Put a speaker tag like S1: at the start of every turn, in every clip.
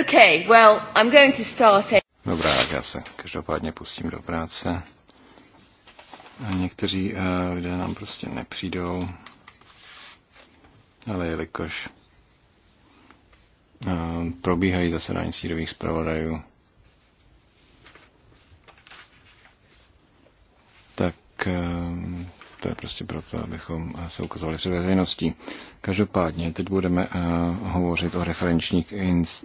S1: Okay, well, I'm going to start a...
S2: Dobrá, já se každopádně pustím do práce. A někteří uh, lidé nám prostě nepřijdou, ale jelikož uh, probíhají zasedání sírových zpravodajů, tak uh, prostě proto, abychom eh, se ukazovali před veřejností. Každopádně teď budeme eh, hovořit o referenčních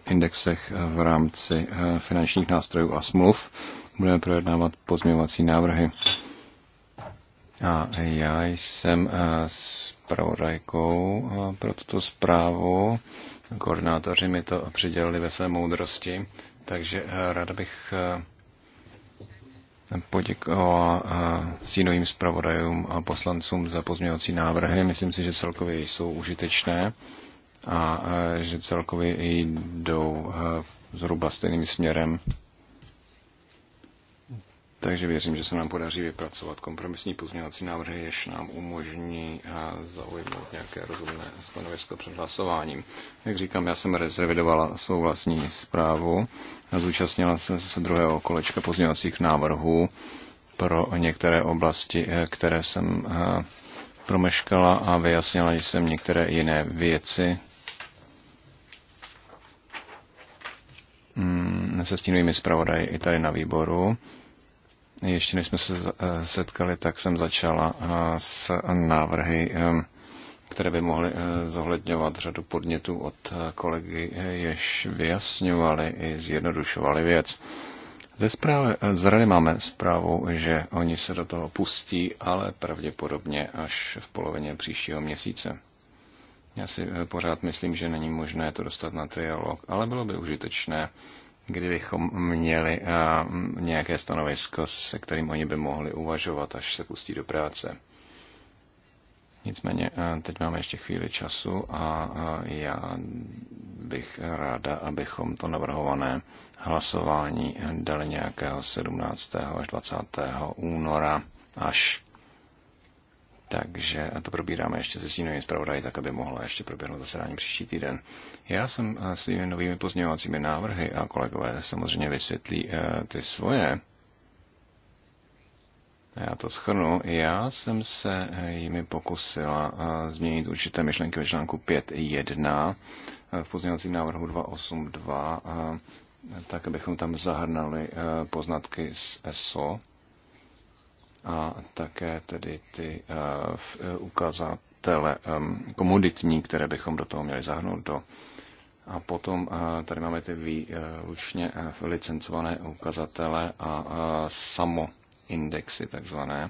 S2: indexech eh, v rámci finančních nástrojů a smluv. Budeme projednávat pozměňovací návrhy. A já jsem s pravodajkou pro tuto zprávu. Koordinátoři mi to přidělili ve své moudrosti, takže ráda bych poděkoval eh, sínovým zpravodajům a poslancům za pozměňovací návrhy. Myslím si, že celkově jsou užitečné a eh, že celkově jdou eh, zhruba stejným směrem. Takže věřím, že se nám podaří vypracovat kompromisní pozměňovací návrhy, jež nám umožní eh, zaujmout nějaké rozumné stanovisko před hlasováním. Jak říkám, já jsem rezervidovala svou vlastní zprávu a zúčastnila se druhého kolečka pozměňovacích návrhů pro některé oblasti, eh, které jsem eh, promeškala a vyjasnila jsem některé jiné věci, hmm, se stínovými zpravodaji i tady na výboru ještě než jsme se eh, setkali, tak jsem začala eh, s návrhy, eh, které by mohly zohledňovat řadu podnětů od kolegy, jež vyjasňovali i zjednodušovali věc. Ze zprávy, z rady máme zprávu, že oni se do toho pustí, ale pravděpodobně až v polovině příštího měsíce. Já si pořád myslím, že není možné to dostat na trialog, ale bylo by užitečné kdybychom měli eh, nějaké stanovisko, se kterým oni by mohli uvažovat, až se pustí do práce. Nicméně eh, teď máme ještě chvíli času a eh, já bych ráda, abychom to navrhované hlasování dali nějakého 17. až 20. února až takže to probíráme ještě se stínovým zpravodají, tak aby mohlo ještě proběhnout zasedání příští týden. Já jsem eh, svými novými pozměňovacími návrhy a kolegové samozřejmě vysvětlí eh, ty svoje. Já to schrnu. Já jsem se eh, jimi pokusila změnit určité myšlenky ve článku 5.1 v pozměňovacím návrhu 282, tak abychom tam zahrnali poznatky z ESO a také tedy ty eh, eh, ukazatele eh, komoditní, které bychom do toho měli zahrnout do a potom tady máme ty výlučně licencované ukazatele a samo indexy takzvané,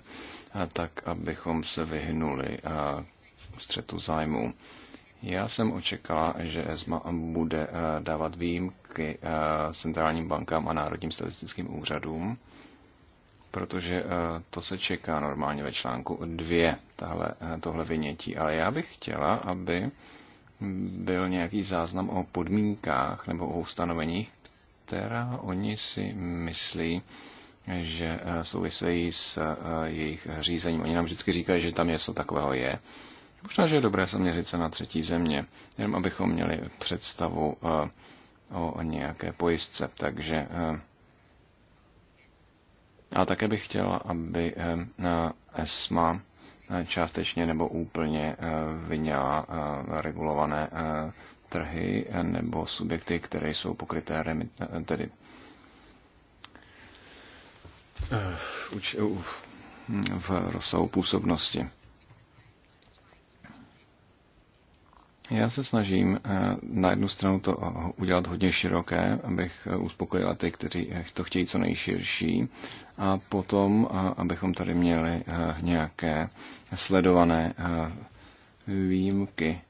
S2: tak abychom se vyhnuli střetu zájmu. Já jsem očekala, že ESMA bude dávat výjimky centrálním bankám a národním statistickým úřadům protože eh, to se čeká normálně ve článku dvě tahle, eh, tohle vynětí. Ale já bych chtěla, aby byl nějaký záznam o podmínkách nebo o ustanoveních, která oni si myslí, že eh, souvisejí s jejich řízením. Oni nám vždycky říkají, že tam něco takového je. Možná, že je dobré zaměřit se na třetí země, jenom abychom měli představu o nějaké pojistce. Takže a také bych chtěla, aby eh, ESMA eh, částečně nebo úplně eh, vyňala regulované trhy nebo subjekty, které jsou pokryté remit, tedy v rozsahu působnosti. Já se snažím eh, na jednu stranu to eh, udělat hodně široké, abych eh, uspokojila ty, kteří to chtějí co nejširší, a potom, abychom tady měli nějaké sledované výjimky.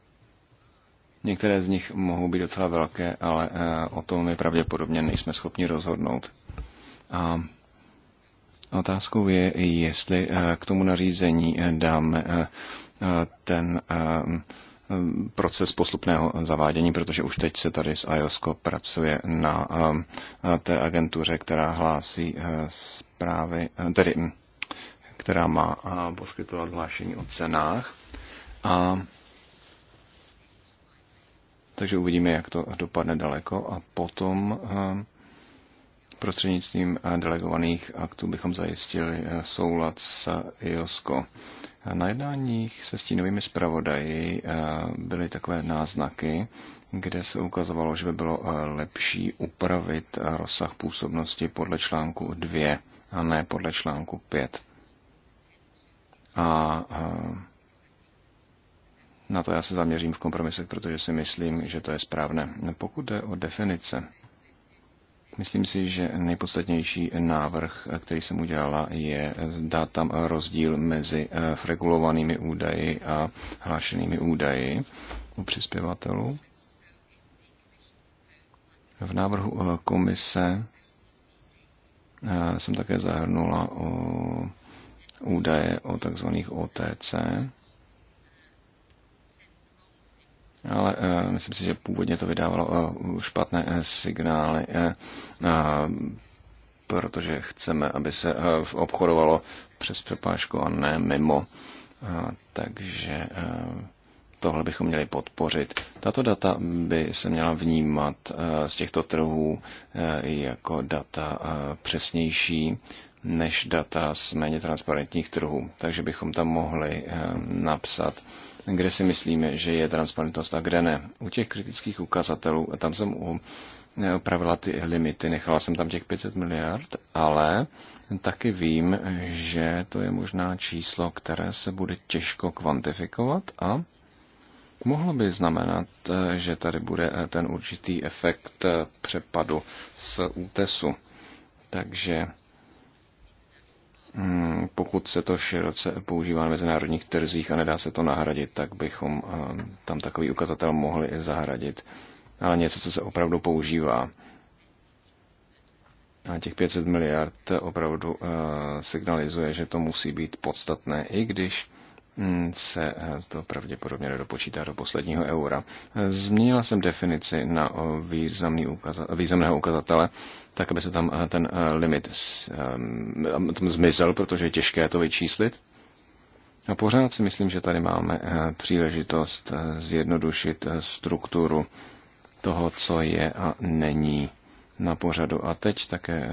S2: Některé z nich mohou být docela velké, ale o tom my pravděpodobně nejsme schopni rozhodnout. A otázkou je, jestli k tomu nařízení dáme ten proces postupného zavádění, protože už teď se tady s IOSCO pracuje na eh, té agentuře, která hlásí eh, zprávy, eh, tedy hm, která má poskytovat hlášení o cenách. A takže uvidíme, jak to dopadne daleko a potom prostřednictvím delegovaných aktů bychom zajistili soulad s IOSCO. Na jednáních se stínovými zpravodaji eh, byly takové náznaky, kde se ukazovalo, že by bylo eh, lepší upravit eh, rozsah působnosti podle článku 2 a ne podle článku 5. A na to já se zaměřím v kompromisech, protože si myslím, že to je správné. Pokud jde o definice, Myslím si, že nejpodstatnější návrh, který jsem udělala, je dát tam rozdíl mezi eh, regulovanými údaji a hlášenými údaji u přispěvatelů. V návrhu eh, komise eh, jsem také zahrnula o údaje o takzvaných OTC, ale uh, myslím si, že původně to vydávalo uh, špatné uh, signály, uh, uh, protože chceme, aby se uh, obchodovalo přes přepážku a ne mimo. Uh, takže uh, tohle bychom měli podpořit. Tato data by se měla vnímat z těchto trhů jako data přesnější než data z méně transparentních trhů. Takže bychom tam mohli napsat kde si myslíme, že je transparentnost a kde ne. U těch kritických ukazatelů, tam jsem eh, upravila ty limity, nechala jsem tam těch 500 miliard, ale taky vím, že to je možná číslo, které se bude těžko kvantifikovat a mohlo by znamenat, eh, že tady bude eh, ten určitý efekt přepadu z útesu. Takže Hmm, pokud se to široce používá na mezinárodních trzích a nedá se to nahradit, tak bychom eh, tam takový ukazatel mohli zahradit. Ale něco, co se opravdu používá. A těch 500 miliard opravdu eh, signalizuje, že to musí být podstatné, i když hm, se eh, to pravděpodobně nedopočítá do posledního eura. Změnila jsem definici na významný ukaza- významného ukazatele tak aby se tam eh, ten eh, limit eh, tam zmizel, protože je těžké to vyčíslit. A pořád si myslím, že tady máme příležitost zjednodušit strukturu toho, co je a není na pořadu. A teď také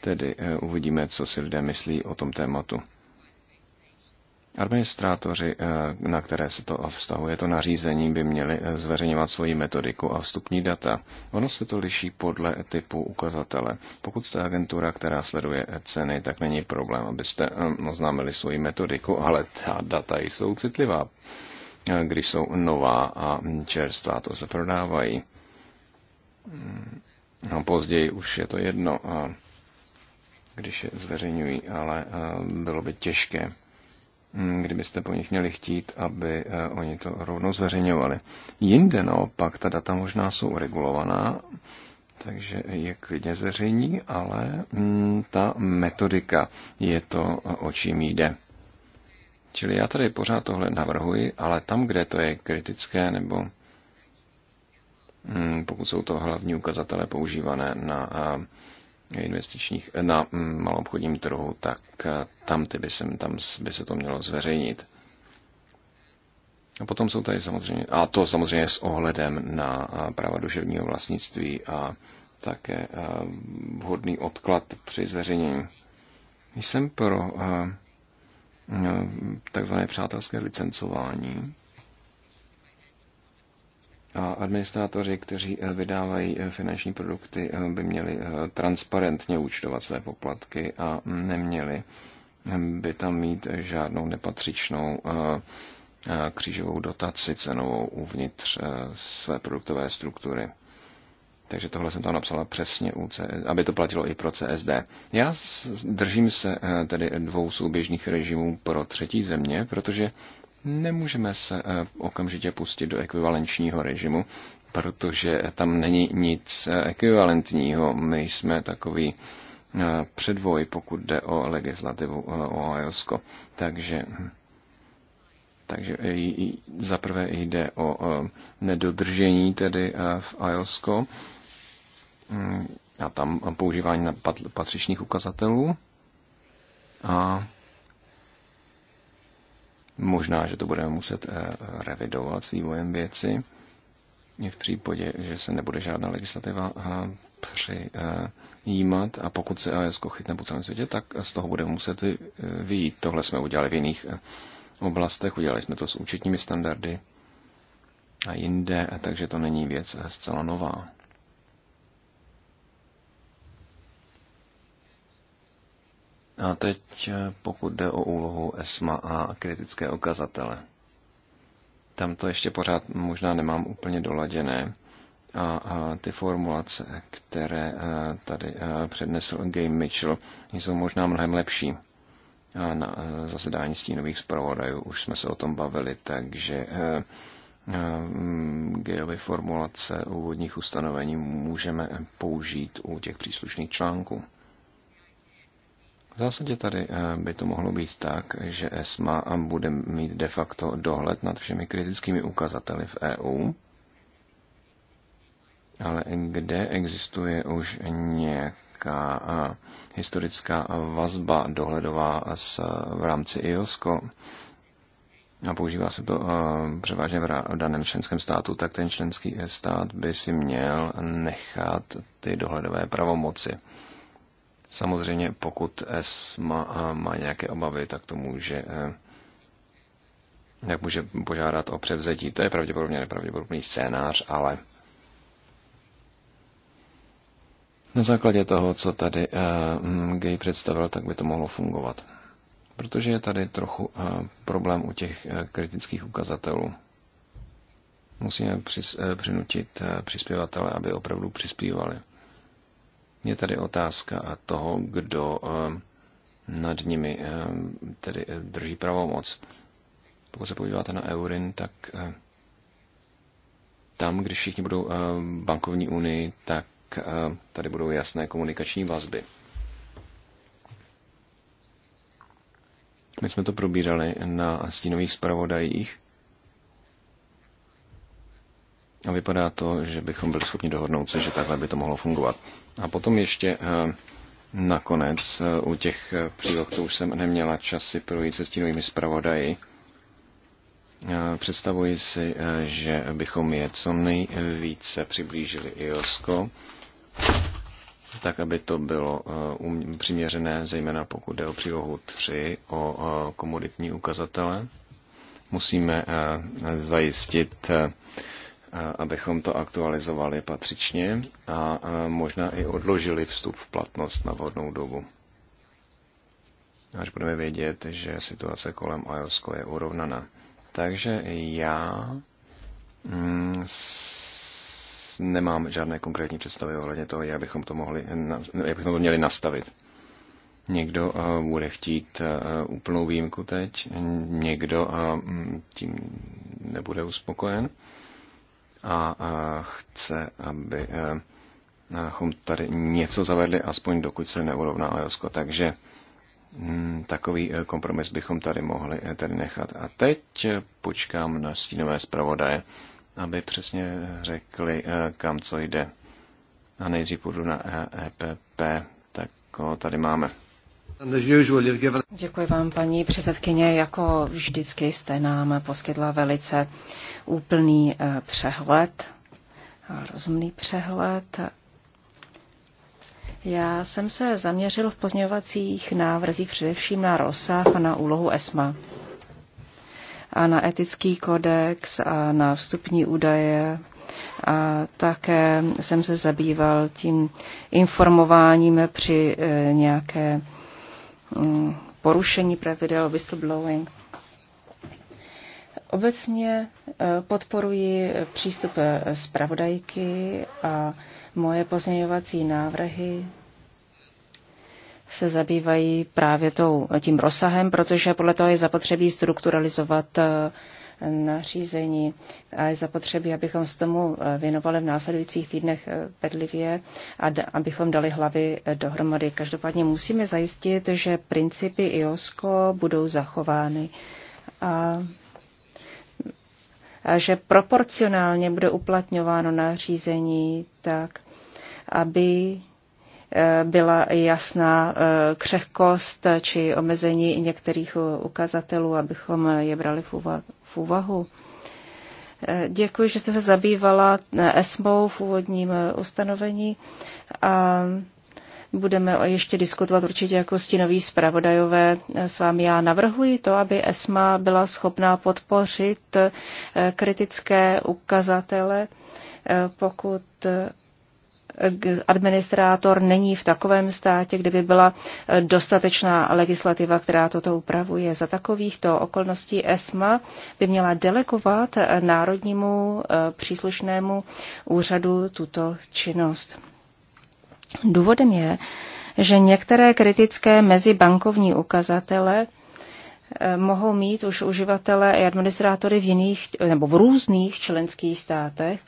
S2: tedy uvidíme, co si lidé myslí o tom tématu. Administrátoři, eh, na které se to vztahuje, to nařízení, by měli eh, zveřejňovat svoji metodiku a vstupní data. Ono se to liší podle typu ukazatele. Pokud jste agentura, která sleduje ceny, tak není problém, abyste eh, oznámili svoji metodiku, ale ta data jsou citlivá, když jsou nová a čerstvá, to se prodávají. Hmm. No, později už je to jedno, když je zveřejňují, ale bylo by těžké Mm, kdybyste po nich měli chtít, aby eh, oni to rovnou zveřejňovali. Jinde naopak ta data možná jsou regulovaná, takže je klidně zveřejní, ale mm, ta metodika je to, eh, o čím jde. Čili já tady pořád tohle navrhuji, ale tam, kde to je kritické, nebo mm, pokud jsou to hlavní ukazatele používané na eh, investičních eh, na mm, malou obchodním trhu, tak eh, tam, ty by, sem, tam by se to mělo zveřejnit. A potom jsou tady samozřejmě, a to samozřejmě s ohledem na eh, práva duševního vlastnictví a také vhodný odklad při zveřejnění. Jsem pro takzvané přátelské licencování, a administrátoři, kteří eh, vydávají eh, finanční produkty, eh, by měli transparentně účtovat své poplatky a neměli by tam mít žádnou nepatřičnou křížovou dotaci cenovou uvnitř své produktové struktury. Takže tohle jsem tam napsala přesně, aby to platilo i pro CSD. Já držím se tedy dvou souběžných režimů pro třetí země, protože nemůžeme se eh, okamžitě pustit do ekvivalenčního režimu, protože tam není nic eh, ekvivalentního. My jsme takový eh, předvoj, pokud jde o legislativu o IOSCO. Takže takže zaprvé jde o nedodržení tedy v IOSCO mm, a tam používání na patřičných ukazatelů. A Možná, že to budeme muset eh, revidovat s vývojem věci v případě, že se nebude žádná legislativa eh, přijímat a pokud se AS chytne po celém světě, tak z toho budeme muset eh, vyjít. Tohle jsme udělali v jiných oblastech, udělali jsme to s účetními standardy a jinde, takže to není věc zcela nová. A teď eh, pokud jde o úlohu ESMA a kritické ukazatele. Tam to ještě pořád možná nemám úplně doladěné. A, a ty formulace, které eh, tady eh, přednesl Game Mitchell, jsou možná mnohem lepší. A na zasedání stínových zpravodajů už jsme se o tom bavili, takže mm, Gayovy formulace úvodních ustanovení můžeme použít u těch příslušných článků. V zásadě tady eh, by to mohlo být tak, že ESMA bude mít de facto dohled nad všemi kritickými ukazateli v EU, ale kde existuje už nějaká eh, historická vazba dohledová s, v rámci IOSCO, a používá se to eh, převážně v daném členském státu, tak ten členský stát by si měl nechat ty dohledové pravomoci. Samozřejmě, pokud ESMA eh, má nějaké obavy, tak to může eh, jak může požádat o převzetí. To je pravděpodobně nepravděpodobný scénář, ale na základě toho, co tady uh, Gay představil, tak by to mohlo fungovat. Protože je tady trochu uh, problém u těch uh, kritických ukazatelů. Musíme přis, uh, přinutit uh, přispěvatele, aby opravdu přispívali je tady otázka toho, kdo eh, nad nimi eh, tedy eh, drží pravomoc. Pokud se podíváte na Eurin, tak tam, když všichni budou bankovní unii, tak tady budou jasné komunikační vazby. My jsme to probírali na stínových zpravodajích a vypadá to, že bychom byli schopni dohodnout se, že takhle by to mohlo fungovat. A potom ještě eh, nakonec eh, u těch eh, příloh, to už jsem neměla časy projít se stínovými zpravodaji. Představuji si, že bychom je co nejvíce přiblížili IOSCO, tak aby to bylo přiměřené, zejména pokud jde o přílohu 3 o komoditní ukazatele. Musíme zajistit abychom to aktualizovali patřičně a možná i odložili vstup v platnost na vhodnou dobu. Až budeme vědět, že situace kolem iOS je urovnaná. Takže já mm, nemám žádné konkrétní představy ohledně toho, jak bychom to, mohli, jak bychom to měli nastavit. Někdo eh, bude chtít eh, úplnou výjimku teď, někdo eh, mm, tím nebude uspokojen a chce, aby e, abychom tady něco zavedli, aspoň dokud se neurovná ajosko, Takže mm, takový e, kompromis bychom tady mohli e, tady nechat. A teď počkám na stínové zpravodaje, aby přesně řekli, kam co jde. A nejdřív půjdu na EPP, tak ho tady máme.
S3: Děkuji vám, paní předsedkyně. Jako vždycky jste nám poskytla velice úplný eh, přehled, rozumný přehled. Já jsem se zaměřil v pozměňovacích návrzích především na rozsah a na úlohu ESMA a na etický kodex a na vstupní údaje. A také jsem se zabýval tím informováním při eh, nějaké Mm, porušení pravidel whistleblowing. Obecně eh, podporuji přístup eh, zpravodajky a moje pozměňovací návrhy se zabývají právě tou, tím rozsahem, protože podle toho je zapotřebí strukturalizovat eh, nařízení a je zapotřebí, abychom s tomu eh, věnovali v následujících týdnech eh, bedlivě a abychom dali hlavy eh, dohromady. Každopádně musíme zajistit, že principy IOSCO budou zachovány a že proporcionálně bude uplatňováno nařízení tak, aby byla jasná křehkost či omezení některých ukazatelů, abychom je brali v úvahu úvahu. Děkuji, že jste se zabývala ESMou v úvodním ustanovení a budeme ještě diskutovat určitě jako stinoví zpravodajové s vámi. Já navrhuji to, aby ESMA byla schopná podpořit kritické ukazatele, pokud Eh, administrátor není v takovém státě, kde by byla eh, dostatečná legislativa, která toto upravuje. Za takovýchto okolností ESMA by měla delegovat eh, národnímu příslušnému úřadu tuto činnost. Důvodem je, že některé kritické mezibankovní ukazatele mohou mít už uživatele i administrátory v jiných nebo v různých členských státech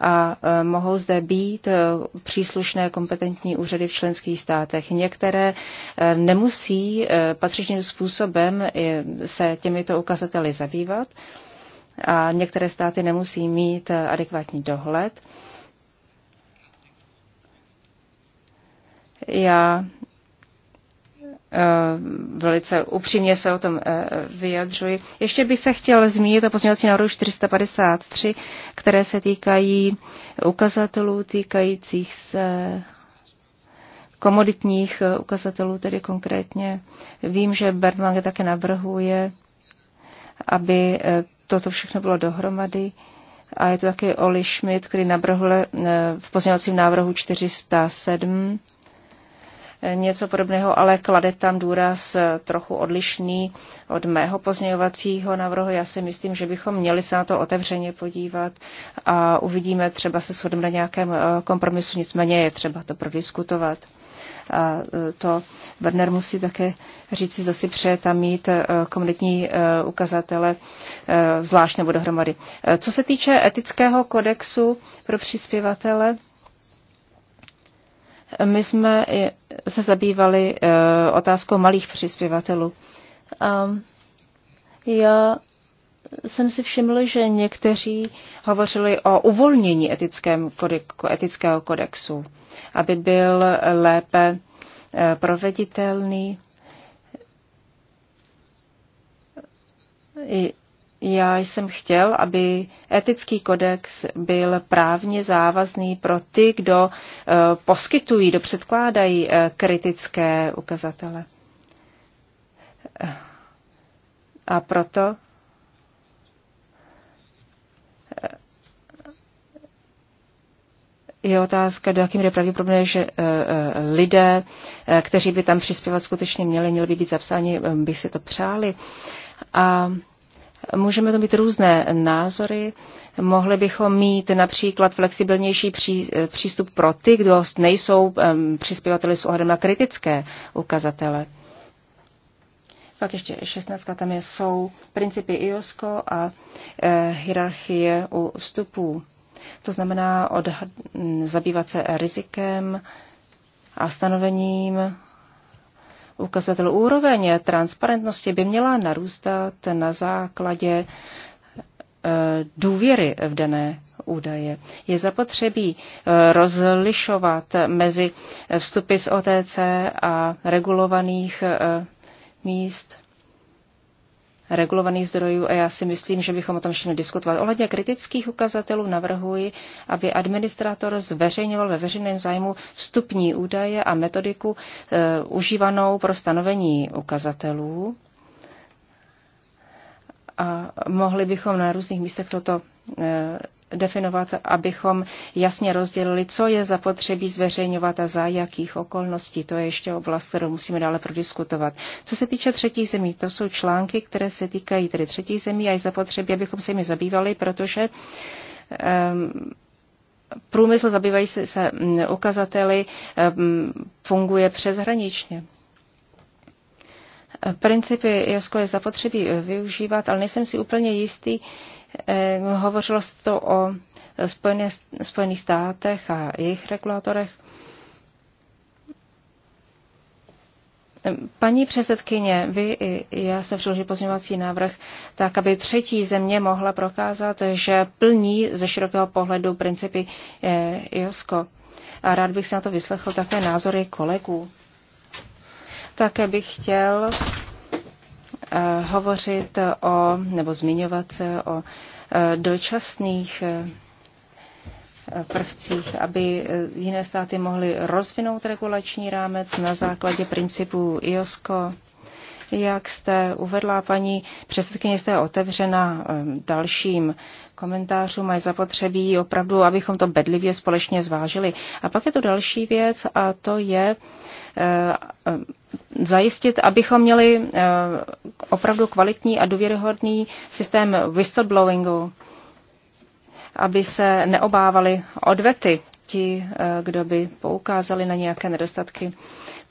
S3: a e, mohou zde být e, příslušné kompetentní úřady v členských státech. Některé e, nemusí patřičným způsobem se těmito ukazateli zabývat a některé státy nemusí mít adekvátní dohled. Já Eh, velice upřímně se o tom eh, vyjadřuji. Ještě bych se chtěl zmínit o pozměňovací návrhu 453, které se týkají ukazatelů týkajících se komoditních eh, ukazatelů, tedy konkrétně. Vím, že Bernlange také navrhuje, aby toto všechno bylo dohromady. A je to taky Oli Schmidt, který navrhl v pozměňovacím návrhu 407 něco podobného, ale klade tam důraz eh, trochu odlišný od mého pozměňovacího návrhu. Já si myslím, že bychom měli se na to otevřeně podívat a uvidíme, třeba se shodneme na nějakém eh, kompromisu, nicméně je třeba to prodiskutovat. A eh, to Werner musí také říct, zda si přeje tam mít komunitní ukazatele zvlášť nebo dohromady. Co se týče etického kodexu pro přispěvatele, my jsme se zabývali eh, otázkou malých přispěvatelů. A já jsem si všiml, že někteří hovořili o uvolnění kodeku, etického kodexu, aby byl lépe eh, proveditelný. Já jsem chtěl, aby etický kodex byl právně závazný pro ty, kdo eh, poskytují, kdo předkládají eh, kritické ukazatele. A proto eh, je otázka, do jakým je pravděpodobné, že lidé, kteří by tam přispěvat skutečně měli, měli by být zapsáni, by si to přáli. A Můžeme to mít různé názory. Mohli bychom mít například flexibilnější eh, přístup pro ty, kdo nejsou přispěvateli s ohledem na kritické ukazatele. Pak ještě 16. tam je, jsou principy IOSCO a e, hierarchie u vstupů. To znamená od, zabývat se rizikem a stanovením ukazatelů. Úroveň transparentnosti by měla narůstat na základě eh, důvěry v dané údaje. Je zapotřebí eh, rozlišovat mezi vstupy z OTC a regulovaných eh, míst regulovaných zdrojů a já si myslím, že bychom o tom všichni diskutovat. Ohledně kritických ukazatelů navrhuji, aby administrátor zveřejňoval ve veřejném zájmu vstupní údaje a metodiku e, užívanou pro stanovení ukazatelů. A mohli bychom na různých místech toto e, definovat, abychom jasně rozdělili, co je zapotřebí zveřejňovat a za jakých okolností. To je ještě oblast, kterou musíme dále prodiskutovat. Co se týče třetích zemí, to jsou články, které se týkají tedy třetích zemí a je zapotřebí, abychom se jimi zabývali, protože um, průmysl zabývají se, se mm, ukazateli, um, funguje přeshraničně. Principy JASKO je zapotřebí eh, využívat, ale nejsem si úplně jistý, Eh, hovořilo se to o Spojené, Spojených státech a jejich regulatorech. Paní předsedkyně, vy i já jsme přiložili pozměňovací návrh tak, aby třetí země mohla prokázat, že plní ze širokého pohledu principy eh, IOSCO. A rád bych se na to vyslechl také názory kolegů. Také bych chtěl Eh, hovořit o, nebo zmiňovat se o eh, dočasných eh, prvcích, aby jiné státy mohly rozvinout regulační rámec na základě principů IOSCO jak jste uvedla, paní předsedkyně, jste otevřena eh, dalším komentářům a je zapotřebí opravdu, abychom to bedlivě společně zvážili. A pak je to další věc a to je eh, eh, zajistit, abychom měli opravdu kvalitní a důvěryhodný systém whistleblowingu, aby se neobávali odvety ti, kdo by poukázali na nějaké nedostatky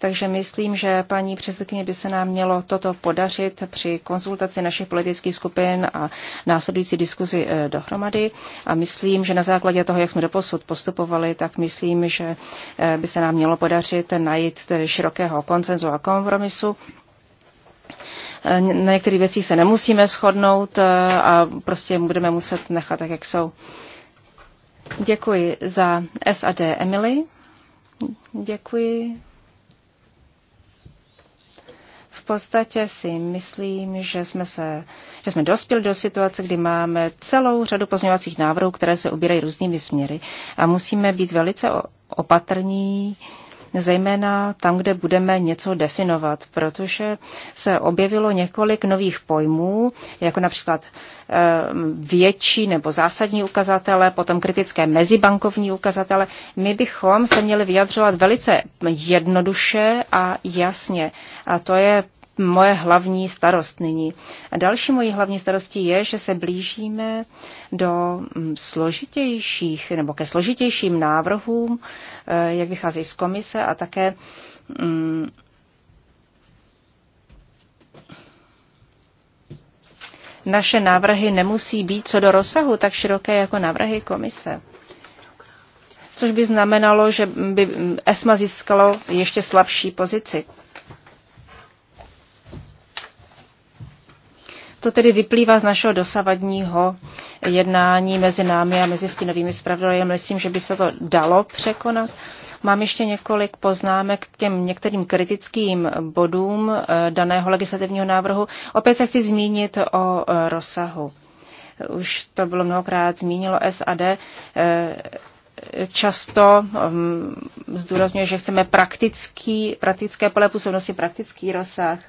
S3: takže myslím, že paní předsedkyně by se nám mělo toto podařit při konzultaci našich politických skupin a následující diskuzi eh, dohromady. A myslím, že na základě toho, jak jsme doposud postupovali, tak myslím, že eh, by se nám mělo podařit najít širokého koncenzu a kompromisu. Eh, na některých věcích se nemusíme shodnout a prostě budeme muset nechat tak, jak jsou. Děkuji za SAD Emily. Děkuji podstatě si myslím, že jsme, se, že jsme dospěli do situace, kdy máme celou řadu pozměňovacích návrhů, které se ubírají různými směry a musíme být velice opatrní, zejména tam, kde budeme něco definovat, protože se objevilo několik nových pojmů, jako například eh, větší nebo zásadní ukazatele, potom kritické mezibankovní ukazatele. My bychom se měli vyjadřovat velice jednoduše a jasně. A to je moje hlavní starost nyní. A další mojí hlavní starostí je, že se blížíme do mm, složitějších nebo ke složitějším návrhům, eh, jak vycházejí z komise a také mm, naše návrhy nemusí být co do rozsahu tak široké jako návrhy komise. Což by znamenalo, že by mm, ESMA získalo ještě slabší pozici. To tedy vyplývá z našeho dosavadního jednání mezi námi a mezi stínovými spravodajem. Myslím, že by se to dalo překonat. Mám ještě několik poznámek k těm některým kritickým bodům eh, daného legislativního návrhu. Opět se chci zmínit o eh, rozsahu. Už to bylo mnohokrát zmínilo SAD eh, často mm, zdůrazňuje, že chceme praktický, praktické pole působnosti, praktický rozsah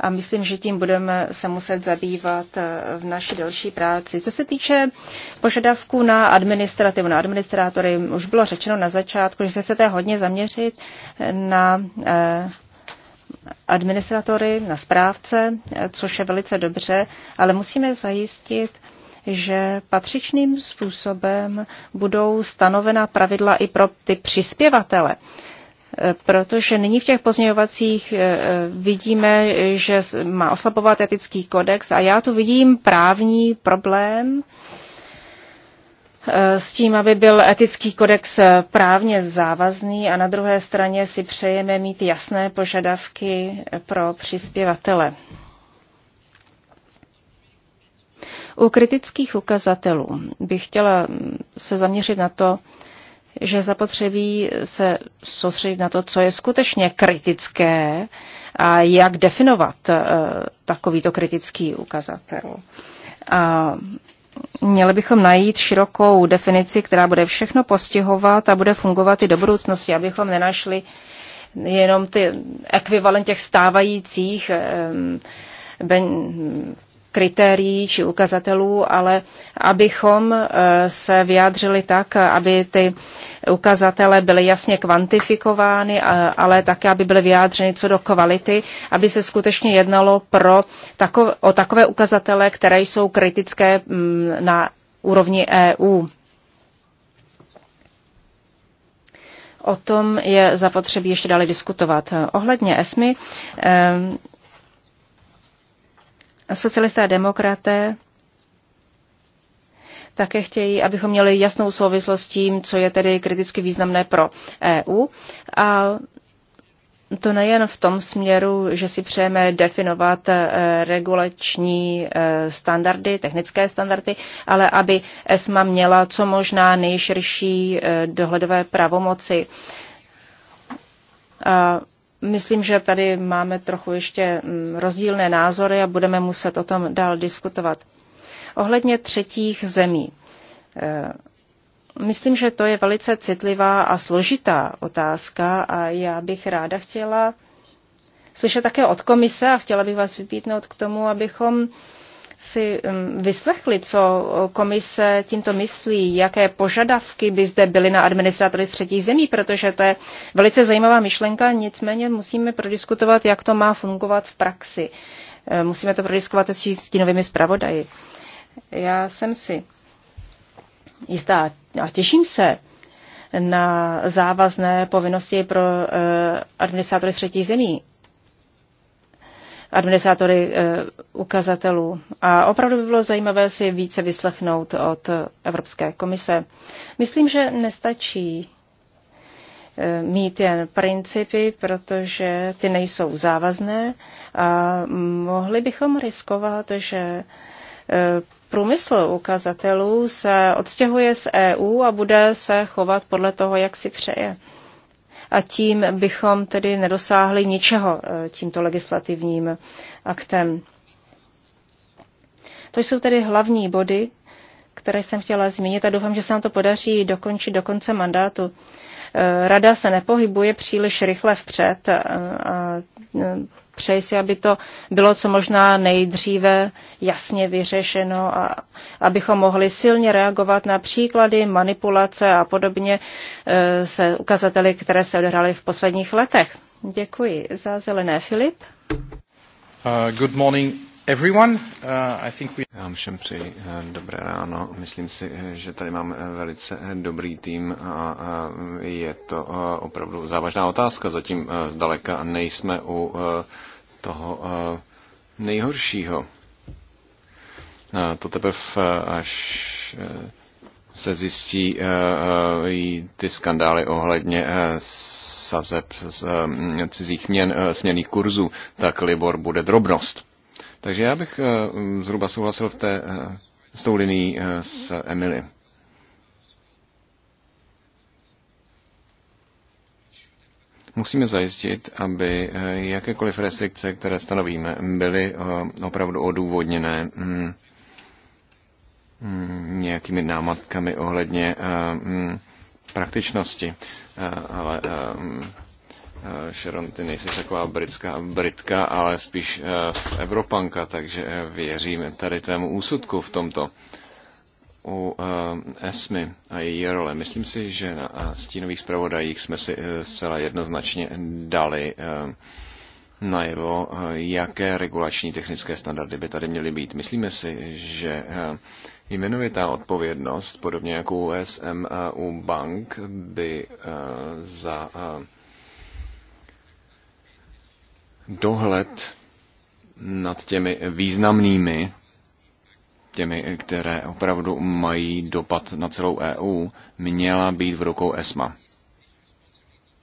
S3: a myslím, že tím budeme se muset zabývat eh, v naší další práci. Co se týče požadavků na administrativu, na administrátory, už bylo řečeno na začátku, že se chcete hodně zaměřit na eh, administratory, na správce, eh, což je velice dobře, ale musíme zajistit, že patřičným způsobem budou stanovena pravidla i pro ty přispěvatele protože nyní v těch pozměňovacích eh, eh, vidíme, že má oslabovat etický kodex a já tu vidím právní problém eh, s tím, aby byl etický kodex právně závazný a na druhé straně si přejeme mít jasné požadavky pro přispěvatele. U kritických ukazatelů bych chtěla mm, se zaměřit na to, že zapotřebí se soustředit na to, co je skutečně kritické a jak definovat eh, takovýto kritický ukazatel. A měli bychom najít širokou definici, která bude všechno postihovat a bude fungovat i do budoucnosti, abychom nenašli jenom ty ekvivalent těch stávajících eh, kritérií či ukazatelů, ale abychom eh, se vyjádřili tak, aby ty ukazatele byly jasně kvantifikovány, ale také, aby byly vyjádřeny co do kvality, aby se skutečně jednalo pro takové, o takové ukazatele, které jsou kritické mm, na úrovni EU. O tom je zapotřebí ještě dále diskutovat. Ohledně ESMI, eh, socialisté a demokraté také chtějí, abychom měli jasnou souvislost s tím, co je tedy kriticky významné pro EU. A to nejen v tom směru, že si přejeme definovat e, regulační e, standardy, technické standardy, ale aby ESMA měla co možná nejširší e, dohledové pravomoci. A Myslím, že tady máme trochu ještě mm, rozdílné názory a budeme muset o tom dál diskutovat. Ohledně třetích zemí. Eh, myslím, že to je velice citlivá a složitá otázka a já bych ráda chtěla slyšet také od komise a chtěla bych vás vypítnout k tomu, abychom si vyslechli, co komise tímto myslí, jaké požadavky by zde byly na administrátory z třetích zemí, protože to je velice zajímavá myšlenka, nicméně musíme prodiskutovat, jak to má fungovat v praxi. Musíme to prodiskutovat s stínovými zpravodaji. Já jsem si jistá a těším se na závazné povinnosti pro eh, administrátory z třetích zemí administrátory eh, ukazatelů. A opravdu by bylo zajímavé si více vyslechnout od Evropské komise. Myslím, že nestačí eh, mít jen principy, protože ty nejsou závazné a mohli bychom riskovat, že eh, průmysl ukazatelů se odstěhuje z EU a bude se chovat podle toho, jak si přeje a tím bychom tedy nedosáhli ničeho eh, tímto legislativním aktem. To jsou tedy hlavní body, které jsem chtěla zmínit a doufám, že se nám to podaří dokončit do konce mandátu. Eh, Rada se nepohybuje příliš rychle vpřed eh, a přeji si, aby to bylo co možná nejdříve jasně vyřešeno a abychom mohli silně reagovat na příklady, manipulace a podobně eh, se ukazateli, které se odehrály v posledních letech. Děkuji za zelené, Filip.
S2: Uh, good morning. Everyone, uh, I think we... Já vám všem přeji eh, dobré ráno. Myslím si, eh, že tady máme velice dobrý tým a je to opravdu závažná otázka. Zatím zdaleka nejsme u toho eh, nejhoršího. Eh, to teprve eh, až se zjistí i ty skandály ohledně sazeb cizích měn, směných kurzů, tak Libor bude drobnost. Takže já bych zhruba souhlasil v té, s tou linií s Emily. Musíme zajistit, aby eh, jakékoliv restrikce, které stanovíme, byly eh, opravdu odůvodněné mm, mm, nějakými námatkami ohledně eh, mm, praktičnosti. Ale Sharon, ty nejsi taková britská britka, ale spíš Evropanka, takže věřím tady tvému úsudku v tomto u eh, ESMY a její role. Myslím si, že na stínových zpravodajích jsme si eh, zcela jednoznačně dali eh, najevo, jaké regulační technické standardy by tady měly být. Myslíme si, že jmenovitá odpovědnost, podobně jako u SM u bank, by za dohled nad těmi významnými těmi, které opravdu mají dopad na celou EU, měla být v rukou ESMA.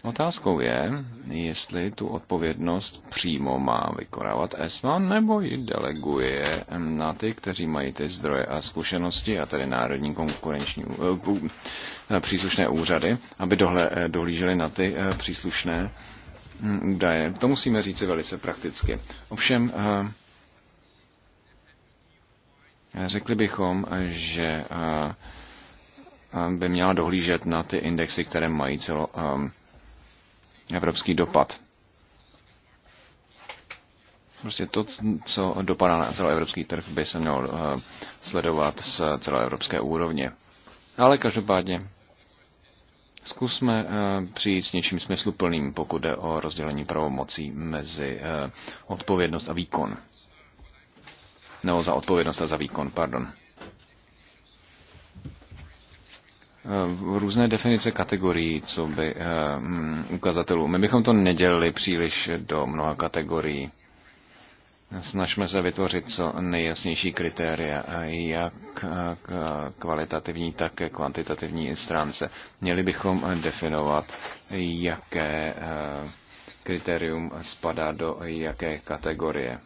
S2: Otázkou je, jestli tu odpovědnost přímo má vykonávat ESMA, nebo ji deleguje na ty, kteří mají ty zdroje a zkušenosti, a tedy národní konkurenční eh, eh, příslušné úřady, aby dohle, eh, dohlíželi na ty příslušné hm, údaje. To musíme říci velice prakticky. Ovšem, Řekli bychom, že eh, eh, by měla dohlížet na ty indexy, které mají celo eh, evropský dopad. Prostě to, co dopadá na celoevropský trh, by se mělo sledovat z celoevropské úrovně. Ale každopádně zkusme přijít s něčím smysluplným, pokud jde o rozdělení pravomocí mezi odpovědnost a výkon nebo za odpovědnost a za výkon, pardon. Eh, různé definice kategorií, co by eh, hm, ukazatelů. My bychom to nedělili příliš do mnoha kategorií. Snažme se vytvořit co nejjasnější kritéria, eh, jak kvalitativní, tak kvantitativní stránce. Měli bychom definovat, jaké kritérium spadá do jaké kategorie.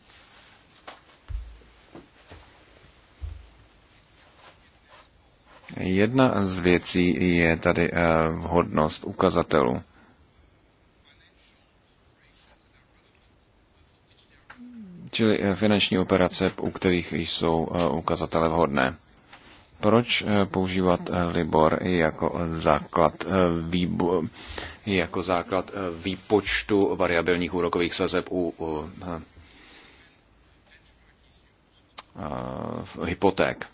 S2: Jedna z věcí je tady eh, vhodnost ukazatelů. Čili eh, finanční operace, u kterých jsou eh, ukazatele vhodné. Proč používat Libor jako základ, výbu, jako základ výpočtu variabilních úrokových sazeb u, u hypoték?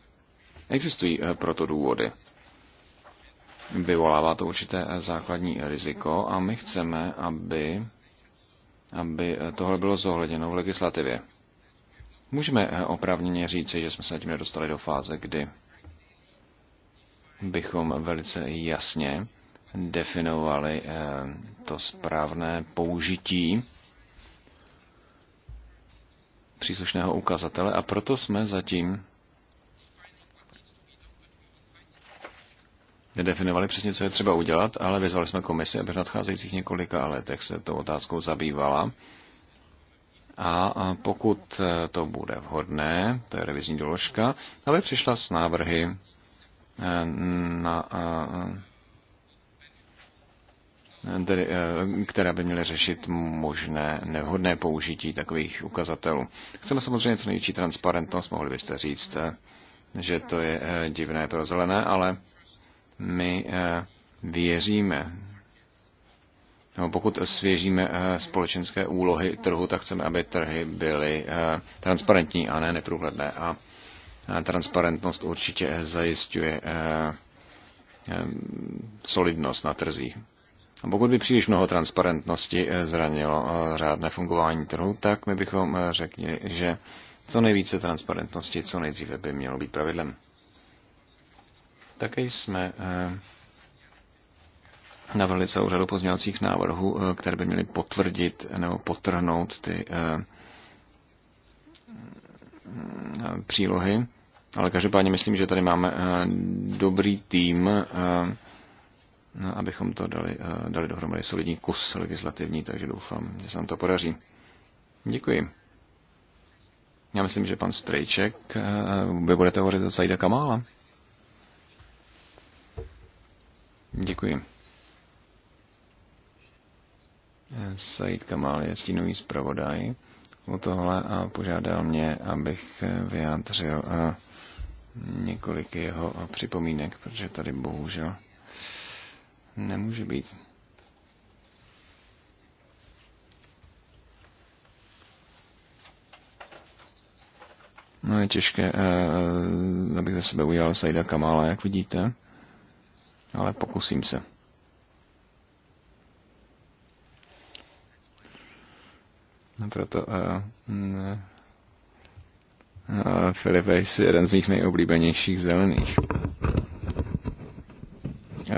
S2: Existují eh, proto důvody. Vyvolává to určité eh, základní riziko a my chceme, aby, aby eh, tohle bylo zohledněno v legislativě. Můžeme opravněně říci, že jsme se tím nedostali do fáze, kdy bychom velice jasně definovali to správné použití příslušného ukazatele a proto jsme zatím nedefinovali přesně, co je třeba udělat, ale vyzvali jsme komisi, aby v nadcházejících několika letech se tou otázkou zabývala. A pokud e, to bude vhodné, to je revizní doložka, aby přišla s návrhy e, na, e, které by měly řešit možné nevhodné použití takových ukazatelů. Chceme samozřejmě co největší transparentnost, mohli byste říct, že to je divné pro zelené, ale my eh, věříme, No, pokud svěžíme eh, společenské úlohy trhu, tak chceme, aby trhy byly eh, transparentní a ne neprůhledné. A transparentnost určitě zajistuje solidnost na trzích. A pokud by příliš mnoho transparentnosti zranilo řádné fungování trhu, tak my bychom řekli, že co nejvíce transparentnosti co nejdříve by mělo být pravidlem. Také jsme eh, navrhli celou řadu pozměňovacích návrhů, eh, které by měly potvrdit nebo potrhnout ty eh, přílohy. Ale každopádně myslím, že tady máme dobrý tým, no, abychom to dali, dali dohromady solidní kus legislativní, takže doufám, že se nám to podaří. Děkuji. Já myslím, že pan Strejček, vy budete hovořit o Saida Kamála. Děkuji. Said Kamal je stínový zpravodaj o tohle a požádal mě, abych vyjádřil eh, několik jeho připomínek, protože tady bohužel nemůže být. No je těžké, eh, eh, abych ze sebe udělal Saida Kamala, jak vidíte ale pokusím se. No proto uh, eh, ne. Mm, eh, uh, eh, Filip je jeden z mých nejoblíbenějších zelených. Uh,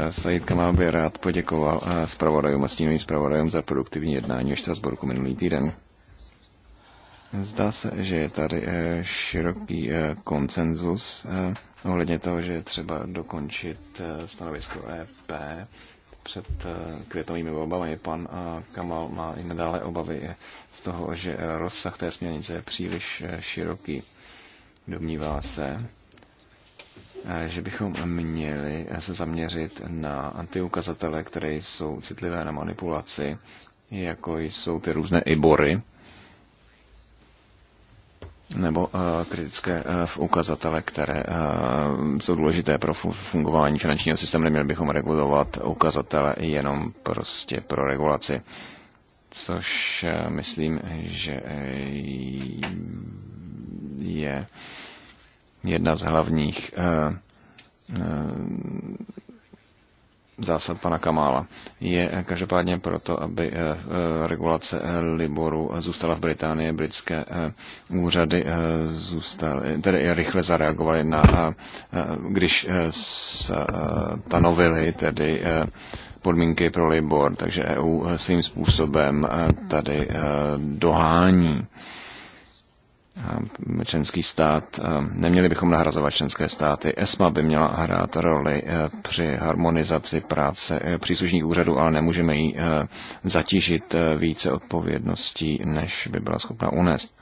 S2: Said Kamal by rád poděkoval uh, zpravodajům a stínovým zpravodajům za produktivní jednání ještě Štrasburku minulý týden. Zdá se, že je tady eh, široký eh, konsenzus eh, ohledně toho, že je třeba dokončit stanovisko EP před květovými volbami. Pan Kamal má i nadále obavy z toho, že rozsah té směrnice je příliš široký. Domnívá se, že bychom měli se zaměřit na antiukazatele, které jsou citlivé na manipulaci, jako jsou ty různé ibory, nebo eh, kritické eh, ukazatele, které eh, jsou důležité pro fungování finančního systému. Neměli bychom regulovat ukazatele jenom prostě pro regulaci. Což myslím, že je jedna z hlavních zásad pana Kamála je eh, každopádně proto, aby eh, eh, regulace Liboru zůstala v Británii. Britské úřady zůstaly, tedy rychle zareagovaly na, když stanovili tedy podmínky pro Libor, takže EU svým způsobem tady dohání členský stát, neměli bychom nahrazovat členské státy. ESMA by měla hrát roli e, při harmonizaci práce e, příslušných úřadů, ale nemůžeme ji e, zatížit více odpovědností, než by byla schopna unést.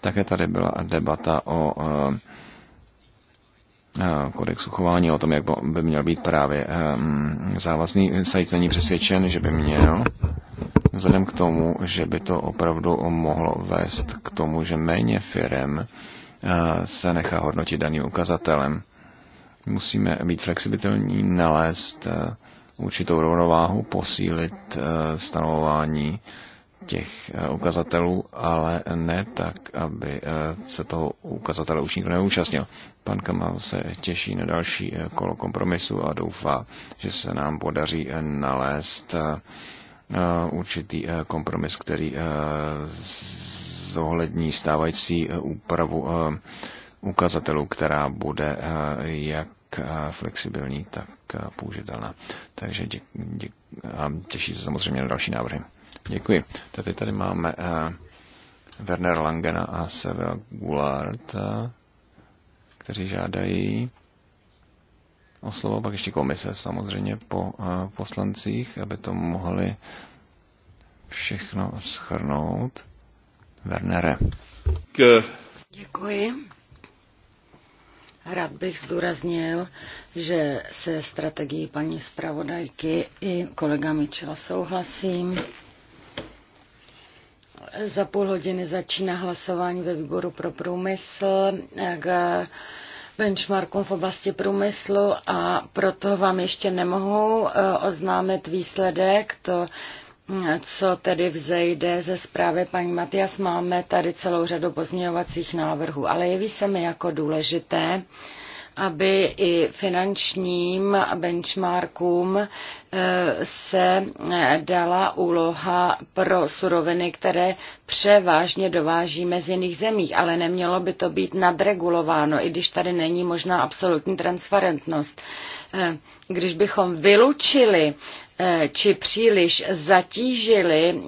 S2: Také tady byla debata o Eh, kodexu chování o tom, jak by měl být právě eh, mm, závazný. Sajt není přesvědčen, že by měl, vzhledem k tomu, že by to opravdu mohlo vést k tomu, že méně firem eh, se nechá hodnotit daným ukazatelem. Musíme být flexibilní, nalézt určitou rovnováhu, posílit stanovování těch eh, ukazatelů, ale ne tak, aby eh, se toho ukazatele už nikdo neúčastnil. Pan Kamal se těší na další eh, kolo kompromisu a doufá, že se nám podaří nalézt určitý kompromis, který zohlední stávající úpravu ukazatelů, která bude jak flexibilní, tak použitelná. Takže dě, dě, a těší se samozřejmě na další návrhy. Děkuji. Tady, tady máme uh, Werner Langena a Severa Goulart, eh, kteří žádají o slovo, pak ještě komise samozřejmě po uh, poslancích, aby to mohli všechno schrnout. Wernere.
S1: Děkuji. Rád bych zdůraznil, že se strategií paní zpravodajky i kolegami Čela souhlasím. Za půl hodiny začíná hlasování ve výboru pro průmysl eh, k benchmarkům v oblasti průmyslu a proto vám ještě nemohu eh, oznámit výsledek. To hm, co tedy vzejde ze zprávy paní Matias, máme tady celou řadu pozměňovacích návrhů, ale jeví se mi jako důležité, aby i finančním benchmarkům eh, se eh, dala úloha pro suroviny, které převážně dovážíme z jiných zemích, ale nemělo by to být nadregulováno, i když tady není možná absolutní transparentnost. Eh, když bychom vylučili či příliš zatížili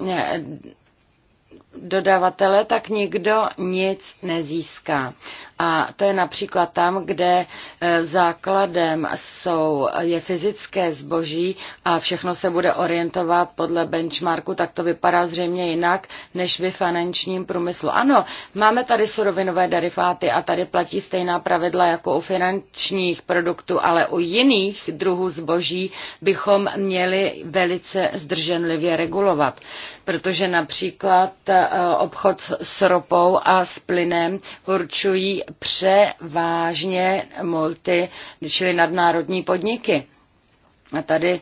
S1: dodavatele, tak nikdo nic nezíská. A to je například tam, kde e, základem jsou, je fyzické zboží a všechno se bude orientovat podle benchmarku, tak to vypadá zřejmě jinak než ve finančním průmyslu. Ano, máme tady surovinové deriváty a tady platí stejná pravidla jako u finančních produktů, ale u jiných druhů zboží bychom měli velice zdrženlivě regulovat. Protože například e, obchod s ropou a s plynem určují převážně multi, čili nadnárodní podniky. A tady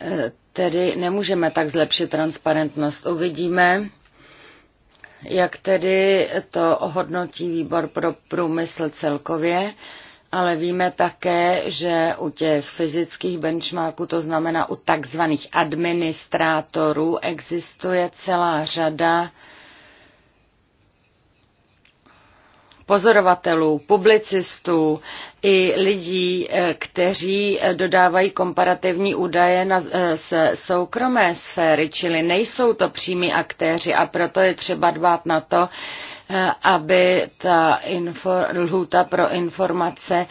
S1: eh, tedy nemůžeme tak zlepšit transparentnost. Uvidíme, jak tedy to ohodnotí výbor pro průmysl celkově, ale víme také, že u těch fyzických benchmarků, to znamená u takzvaných administrátorů, existuje celá řada pozorovatelů, publicistů i lidí, eh, kteří eh, dodávají komparativní údaje na, eh, z soukromé sféry, čili nejsou to přímí aktéři a proto je třeba dbát na to, aby ta infor, lhůta pro informace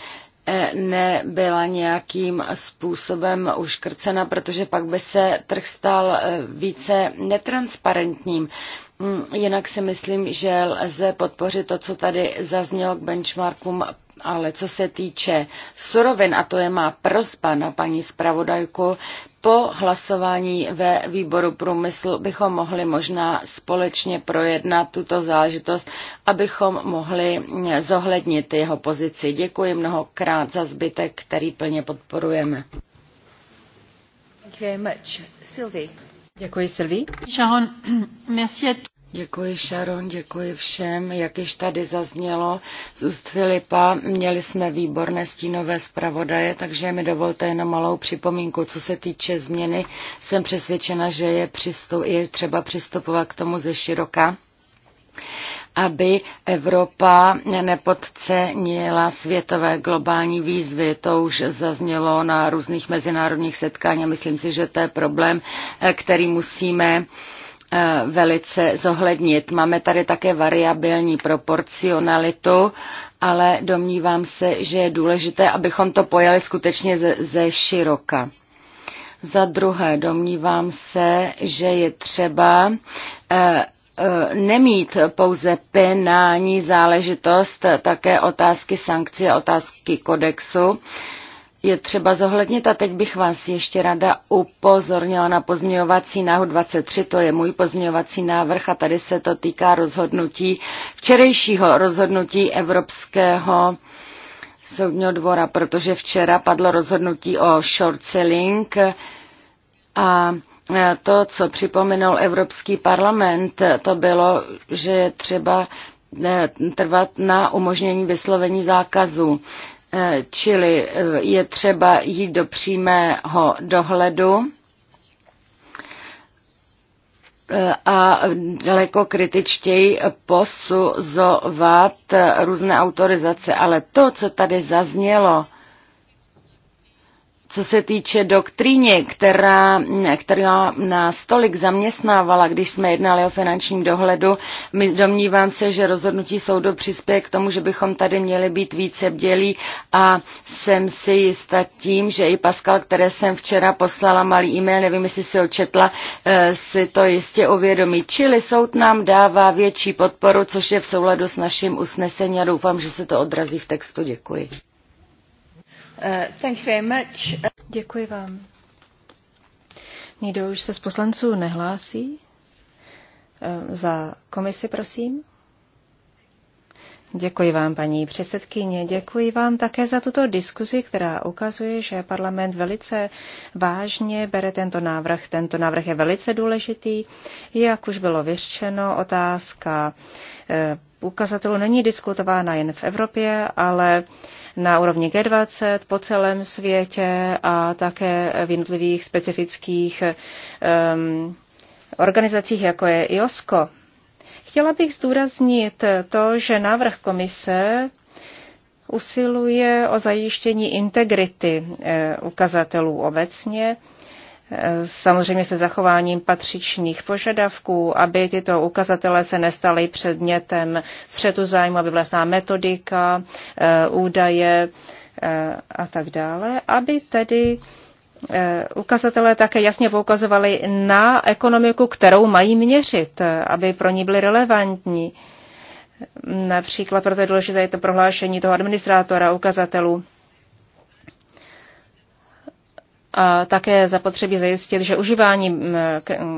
S1: nebyla nějakým způsobem uškrcena, protože pak by se trh stal eh, více netransparentním. Mm, jinak si myslím, že lze podpořit to, co tady zaznělo k benchmarkům, ale co se týče surovin, a to je má prosba na paní zpravodajku, po hlasování ve výboru průmyslu bychom mohli možná společně projednat tuto záležitost, abychom mohli zohlednit jeho pozici. Děkuji mnohokrát za zbytek, který plně podporujeme. Děkuji, Sylvie. Děkuji, Sylvie. Sharon, merci Děkuji Sharon, děkuji všem. Jak již tady zaznělo z úst Filipa, měli jsme výborné stínové zpravodaje, takže mi dovolte jenom malou připomínku. Co se týče změny, jsem přesvědčena, že je, přistup, je třeba přistupovat k tomu ze široka aby Evropa nepodcenila světové globální výzvy. To už zaznělo na různých mezinárodních setkáních. Myslím si, že to je problém, eh, který musíme Eh, velice zohlednit. Máme tady také variabilní proporcionalitu, ale domnívám se, že je důležité, abychom to pojali skutečně ze, ze široka. Za druhé, domnívám se, že je třeba eh, eh, nemít pouze penální záležitost, také otázky sankcí a otázky kodexu, je třeba zohlednit a teď bych vás ještě rada upozornila na pozměňovací návrh 23, to je můj pozměňovací návrh a tady se to týká rozhodnutí, včerejšího rozhodnutí Evropského soudního dvora, protože včera padlo rozhodnutí o short selling a to, co připomenul Evropský parlament, to bylo, že je třeba eh, trvat na umožnění vyslovení zákazu. Eh, čili eh, je třeba jít do přímého dohledu eh, a daleko kritičtěji posuzovat různé autorizace. Ale to, co tady zaznělo, co se týče doktríně, která, která nás tolik zaměstnávala, když jsme jednali o finančním dohledu, my domnívám se, že rozhodnutí soudu přispěje k tomu, že bychom tady měli být více bdělí a jsem si jistá tím, že i Pascal, které jsem včera poslala malý e-mail, nevím, jestli si ho četla, eh, si to jistě uvědomí. Čili soud nám dává větší podporu, což je v souladu s naším usnesením a doufám, že se to odrazí v textu. Děkuji.
S3: Uh, Děkuji vám. Nikdo už se z poslanců nehlásí? Uh, za komisi, prosím. Děkuji vám, paní předsedkyně. Děkuji vám také za tuto diskuzi, která ukazuje, že parlament velice vážně bere tento návrh. Tento návrh je velice důležitý. Jak už bylo vyřčeno, otázka eh, ukazatelů není diskutována jen v Evropě, ale na úrovni G20 po celém světě a také v jednotlivých specifických um, organizacích, jako je IOSCO. Chtěla bych zdůraznit to, že návrh komise usiluje o zajištění integrity eh, ukazatelů obecně samozřejmě se zachováním patřičných požadavků, aby tyto ukazatele se nestaly předmětem střetu zájmu, aby byla zná metodika, eh, údaje eh, a tak dále, aby tedy eh, ukazatelé také jasně poukazovali na ekonomiku, kterou mají měřit, aby pro ní byly relevantní. Například proto je důležité je to prohlášení toho administrátora ukazatelů a také zapotřebí zajistit, že užívání mm,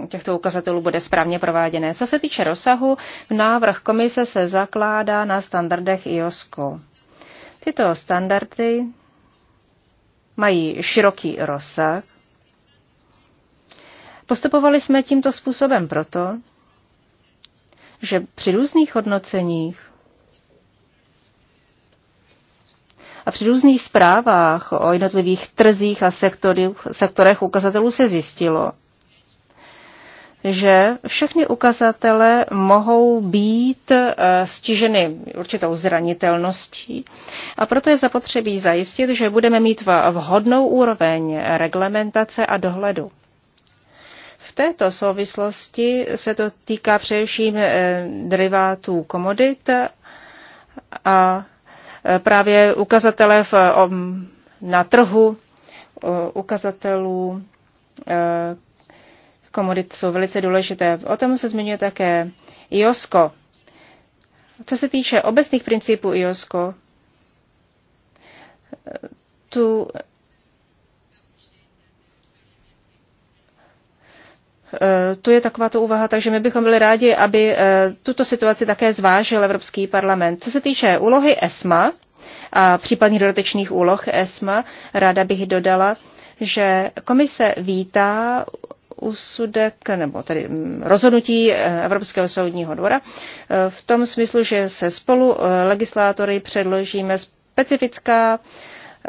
S3: těchto ukazatelů bude správně prováděné. Co se týče rozsahu, návrh komise se zakládá na standardech IOSCO. Tyto standardy mají široký rozsah. Postupovali jsme tímto způsobem proto, že při různých hodnoceních A při různých zprávách o jednotlivých trzích a sektorech, sektorech ukazatelů se zjistilo, že všechny ukazatele mohou být eh, stiženy určitou zranitelností a proto je zapotřebí zajistit, že budeme mít vhodnou úroveň reglementace a dohledu. V této souvislosti se to týká především eh, derivátů komodit a právě ukazatele v, na trhu ukazatelů e, komodit jsou velice důležité. O tom se zmiňuje také IOSCO. Co se týče obecných principů IOSCO, tu Eh, to je taková to úvaha, takže my bychom byli rádi, aby eh, tuto situaci také zvážil Evropský parlament. Co se týče úlohy ESMA a případných dodatečných úloh ESMA, ráda bych dodala, že komise vítá úsudek, nebo tedy mm, rozhodnutí eh, Evropského soudního dvora v tom smyslu, že se spolu legislátory předložíme specifická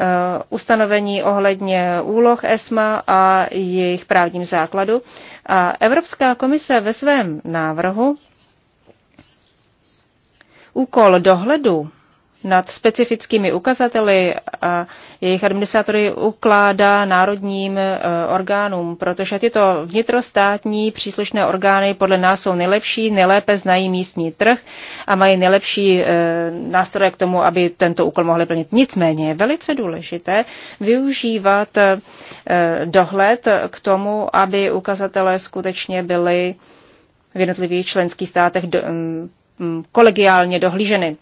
S3: Eh, ustanovení ohledně úloh ESMA a jejich právním základu. A Evropská komise ve svém návrhu úkol dohledu nad specifickými ukazateli a jejich administratory ukládá národním e, orgánům, protože tyto vnitrostátní příslušné orgány podle nás jsou nejlepší, nejlépe znají místní trh a mají nejlepší e, nástroje k tomu, aby tento úkol mohli plnit. Nicméně je velice důležité využívat e, dohled k tomu, aby ukazatele skutečně byly v jednotlivých členských státech kolegiálně dohlíženy.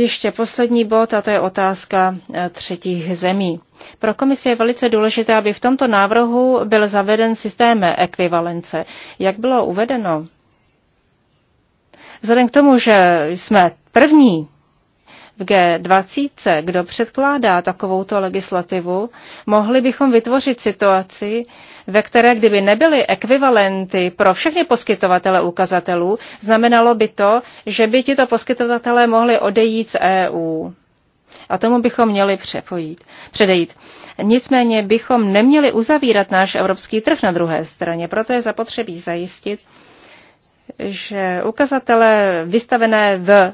S3: Ještě poslední bod, a to je otázka eh, třetích zemí. Pro komisi je velice důležité, aby v tomto návrhu byl zaveden systém ekvivalence. Jak bylo uvedeno? Vzhledem k tomu, že jsme první v G20, kdo předkládá takovouto legislativu, mohli bychom vytvořit situaci, ve které kdyby nebyly ekvivalenty pro všechny poskytovatele ukazatelů, znamenalo by to, že by tito poskytovatelé mohli odejít z EU. A tomu bychom měli přepojít, předejít. Nicméně bychom neměli uzavírat náš evropský trh na druhé straně, proto je zapotřebí zajistit, že ukazatele vystavené v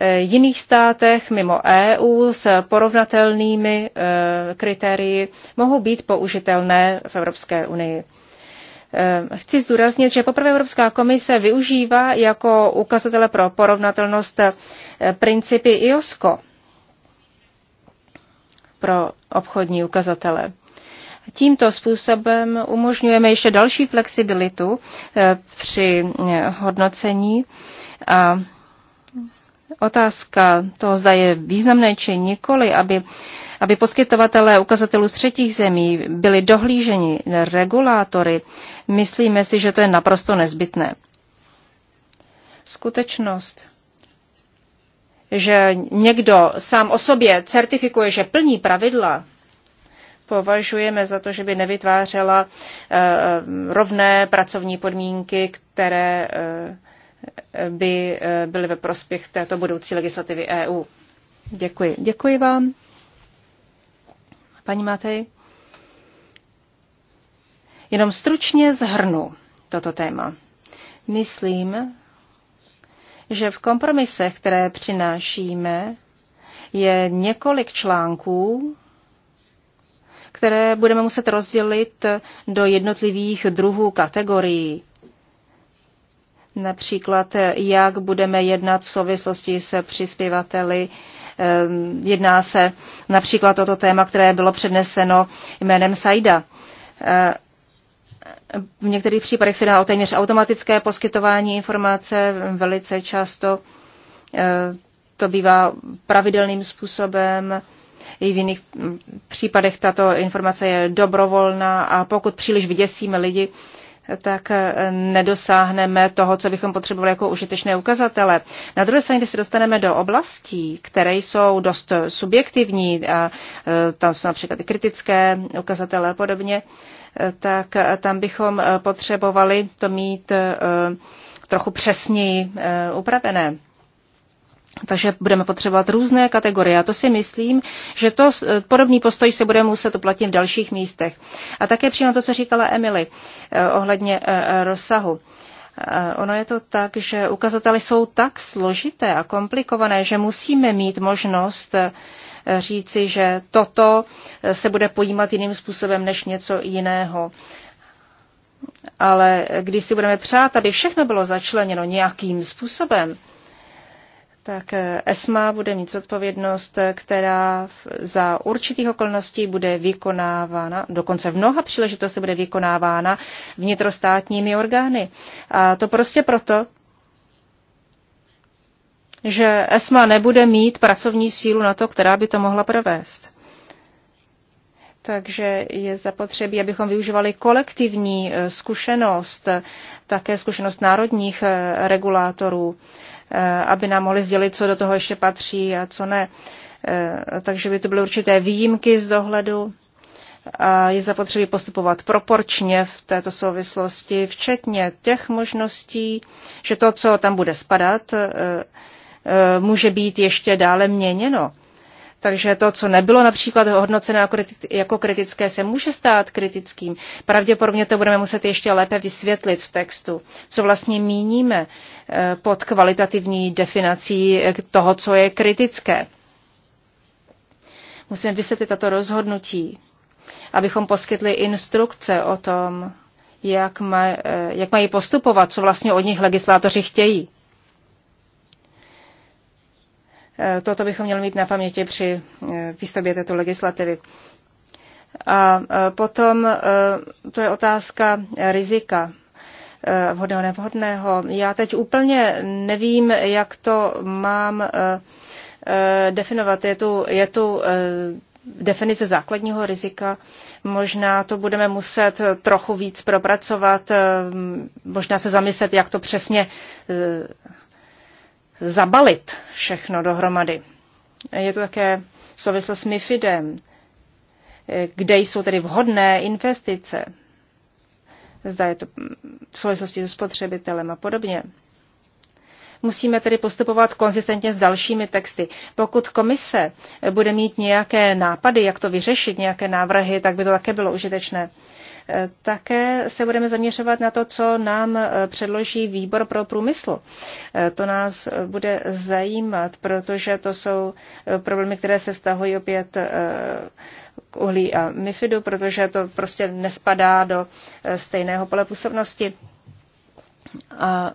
S3: Eh, jiných státech mimo EU s porovnatelnými eh, kritérii mohou být použitelné v Evropské unii. Eh, chci zdůraznit, že poprvé Evropská komise využívá jako ukazatele pro porovnatelnost principy IOSCO pro obchodní ukazatele. Tímto způsobem umožňujeme ještě další flexibilitu při hodnocení a otázka toho, zda je významné či nikoli, aby, aby poskytovatelé ukazatelů z třetích zemí byli dohlíženi regulátory, myslíme si, že to je naprosto nezbytné. Skutečnost, že někdo sám o sobě certifikuje, že plní pravidla, považujeme za to, že by nevytvářela eh, rovné pracovní podmínky, které eh, by eh, byly ve prospěch této budoucí legislativy EU. Děkuji. Děkuji vám. Paní Matej. Jenom stručně zhrnu toto téma. Myslím, že v kompromisech, které přinášíme, je několik článků, které budeme muset rozdělit do jednotlivých druhů kategorií. Například, jak budeme jednat v souvislosti s přispěvateli. Ehm, jedná se například o to téma, které bylo předneseno jménem Saida. Ehm, v některých případech se dá o téměř automatické poskytování informace, velice často ehm, to bývá pravidelným způsobem. I v jiných mm, případech tato informace je dobrovolná a pokud příliš vyděsíme lidi, tak eh, nedosáhneme toho, co bychom potřebovali jako užitečné ukazatele. Na druhé straně, když se dostaneme do oblastí, které jsou dost subjektivní, a eh, tam jsou například i kritické ukazatele a podobně, eh, tak tam bychom potřebovali to mít trochu přesněji upravené. Takže budeme potřebovat různé kategorie. A to si myslím, že to podobný postoj se bude muset uplatnit v dalších místech. A také přímo to, co říkala Emily eh, ohledně eh, eh, rozsahu. Ono je to tak, že ukazatele jsou tak složité a komplikované, že musíme mít možnost říci, že toto se bude pojímat jiným způsobem než něco jiného. Ale když si budeme přát, aby všechno bylo začleněno nějakým způsobem, tak ESMA bude mít zodpovědnost, která za určitých okolností bude vykonávána, dokonce v mnoha příležitostech bude vykonávána vnitrostátními orgány. A to prostě proto, že ESMA nebude mít pracovní sílu na to, která by to mohla provést. Takže je zapotřebí, abychom využívali kolektivní eh, zkušenost, také zkušenost národních eh, regulátorů Eh, aby nám mohli sdělit, co do toho ještě patří a co ne. Eh, takže by to byly určité výjimky z dohledu. A je zapotřebí postupovat proporčně v této souvislosti, včetně těch možností, že to, co tam bude spadat, eh, může být ještě dále měněno takže to, co nebylo například hodnoceno jako, jako kritické, se může stát kritickým. Pravděpodobně to budeme muset ještě lépe vysvětlit v textu, co vlastně míníme eh, pod kvalitativní definací eh, toho, co je kritické. Musíme vysvětlit tato rozhodnutí, abychom poskytli instrukce o tom, jak, maj, eh, jak mají postupovat, co vlastně od nich legislátoři chtějí. Eh, toto bychom měli mít na paměti při eh, výstavbě této legislativy. A eh, potom to je otázka rizika vhodného nevhodného. Já teď úplně nevím, jak to mám definovat. Je tu, je tu definice základního rizika. Možná to budeme muset trochu víc propracovat, možná se zamyslet, jak to přesně zabalit všechno dohromady. Je to také souvislost s MIFIDem, kde jsou tedy vhodné investice. Zda je to v souvislosti se spotřebitelem a podobně. Musíme tedy postupovat konzistentně s dalšími texty. Pokud komise bude mít nějaké nápady, jak to vyřešit, nějaké návrhy, tak by to také bylo užitečné. Také se budeme zaměřovat na to, co nám eh, předloží výbor pro průmysl. Eh, to nás bude zajímat, protože to jsou eh, problémy, které se vztahují opět k uhlí a MIFIDu, protože to prostě nespadá do stejného pole působnosti. A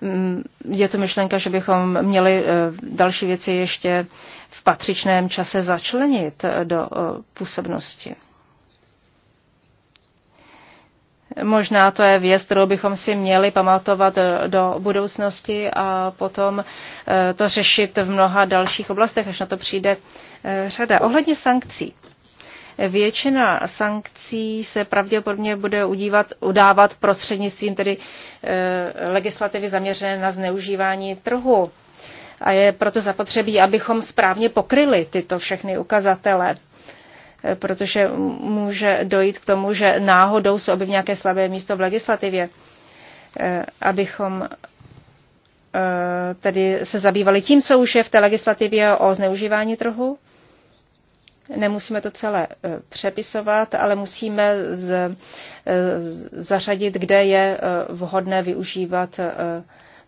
S3: mm, je to myšlenka, že bychom měli další věci ještě v patřičném čase začlenit do působnosti. Možná to je věc, kterou bychom si měli pamatovat eh, do budoucnosti a potom eh, to řešit v mnoha dalších oblastech, až na to přijde eh, řada. Ohledně sankcí. Většina sankcí se pravděpodobně bude udívat, udávat prostřednictvím tedy legislativy zaměřené na zneužívání trhu. A je proto zapotřebí, abychom správně pokryli tyto všechny ukazatele protože může dojít k tomu, že náhodou se objeví nějaké slabé místo v legislativě, eh, abychom eh, tedy se zabývali tím, co už je v té legislativě o zneužívání trhu. Nemusíme to celé eh, přepisovat, ale musíme z, zařadit, kde je vhodné využívat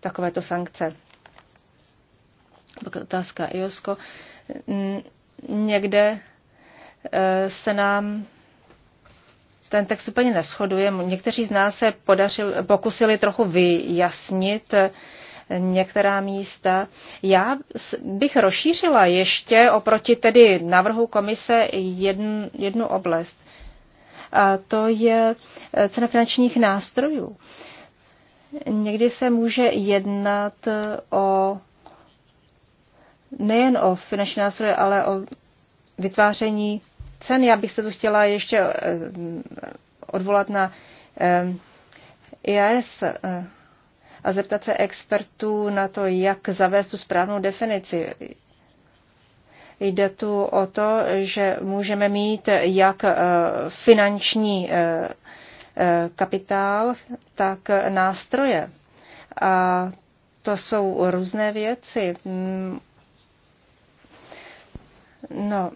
S3: takovéto sankce. Otázka Iosko Někde Eh, se nám ten text úplně neschoduje. Někteří z nás se podařil, pokusili trochu vyjasnit eh, některá místa. Já bych rozšířila ještě oproti tedy návrhu komise jednu, jednu oblast. A to je eh, cena finančních nástrojů. Někdy se může jednat o nejen o finanční nástroje, ale o vytváření cen. Já bych se tu chtěla ještě eh, odvolat na IAS eh, e eh, a zeptat se expertů na to, jak zavést tu správnou definici. Jde tu o to, že můžeme mít jak finanční kapitál, tak nástroje. A to jsou různé věci. Mm. No,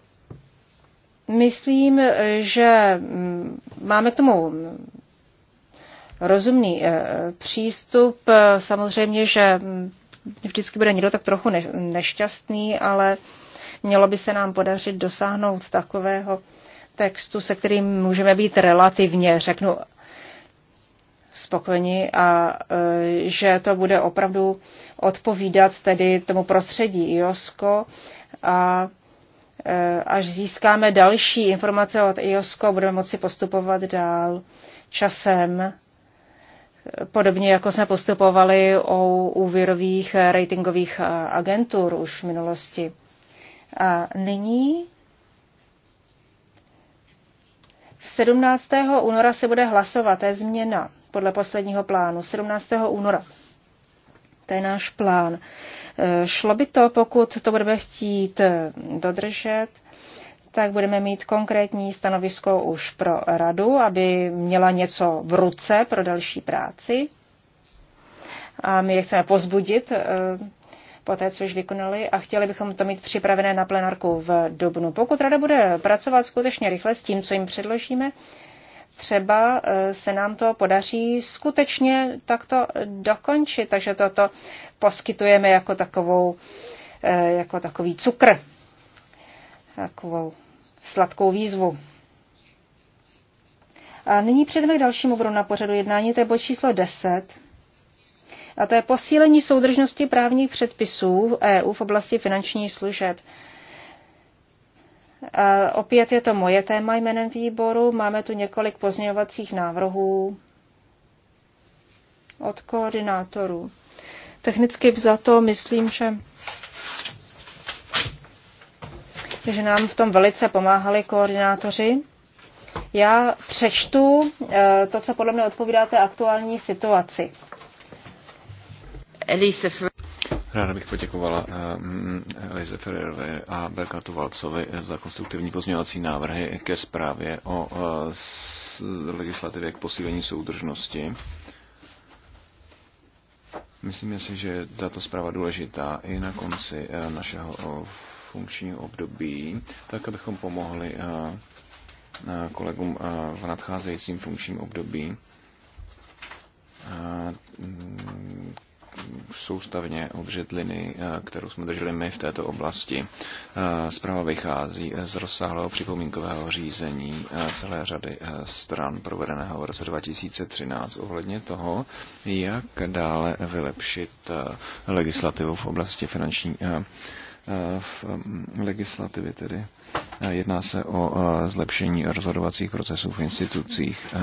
S3: Myslím, že mm, máme k tomu rozumný eh, přístup. Samozřejmě, že mm, vždycky bude někdo tak trochu nešťastný, ale mělo by se nám podařit dosáhnout takového textu, se kterým můžeme být relativně, řeknu, spokojeni a eh, že to bude opravdu odpovídat tedy tomu prostředí IOSCO a Eh, až získáme další informace od IOSCO, budeme moci postupovat dál časem, podobně jako jsme postupovali o úvěrových ratingových eh, agentur už v minulosti. A nyní 17. února se bude hlasovat, to je změna podle posledního plánu, 17. února. To je náš plán. Eh, šlo by to, pokud to budeme chtít eh, dodržet, tak budeme mít konkrétní stanovisko už pro radu, aby měla něco v ruce pro další práci. A my je chceme pozbudit eh, po té, co už vykonali a chtěli bychom to mít připravené na plenarku v Dubnu. Pokud rada bude pracovat skutečně rychle s tím, co jim předložíme, třeba eh, se nám to podaří skutečně takto dokončit. Takže toto poskytujeme jako, takovou, eh, jako takový cukr, takovou sladkou výzvu. A nyní přejdeme k dalšímu bodu na pořadu jednání, to je bod číslo 10. A to je posílení soudržnosti právních předpisů EU v oblasti finančních služeb. Eh, opět je to moje téma jménem výboru. Máme tu několik pozměňovacích návrhů od koordinátorů. Technicky za to myslím, že že nám v tom velice pomáhali koordinátoři. Já přečtu eh, to, co podle mě odpovídá té aktuální situaci.
S2: Ráda bych poděkovala eh, mm, Lize Ferrerové a Berkatu Valcovi za konstruktivní pozměňovací návrhy ke zprávě o eh, legislativě k posílení soudržnosti. Myslím si, že je tato zpráva důležitá i na konci eh, našeho funkčního období, tak abychom pomohli kolegům v nadcházejícím funkčním období soustavně udržet eh, kterou jsme drželi my v této oblasti. Eh, Zpráva vychází z rozsáhlého připomínkového řízení eh, celé řady stran provedeného v roce 2013 ohledně toho, jak dále vylepšit legislativu v oblasti finanční v mm, legislativy tedy. Jedná se o zlepšení rozhodovacích procesů v institucích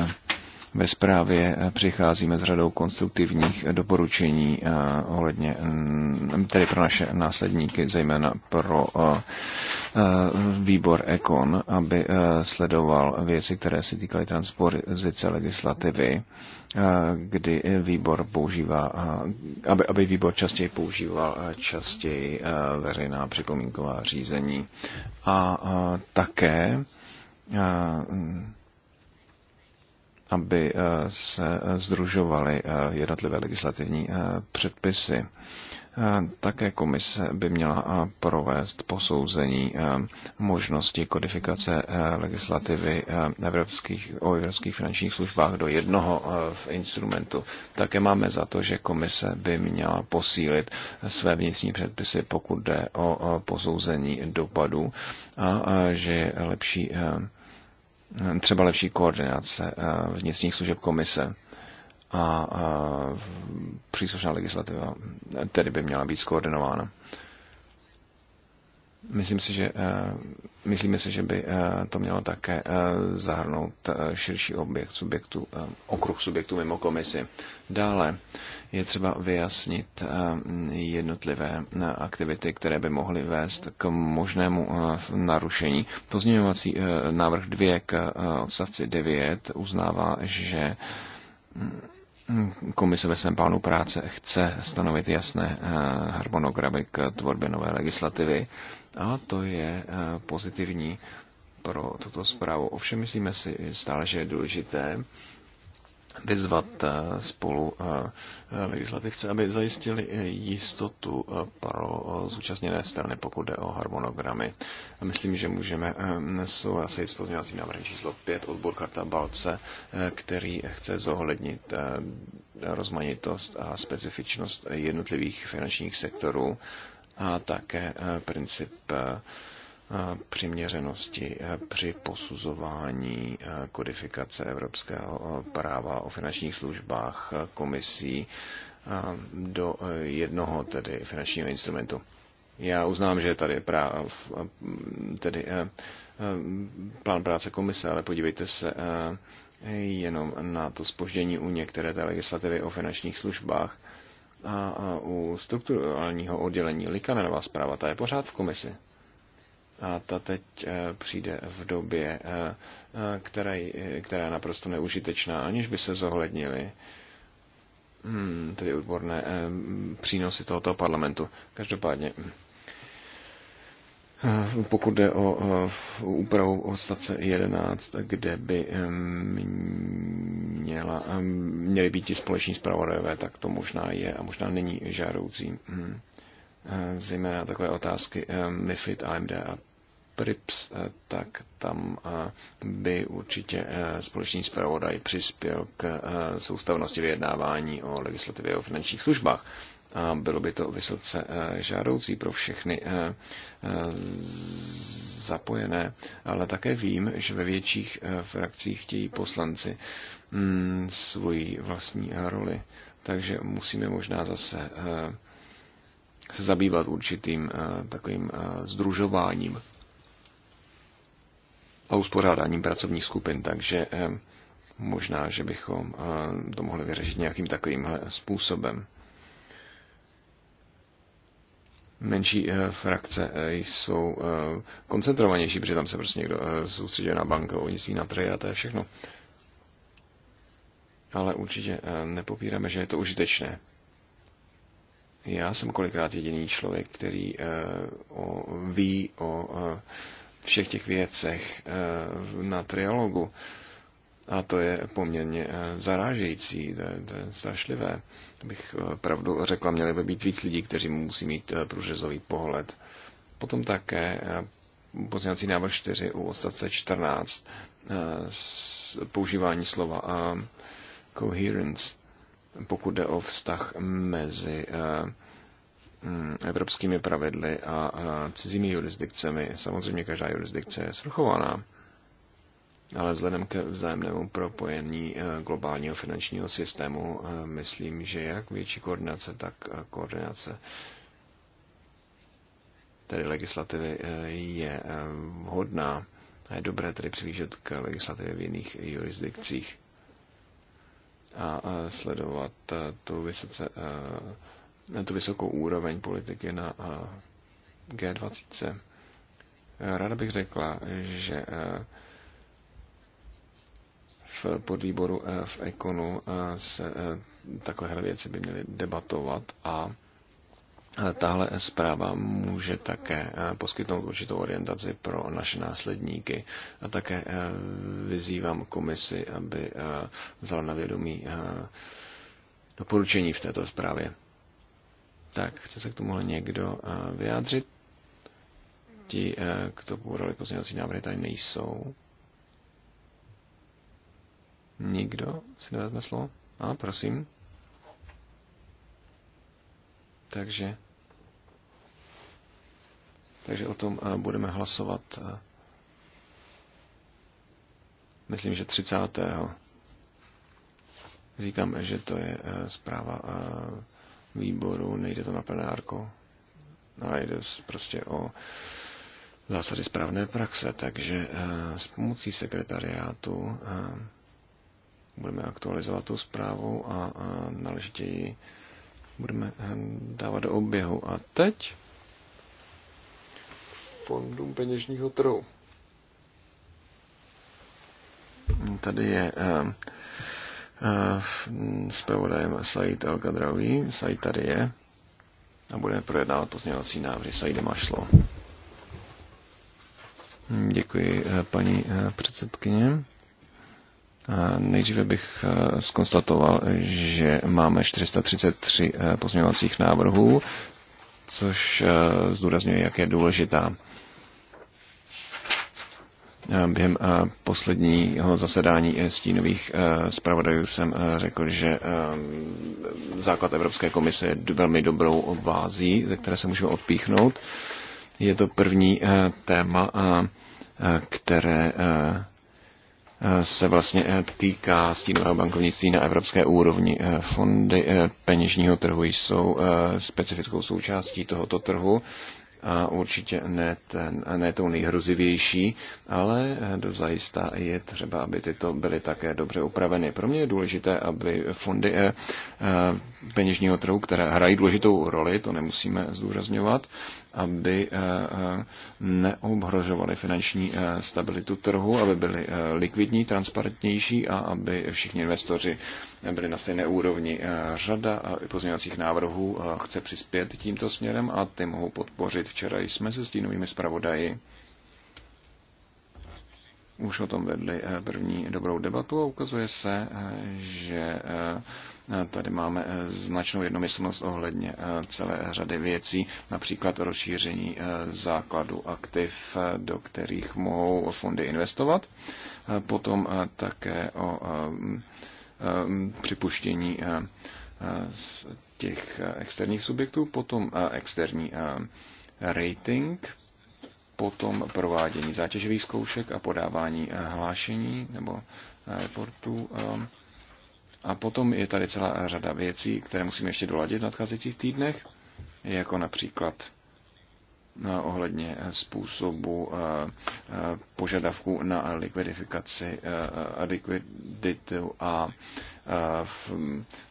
S2: ve zprávě eh, přicházíme s řadou konstruktivních eh, doporučení eh, ohledně, mm, tedy pro naše následníky, zejména pro výbor Ekon, aby sledoval věci, které se týkaly transpozice legislativy kdy výbor používá, aby, aby výbor častěji používal častěji veřejná připomínková řízení. A také aby eh, se eh, združovaly eh, jednotlivé legislativní předpisy. Také komise by měla provést posouzení možnosti kodifikace legislativy evropských, o evropských finančních službách do jednoho instrumentu. Také máme za to, že komise by měla posílit své vnitřní předpisy, pokud jde o posouzení dopadů a že je lepší třeba lepší koordinace eh, vnitřních služeb komise a eh, příslušná legislativa eh, tedy by měla být skoordinována. Myslím si, že, myslíme si, že by to mělo také zahrnout širší objekt subjektu, okruh subjektů mimo komisi. Dále je třeba vyjasnit eh, jednotlivé eh, aktivity, které by mohly vést k možnému eh, narušení. Pozměňovací návrh 2 k odstavci 9 uznává, že mm, Komise ve svém plánu práce chce stanovit jasné harmonogramy k tvorbě nové legislativy a to je pozitivní pro tuto zprávu. Ovšem myslíme si stále, že je důležité, vyzvat eh, spolu eh, legislativce, aby zajistili eh, jistotu pro zúčastněné strany, pokud jde o harmonogramy. Myslím, že můžeme souhlasit s pozměňovacím návrhem číslo 5 od Burkarta Balce, který chce zohlednit rozmanitost a specifičnost jednotlivých finančních sektorů a také princip přiměřenosti při posuzování kodifikace evropského práva o finančních službách komisí do jednoho tedy finančního instrumentu. Já uznám, že tady práv, tedy plán práce komise, ale podívejte se jenom na to spoždění u některé té legislativy o finančních službách a u strukturálního oddělení Likanerová zpráva, ta je pořád v komisi a ta teď eh, přijde v době, eh, eh, která, která je naprosto neužitečná, aniž by se zohlednili hmm, tedy odborné přínosy tohoto parlamentu. Každopádně, hm, pokud jde o úpravu odstavce 11, kde by hm, měla, hm, měly být ti společní zpravodajové, tak to možná je a možná není žádoucí. Hmm zejména takové otázky MIFID, AMD a PRIPS, eh, tak tam eh, by určitě eh, společný zpravodaj přispěl k soustavnosti vyjednávání o legislativě o finančních službách. A bylo by to vysoce žádoucí pro všechny zapojené, ale také vím, že ve větších frakcích chtějí poslanci mm, svoji vlastní roli. Takže musíme možná zase se zabývat určitým takovým združováním a uspořádáním pracovních skupin, takže eh, možná, že bychom eh, to mohli vyřešit nějakým takovýmhle způsobem. Menší eh, frakce jsou koncentrovanější, protože tam se prostě někdo soustředí na banku, oni svý na trhy a to je všechno. Ale určitě nepopíráme, že je to užitečné. Já jsem kolikrát jediný člověk, který o, ví o všech těch věcech eh, na trialogu. A to je poměrně eh, zarážející, to je, to je strašlivé. Bych eh, pravdu řekla, měli by být víc lidí, kteří musí mít průřezový pohled. Potom také pozměňovací návrh 4 u odstavce 14 používání slova coherence, pokud jde o vztah mezi Mm, evropskými pravidly a cizími jurisdikcemi. Samozřejmě každá jurisdikce je svrchovaná, ale vzhledem k vzájemnému propojení eh, globálního finančního systému eh, myslím, že jak větší koordinace, tak eh, koordinace tedy legislativy je vhodná a je dobré tedy přivížet k legislativě v jiných jurisdikcích a sledovat tu vysoce tu vysokou úroveň politiky na G20. Ráda bych řekla, že e, v podvýboru e, v Ekonu e, se takovéhle věci by měly debatovat a Tahle zpráva může také poskytnout určitou orientaci pro naše následníky a také vyzývám komisi, aby vzala na vědomí doporučení v této zprávě. Tak, chce se k tomuhle někdo eh, vyjádřit? Ti, eh, kdo podali pozměňovací návrhy, tady nejsou. Nikdo si nevezme slovo? A, prosím. Takže, takže o tom eh, budeme hlasovat, myslím, že 30. Říkám, že to je zpráva výboru, nejde to na No ale jde prostě o zásady správné praxe, takže eh, s pomocí sekretariátu eh, budeme aktualizovat tu zprávu a náležitě ji budeme eh, dávat do oběhu. A teď fondům peněžního trhu. Tady je s eh, pravodajem Said al -Kadrawi. Said tady je a budeme projednávat pozměňovací návrhy. Said, máš slovo. Hmm, děkuji, eh, paní eh, předsedkyně. Nejdříve bych skonstatoval, že máme 433 pozměňovacích návrhů, což zdůrazňuje, jak je důležitá Během posledního zasedání eh, stínových eh, zpravodajů jsem eh, řekl, že základ Evropské komise je velmi dobrou vází, ze které se můžeme odpíchnout. Je to první téma, které se vlastně týká stínového bankovnictví na evropské úrovni. Fondy peněžního trhu jsou specifickou součástí tohoto trhu a určitě ne, ten, ne tou nejhrozivější, ale dozajista je třeba, aby tyto byly také dobře upraveny. Pro mě je důležité, aby fondy eh, eh, peněžního trhu, které hrají důležitou roli, to nemusíme zdůrazňovat, aby eh, eh, neobhrožovaly finanční eh, stabilitu trhu, aby byly likvidní, transparentnější a aby všichni investoři byli na stejné úrovni. Řada pozměňovacích návrhů chce přispět tímto směrem a ty mohou podpořit. Včera jsme se stínovými zpravodaji už o tom vedli první dobrou debatu a ukazuje se, že Tady máme eh, značnou jednomyslnost ohledně eh, celé řady věcí, například rozšíření eh, základu aktiv, do kterých mohou fondy investovat, potom také o připuštění těch externích subjektů, potom externí rating, potom provádění zátěžových zkoušek a podávání hlášení nebo reportů a potom je tady celá řada věcí, které musíme ještě doladit v nadcházejících týdnech, jako například eh, ohledně způsobu eh, eh, požadavků na likvidifikaci a likviditu a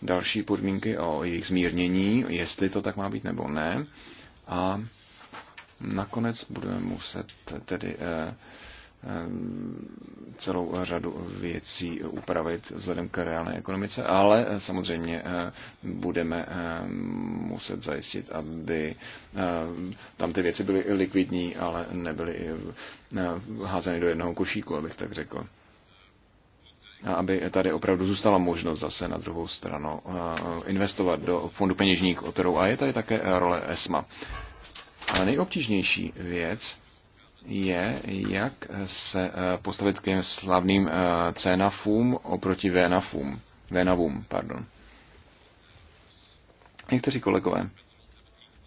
S2: další podmínky o jejich zmírnění, jestli to tak má být nebo ne. A nakonec budeme muset tedy Eh, celou řadu věcí upravit vzhledem k reálné ekonomice, ale eh, samozřejmě eh, budeme muset zajistit, aby tam ty věci byly likvidní, ale nebyly házeny do jednoho košíku, abych tak řekl. A aby tady opravdu zůstala možnost zase na druhou stranu investovat do fondu peněžních, o kterou a je tady také role ESMA. A nejobtížnější věc, je, jak se eh, postavit k těm slavným eh, cenafům oproti venafům. Venavům, pardon. Někteří kolegové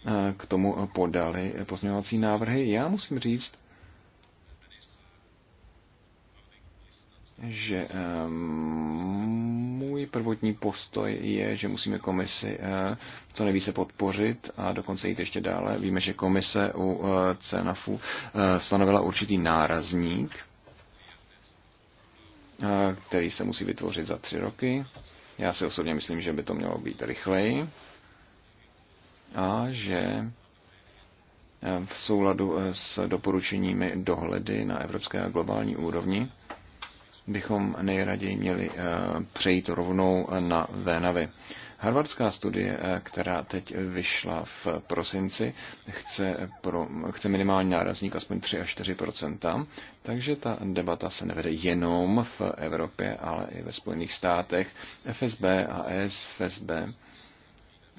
S2: eh, k tomu podali pozměňovací návrhy. Já musím říct, že můj prvotní postoj je, že musíme komisi eh, co nejvíce podpořit a dokonce jít ještě dále. Víme, že komise u eh, CENAFu eh, stanovila určitý nárazník, který se musí vytvořit za tři roky. Já si osobně myslím, že by to mělo být rychleji a že v souladu s doporučeními dohledy na evropské a globální úrovni bychom nejraději měli eh, přejít rovnou eh, na Vénavy. Harvardská studie, eh, která teď vyšla v prosinci, chce, pro, chce minimální nárazník aspoň 3 až 4 takže ta debata se nevede jenom v Evropě, ale i ve Spojených státech. FSB a ESFSB.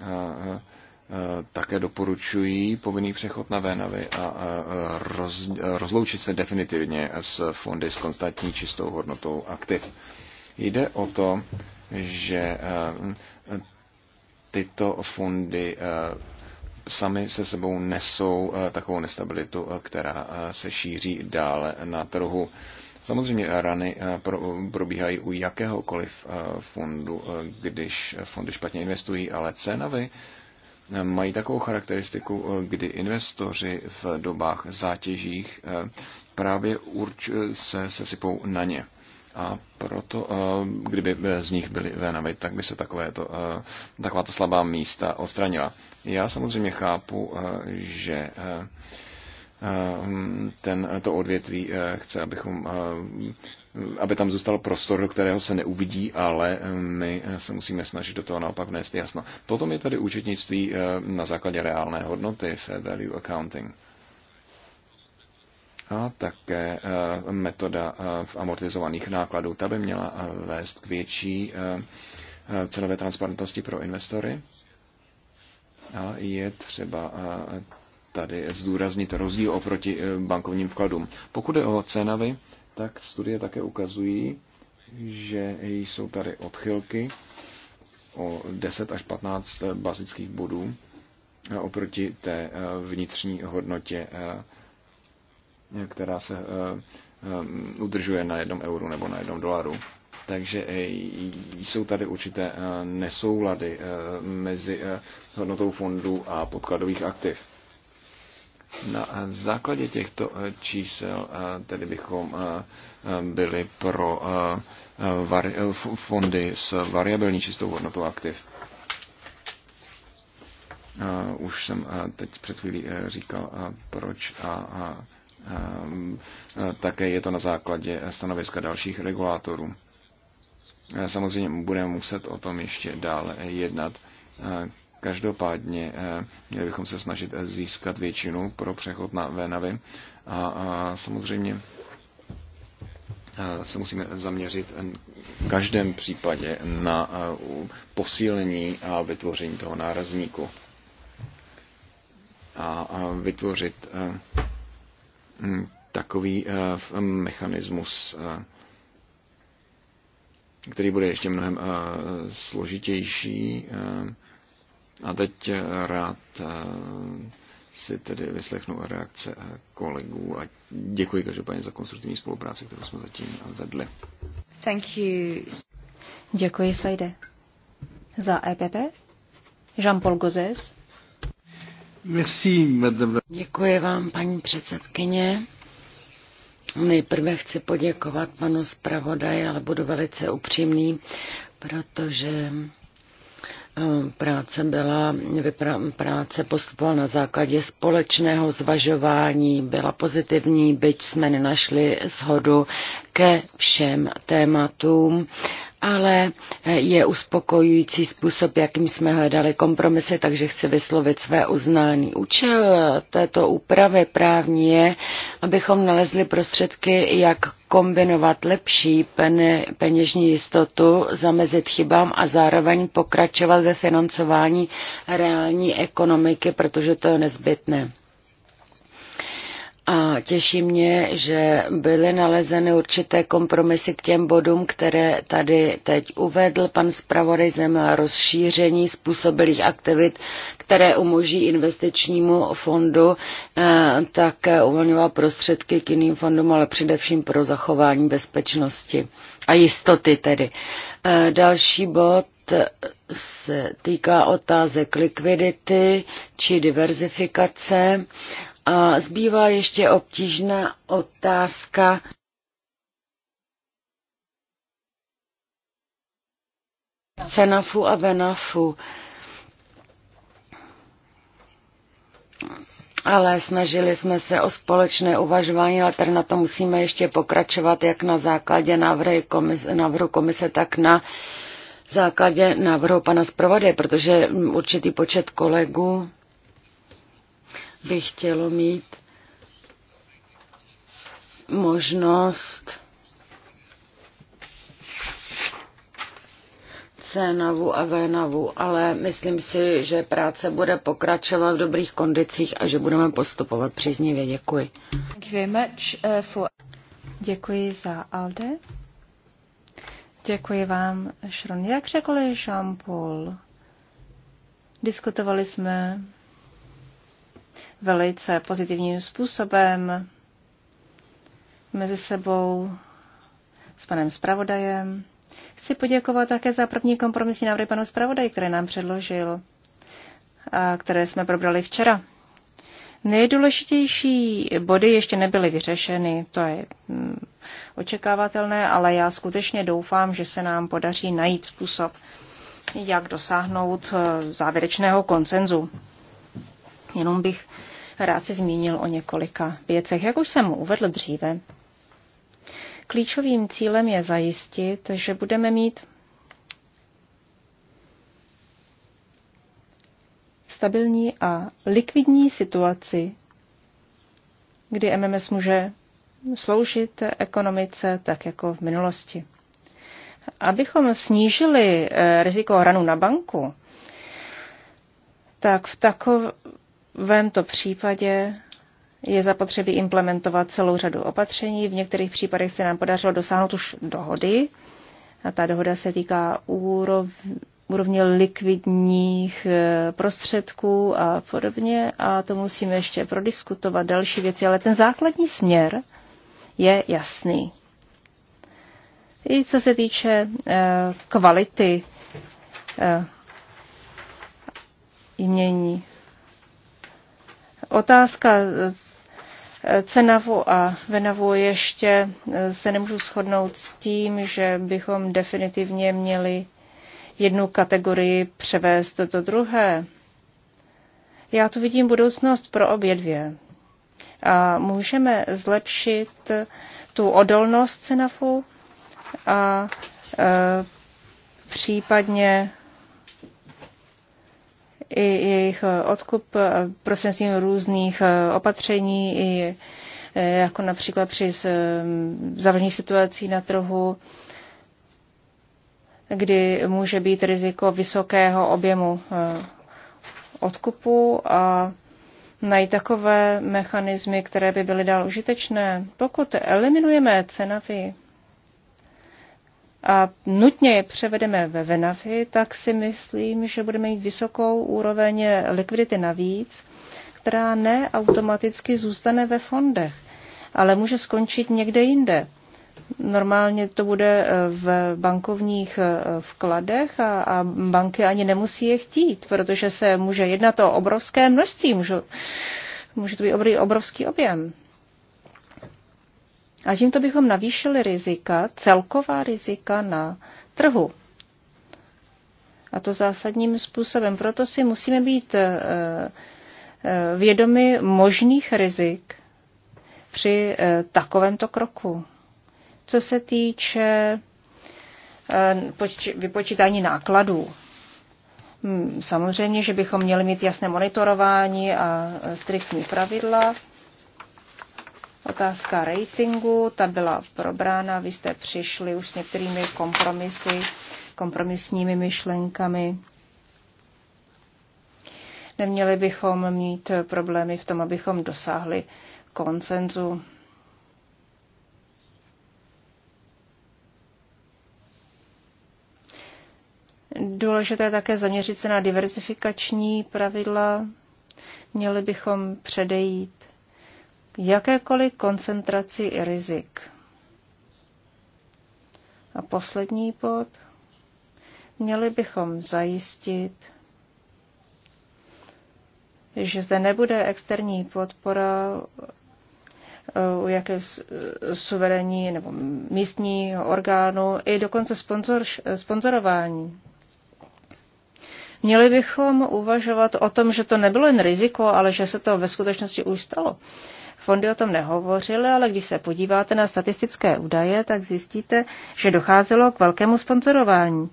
S2: A, Eh, také doporučují povinný přechod na Vénavy a eh, roz, eh, rozloučit se definitivně s fondy s konstantní čistou hodnotou aktiv. Jde o to, že tyto fondy sami se sebou nesou takovou nestabilitu, která se šíří dále na trhu. Samozřejmě rany probíhají u jakéhokoliv fondu, když fondy špatně investují, ale cenavy mají takovou charakteristiku, eh, kdy investoři v dobách zátěžích eh, právě urč eh, se sesypou na ně. A proto, kdyby z nich byly venavy, tak by se takovéto, takováto slabá místa odstranila. Já samozřejmě chápu, že ten, to odvětví eh, chce, abychom, eh, aby tam zůstal prostor, do kterého se neuvidí, ale eh, my se musíme snažit do toho naopak vnést jasno. Potom je tady účetnictví na základě reálné hodnoty, fair value accounting. A také metoda v amortizovaných nákladů. Ta by měla vést k větší cenové transparentnosti pro investory. A je třeba tady zdůraznit rozdíl oproti eh, bankovním vkladům. Pokud je o cenavy, tak studie také ukazují, že jsou tady odchylky o 10 až 15 eh, bazických bodů oproti té eh, vnitřní hodnotě, která se udržuje na jednom euru nebo na jednom dolaru. Takže jsou tady určité nesoulady mezi hodnotou fondů a podkladových aktiv. Na základě těchto eh, čísel eh, tedy bychom eh, byli pro fondy s variabilní čistou hodnotou aktiv. Už jsem teď před chvílí říkal, proč a také je to na základě stanoviska dalších regulátorů. Samozřejmě budeme muset o tom ještě dále jednat Každopádně eh, měli bychom se snažit eh, získat většinu pro přechod na Vénavy a, a samozřejmě eh, se musíme zaměřit v každém případě na posílení a vytvoření toho nárazníku a vytvořit takový mechanismus, který bude ještě mnohem složitější, a teď eh, rád eh, si tedy vyslechnu reakce eh, kolegů a děkuji každopádně za konstruktivní spolupráci, kterou jsme zatím vedli.
S3: Thank you. Děkuji, Sajde. Za EPP? Jean-Paul Gozes?
S2: Merci, madame.
S3: Děkuji vám, paní předsedkyně.
S1: Nejprve chci poděkovat panu zpravodaji, ale budu velice upřímný, protože Ehm, práce byla práce postupovala na základě společného zvažování, byla pozitivní, byť jsme nenašli shodu ke všem tématům ale eh, je uspokojující způsob, jakým jsme hledali kompromisy, takže chci vyslovit své uznání. Účel této úpravy právní je, abychom nalezli prostředky, jak kombinovat lepší peněžní jistotu, zamezit chybám a zároveň pokračovat ve financování reální ekonomiky, protože to je nezbytné. A těší mě, že byly nalezeny určité kompromisy k těm bodům, které tady teď uvedl pan zpravodaj Zemla rozšíření způsobilých aktivit, které umožní investičnímu fondu eh, také uvolňovat prostředky k jiným fondům, ale především pro zachování bezpečnosti a jistoty tedy. Eh, další bod se týká otázek likvidity či diverzifikace. A zbývá ještě obtížná otázka. Senafu a Venafu. Ale snažili jsme se o společné uvažování, ale tady na to musíme ještě pokračovat, jak na základě komise, návrhu komise, tak na základě návrhu pana zpravodaje, protože určitý počet kolegů by chtělo mít možnost cenavu a venavu, ale myslím si, že práce bude pokračovat v dobrých kondicích a že budeme postupovat příznivě. Děkuji.
S3: Uh, Děkuji za Alde. Děkuji vám, Šron. Jak řekl Jean-Paul, diskutovali jsme velice pozitivním způsobem mezi sebou s panem zpravodajem. Chci poděkovat také za první kompromisní návrhy panu zpravodaji, který nám předložil a které jsme probrali včera. Nejdůležitější body ještě nebyly vyřešeny, to je mm, očekávatelné, ale já skutečně doufám, že se nám podaří najít způsob, jak dosáhnout e, závěrečného koncenzu. Jenom bych rád se zmínil o několika věcech. Jak už jsem uvedl dříve, klíčovým cílem je zajistit, že budeme mít stabilní a likvidní situaci, kdy MMS může sloužit ekonomice tak jako v minulosti. Abychom snížili eh, riziko hranu na banku, tak v, takové v tomto případě je zapotřebí implementovat celou řadu opatření. V některých případech se nám podařilo dosáhnout už dohody. A ta dohoda se týká úrov, úrovně likvidních eh, prostředků a podobně. A to musíme ještě prodiskutovat další věci. Ale ten základní směr je jasný. I co se týče eh, kvality eh, jmění Otázka eh, cenavu a venavu ještě eh, se nemůžu shodnout s tím, že bychom definitivně měli jednu kategorii převést do druhé. Já tu vidím budoucnost pro obě dvě. A můžeme zlepšit tu odolnost cenafu a e, případně i jejich eh, odkup eh, prostřednictvím různých eh, opatření, i jako například při ehm, zavřených situací na trhu, kdy může být riziko vysokého objemu odkupu a najít takové mechanismy, které by byly dál užitečné. Pokud eliminujeme cenavy, a nutně je převedeme ve Venavy, tak si myslím, že budeme mít vysokou úroveň likvidity navíc, která ne automaticky zůstane ve fondech, ale může skončit někde jinde. Normálně to bude eh, v bankovních eh, vkladech a, a banky ani nemusí je chtít, protože se může jednat o obrovské množství, může, může to být obrovský objem. A tímto bychom navýšili rizika, celková rizika na trhu. A to zásadním způsobem. Proto si musíme být eh, eh, vědomi možných rizik při eh, takovémto kroku. Co se týče vypočítání nákladů. Hmm, samozřejmě, že bychom měli mít jasné monitorování a striktní pravidla. Otázka ratingu, ta byla probrána, vy jste přišli už s některými kompromisy, kompromisními myšlenkami. Neměli bychom mít problémy v tom, abychom dosáhli konsenzu. Důležité je také zaměřit se na diversifikační pravidla. Měli bychom předejít jakékoliv koncentraci rizik. A poslední bod. Měli bychom zajistit, že zde nebude externí podpora eh, u jaké suverení nebo místní orgánu, i dokonce sponsor, sponzorování. Měli bychom uvažovat o tom, že to nebylo jen riziko, ale že se to ve skutečnosti už stalo fondy o tom nehovořily, ale když se podíváte na statistické údaje, tak zjistíte, že docházelo k velkému sponzorování.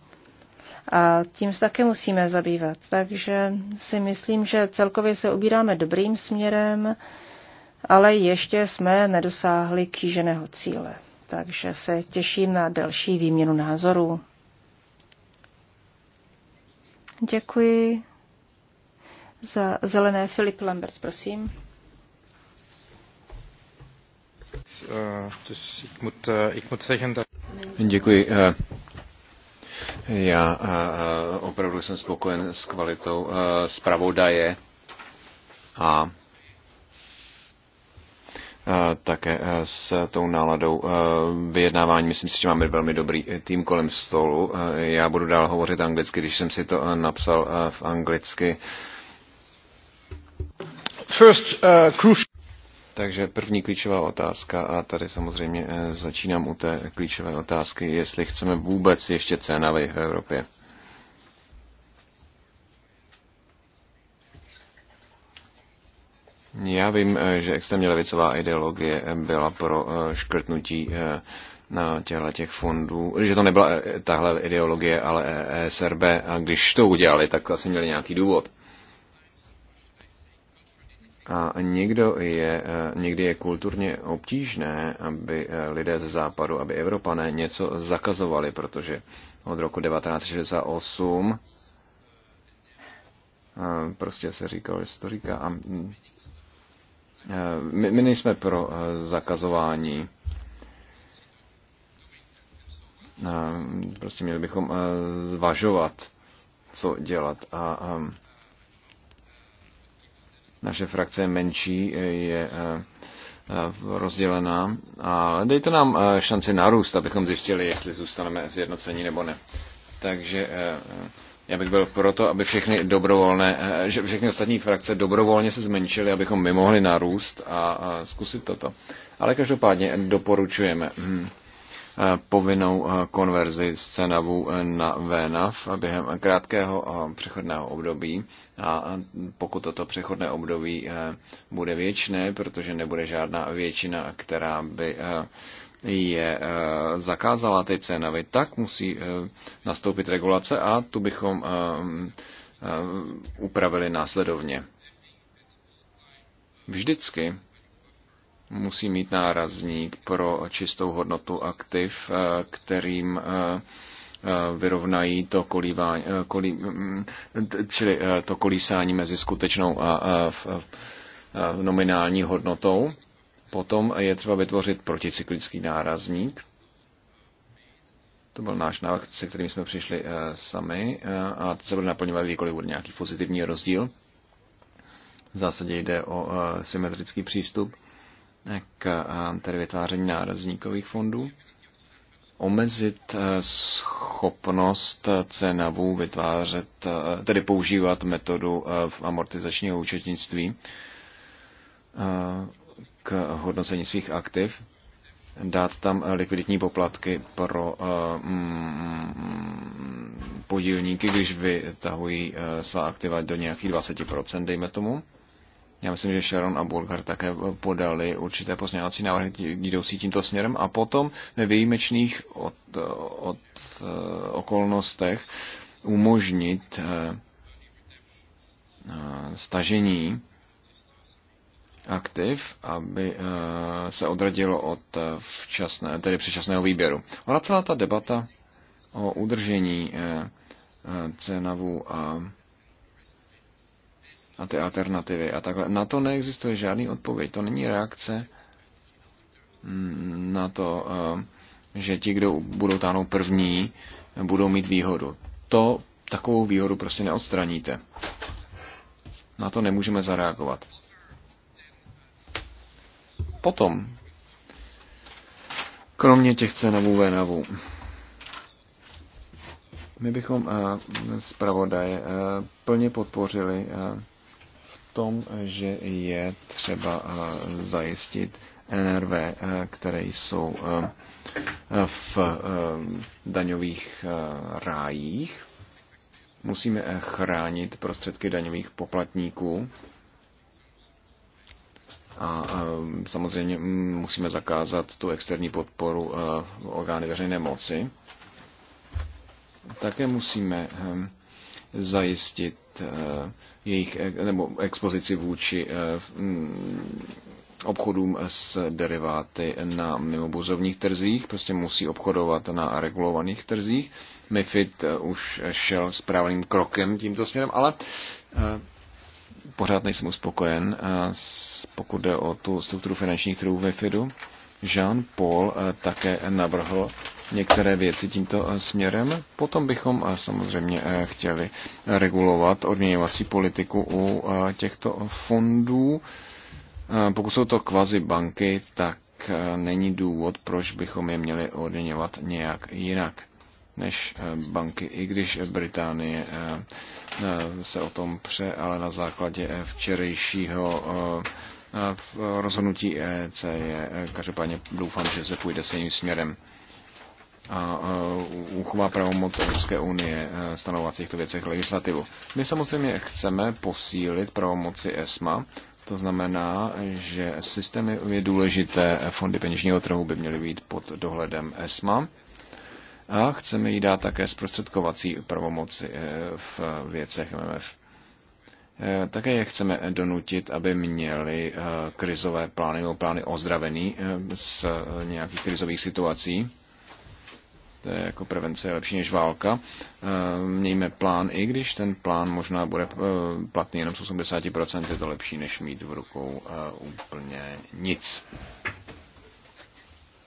S3: A tím se také musíme zabývat. Takže si myslím, že celkově se ubíráme dobrým směrem, ale ještě jsme nedosáhli kýženého cíle. Takže se těším na další výměnu názorů. Děkuji. Za zelené Filip Lamberts, prosím.
S2: Děkuji. Já eh, opravdu jsem spokojen s kvalitou eh, zpravodaje a eh, také s tou náladou vyjednávání. Myslím si, že máme velmi dobrý tým kolem stolu. Já budu dál hovořit anglicky, když jsem si to napsal v anglicky. First, uh, crucial. Takže první klíčová otázka, a tady samozřejmě eh, začínám u té klíčové otázky, jestli chceme vůbec ještě cénavy v Evropě. Já vím, eh, že extrémně levicová ideologie eh, byla pro škrtnutí na těchto těch fondů, že to nebyla tahle ideologie, ale ESRB, e a když to udělali, tak asi měli nějaký důvod. A někdo je, e, někdy je kulturně obtížné, aby e, lidé ze západu, aby Evropané něco zakazovali, protože od roku 1968 e, prostě se říkalo, že se to říká. A my, my nejsme pro zakazování. Prostě měli bychom zvažovat, co dělat. A, a naše frakce eh, je menší, eh, je eh, rozdělená. A dejte nám šanci narůst, abychom zjistili, jestli zůstaneme zjednocení nebo ne. Takže já bych byl proto, aby všechny dobrovolné, že všechny ostatní frakce dobrovolně se zmenšily, abychom my mohli narůst a zkusit toto. Ale každopádně doporučujeme. Hm, Eh, povinnou eh, konverzi z cenavu eh, na VNAV během krátkého přechodného období. A pokud toto přechodné období bude věčné, protože nebude žádná většina, která by je zakázala ty cenavy, tak musí nastoupit regulace a tu bychom upravili následovně. Vždycky musí mít nárazník pro čistou hodnotu aktiv, eh, kterým eh, eh, vyrovnají to, kolívání, kolí, mm, čili to kolísání mezi skutečnou a nominální hodnotou. Potom je třeba vytvořit proticyklický nárazník. To byl náš návrh, se kterým jsme přišli sami a to se bude naplňovat, kdykoliv bude nějaký pozitivní rozdíl. V zásadě jde o symetrický přístup k eh, tedy vytváření nárazníkových fondů, omezit eh, schopnost eh, cenavů vytvářet, tedy používat metodu v amortizačního účetnictví k hodnocení svých aktiv, dát tam likviditní poplatky pro mm, podílníky, když vytahují svá aktiva do nějakých 20%, dejme tomu já myslím, že Sharon a Bulgar také podali určité pozměňovací návrhy jdoucí tímto směrem a potom ve výjimečných od, od, eh, okolnostech umožnit eh, eh, stažení aktiv, aby se odradilo od včasné, tedy předčasného výběru. Ona celá ta debata o udržení cenavu a a ty alternativy a takhle. Na to neexistuje žádný odpověď. To není reakce mm, na to, eh, že ti, kdo budou táhnout první, budou mít výhodu. To takovou výhodu prostě neodstraníte. Na to nemůžeme zareagovat. Potom, kromě těch cenovů venavů, my bychom eh, zpravodaje eh, plně podpořili tom, že je třeba eh, zajistit NRV, eh, které jsou eh, v daňových rájích. Musíme chránit prostředky daňových poplatníků a samozřejmě mm, musíme zakázat tu externí podporu orgány veřejné moci. Také musíme zajistit eh, jejich nebo expozici vůči eh, mm, obchodům s deriváty na mimobuzovních trzích, prostě musí obchodovat na regulovaných trzích. MIFID eh, už šel správným krokem tímto směrem, ale pořád nejsem uspokojen, pokud jde o tu strukturu finančních trhů ve FIDu. Jean-Paul také navrhl některé věci tímto eh, směrem. Potom bychom eh, samozřejmě eh, chtěli regulovat odměňovací politiku u těchto fondů. Pokud jsou to kvazi banky, tak není důvod, proč bychom je měli odměňovat nějak jinak než banky, i když Británie se o tom pře, ale na základě včerejšího rozhodnutí EC je každopádně doufám, že se půjde jiným směrem a uchová pravomoc Evropské unie e, stanovat v těchto věcech legislativu. My samozřejmě chceme posílit pravomoci ESMA, to znamená, že systémy je důležité, e, fondy peněžního trhu by měly být pod dohledem ESMA a chceme jí dát také zprostředkovací pravomoci e, v věcech MMF. Také je chceme donutit, aby měli krizové plány nebo plány ozdravení z nějakých krizových situací to je jako prevence je lepší než válka. Eh, mějme plán, i když ten plán možná bude eh, platný jenom z 80%, je to lepší, než mít v rukou eh, úplně nic.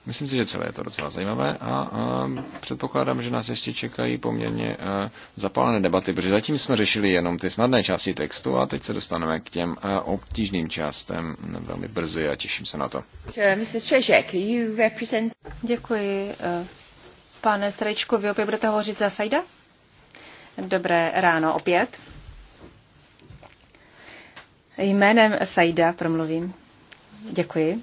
S2: Myslím si, že celé je to docela zajímavé a, a předpokládám, že nás ještě čekají poměrně a, zapálené debaty, protože zatím jsme řešili jenom ty snadné části textu a teď se dostaneme k těm a, obtížným částem velmi brzy a těším se na to.
S3: Děkuji. Pane Srečko, vy opět budete hovořit za Sajda? Dobré ráno opět. Jménem Sajda promluvím. Děkuji.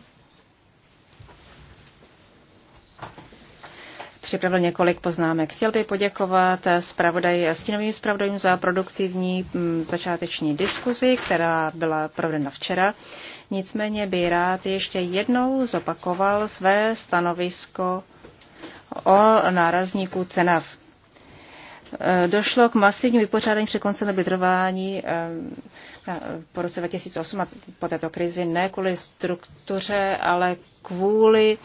S3: připravil několik poznámek. Chtěl bych poděkovat zpravodaj, stínovým zpravodajům za produktivní mm, začáteční diskuzi, která byla provedena včera. Nicméně by rád ještě jednou zopakoval své stanovisko o nárazníku cenav. Eh, došlo k masivnímu vypořádání před koncem nebytrování eh, po roce 2008 a po této krizi ne kvůli struktuře, ale kvůli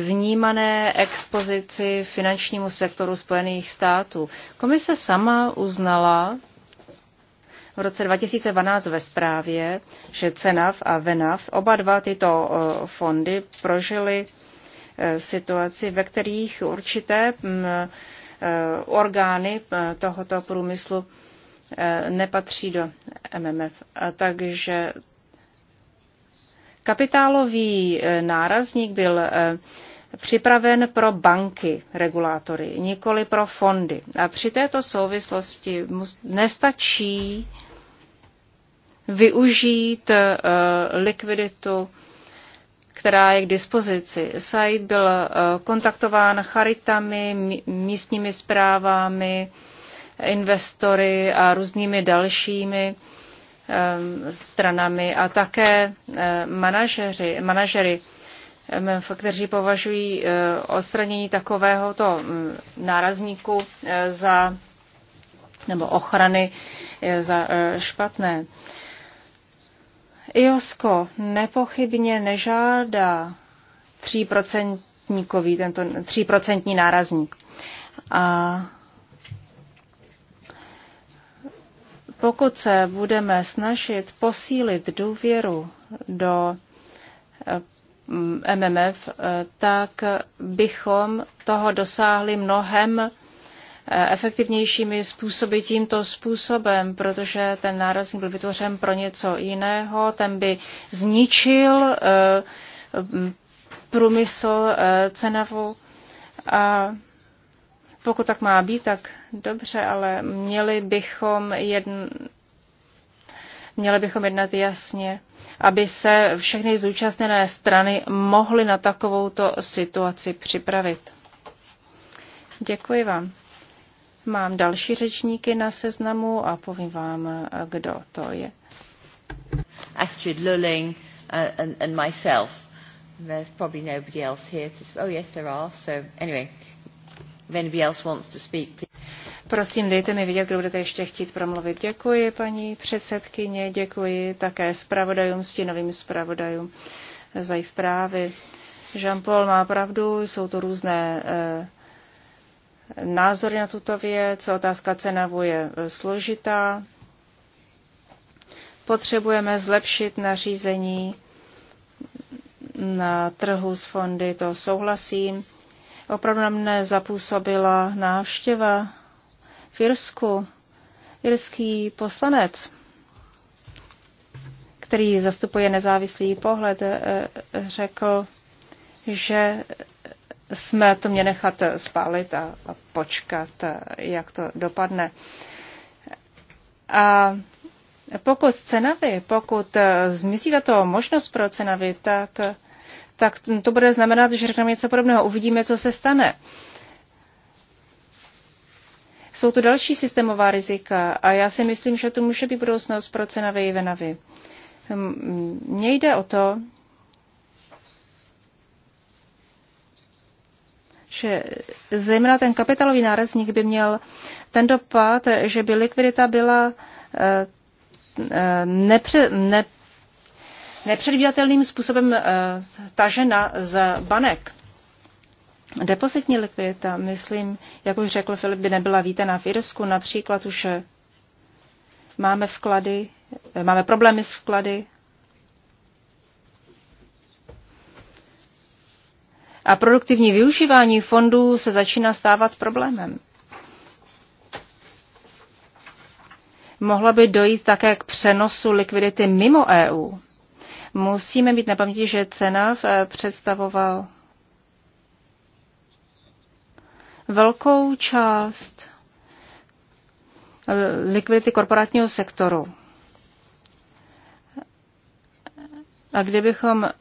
S3: vnímané expozici finančnímu sektoru Spojených států. Komise sama uznala v roce 2012 ve zprávě, že CENAV a VENAV, oba dva tyto eh, fondy prožily situaci, ve kterých určité mm, eh, orgány eh, tohoto průmyslu eh, nepatří do MMF. Takže kapitálový nárazník byl připraven pro banky, regulátory, nikoli pro fondy. A při této souvislosti nestačí využít likviditu která je k dispozici. Said byl eh, kontaktován charitami, místními zprávami, investory a různými dalšími eh, stranami a také eh, manažeři, manažery, kteří považují odstranění takovéhoto mm, nárazníku za nebo ochrany za špatné. IOSCO nepochybně nežádá 3% tento tříprocentní nárazník. A pokud se budeme snažit posílit důvěru do eh, MMF, eh, tak bychom toho dosáhli mnohem efektivnějšími způsoby tímto způsobem, protože ten nárazník byl vytvořen pro něco jiného, ten by zničil eh, průmysl eh, cenavu. A pokud tak má být, tak dobře, ale měli bychom jedn, měli bychom jednat jasně, aby se všechny zúčastněné strany mohly na takovouto situaci připravit. Děkuji vám. Mám další řečníky na seznamu a povím vám, kdo to je. Astrid Lulling a uh, and, and myself. There's probably nobody else here. To... Oh yes, there are. So anyway, if anybody else wants to speak, please. Prosím, dejte mi vidět, kdo budete ještě chtít promluvit. Děkuji, paní předsedkyně, děkuji také zpravodajům, stinovým zpravodajům za jejich zprávy. Jean-Paul má pravdu, jsou to různé eh, názory na tuto věc. Otázka cenavu je e, složitá. Potřebujeme zlepšit nařízení na trhu s fondy, to souhlasím. Opravdu na mne zapůsobila návštěva v Irsku. Irský poslanec, který zastupuje nezávislý pohled, e, e, řekl, že jsme to mě nechat spálit a, a počkat, jak to dopadne. A pokud cenavy, pokud zmizí tato možnost pro cenavy, tak, tak to bude znamenat, že řekneme něco podobného. Uvidíme, co se stane. Jsou tu další systémová rizika a já si myslím, že to může být budoucnost pro cenavy i venavy. Hm, mně jde o to, že zejména ten kapitálový nárazník by měl ten dopad, že by likvidita byla eh, eh, nepře, ne, nepředvídatelným způsobem eh, tažena z banek. Depozitní likvidita, myslím, jak už řekl Filip, by nebyla vítaná v Irsku. Například už máme vklady, máme problémy s vklady a produktivní využívání fondů se začíná stávat problémem. Mohlo by dojít také k přenosu likvidity mimo EU. Musíme mít na paměti, že CENAV eh, představoval velkou část eh, likvidity korporátního sektoru. A kdybychom eh,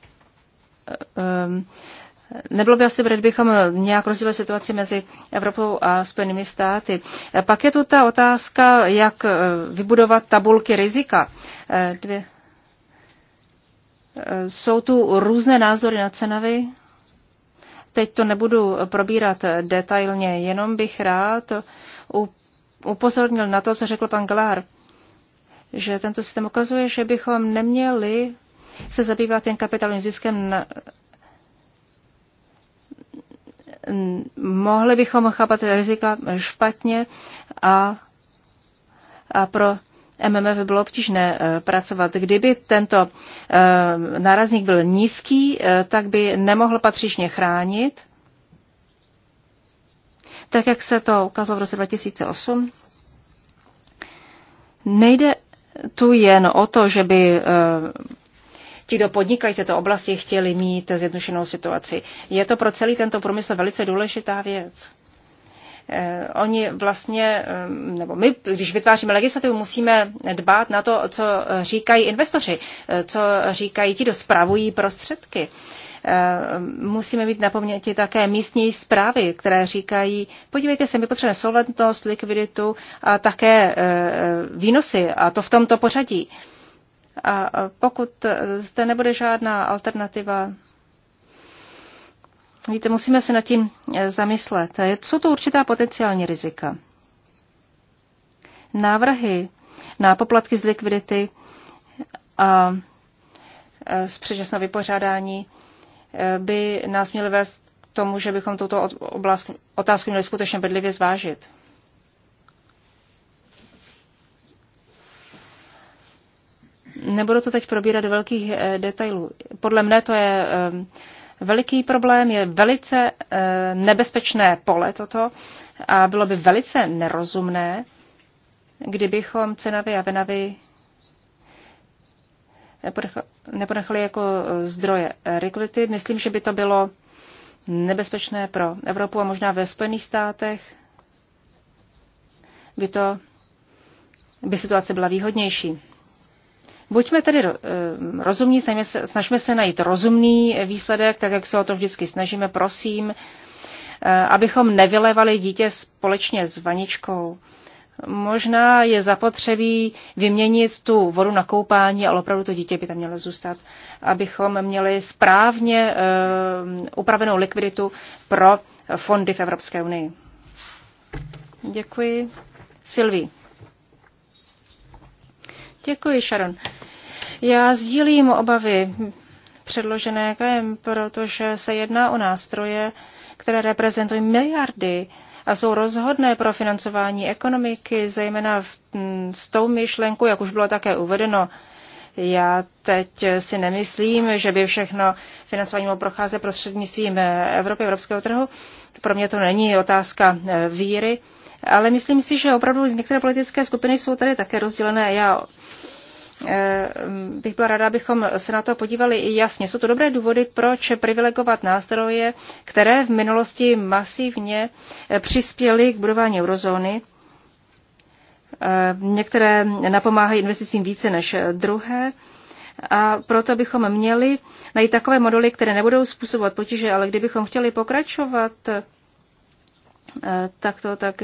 S3: Nebylo by asi, kdybychom nějak rozdělili situaci mezi Evropou a Spojenými státy. Pak je tu ta otázka, jak eh, vybudovat tabulky rizika. Eh, dvě. Eh, jsou tu různé názory na cenavy. Teď to nebudu probírat detailně, jenom bych rád upozornil na to, co řekl pan Galár, že tento systém ukazuje, že bychom neměli se zabývat jen kapitálním ziskem na, mohli bychom chápat rizika špatně a, a pro MMF bylo obtížné eh, pracovat. Kdyby tento eh, nárazník byl nízký, eh, tak by nemohl patřičně chránit, tak jak se to ukázalo v roce 2008. Nejde tu jen o to, že by ti, kdo podnikají v této oblasti, chtěli mít zjednodušenou situaci. Je to pro celý tento průmysl velice důležitá věc. Eh, oni vlastně, eh, nebo my, když vytváříme legislativu, musíme dbát na to, co říkají investoři, eh, co říkají ti, kdo spravují prostředky musíme mít na paměti také místní zprávy, které říkají, podívejte se, my potřebujeme solventnost, likviditu a také výnosy, a to v tomto pořadí. A pokud zde nebude žádná alternativa, víte, musíme se nad tím e, zamyslet. Jsou to určitá potenciální rizika. Návrhy na poplatky z likvidity a e, z předčasného vypořádání e, by nás měly vést k tomu, že bychom tuto otázku měli skutečně bedlivě zvážit. nebudu to teď probírat do velkých eh, detailů. Podle mne to je eh, veliký problém, je velice eh, nebezpečné pole toto a bylo by velice nerozumné, kdybychom cenavy a venavy neponechali jako zdroje rekvity. Myslím, že by to bylo nebezpečné pro Evropu a možná ve Spojených státech by, to, by situace byla výhodnější. Buďme tedy eh, rozumní, snažme se najít rozumný výsledek, tak jak se o to vždycky snažíme, prosím, eh, abychom nevylevali dítě společně s vaničkou. Možná je zapotřebí vyměnit tu vodu na koupání, ale opravdu to dítě by tam mělo zůstat, abychom měli správně eh, upravenou likviditu pro fondy v Evropské unii. Děkuji. Sylvie. Děkuji, Sharon. Já sdílím obavy předložené KM, protože se jedná o nástroje, které reprezentují miliardy a jsou rozhodné pro financování ekonomiky, zejména v, mm, s tou myšlenkou, jak už bylo také uvedeno. Já teď si nemyslím, že by všechno financování mohlo procházet prostřednictvím Evropy, evropského trhu. Pro mě to není otázka e, víry, ale myslím si, že opravdu některé politické skupiny jsou tady také rozdělené. Já Eh, bych byla ráda, abychom se na to podívali i jasně. Jsou to dobré důvody, proč privilegovat nástroje, které v minulosti masivně eh, přispěly k budování eurozóny. Eh, některé napomáhají investicím více než druhé. A proto bychom měli najít takové modely, které nebudou způsobovat potíže, ale kdybychom chtěli pokračovat takto, tak, to, tak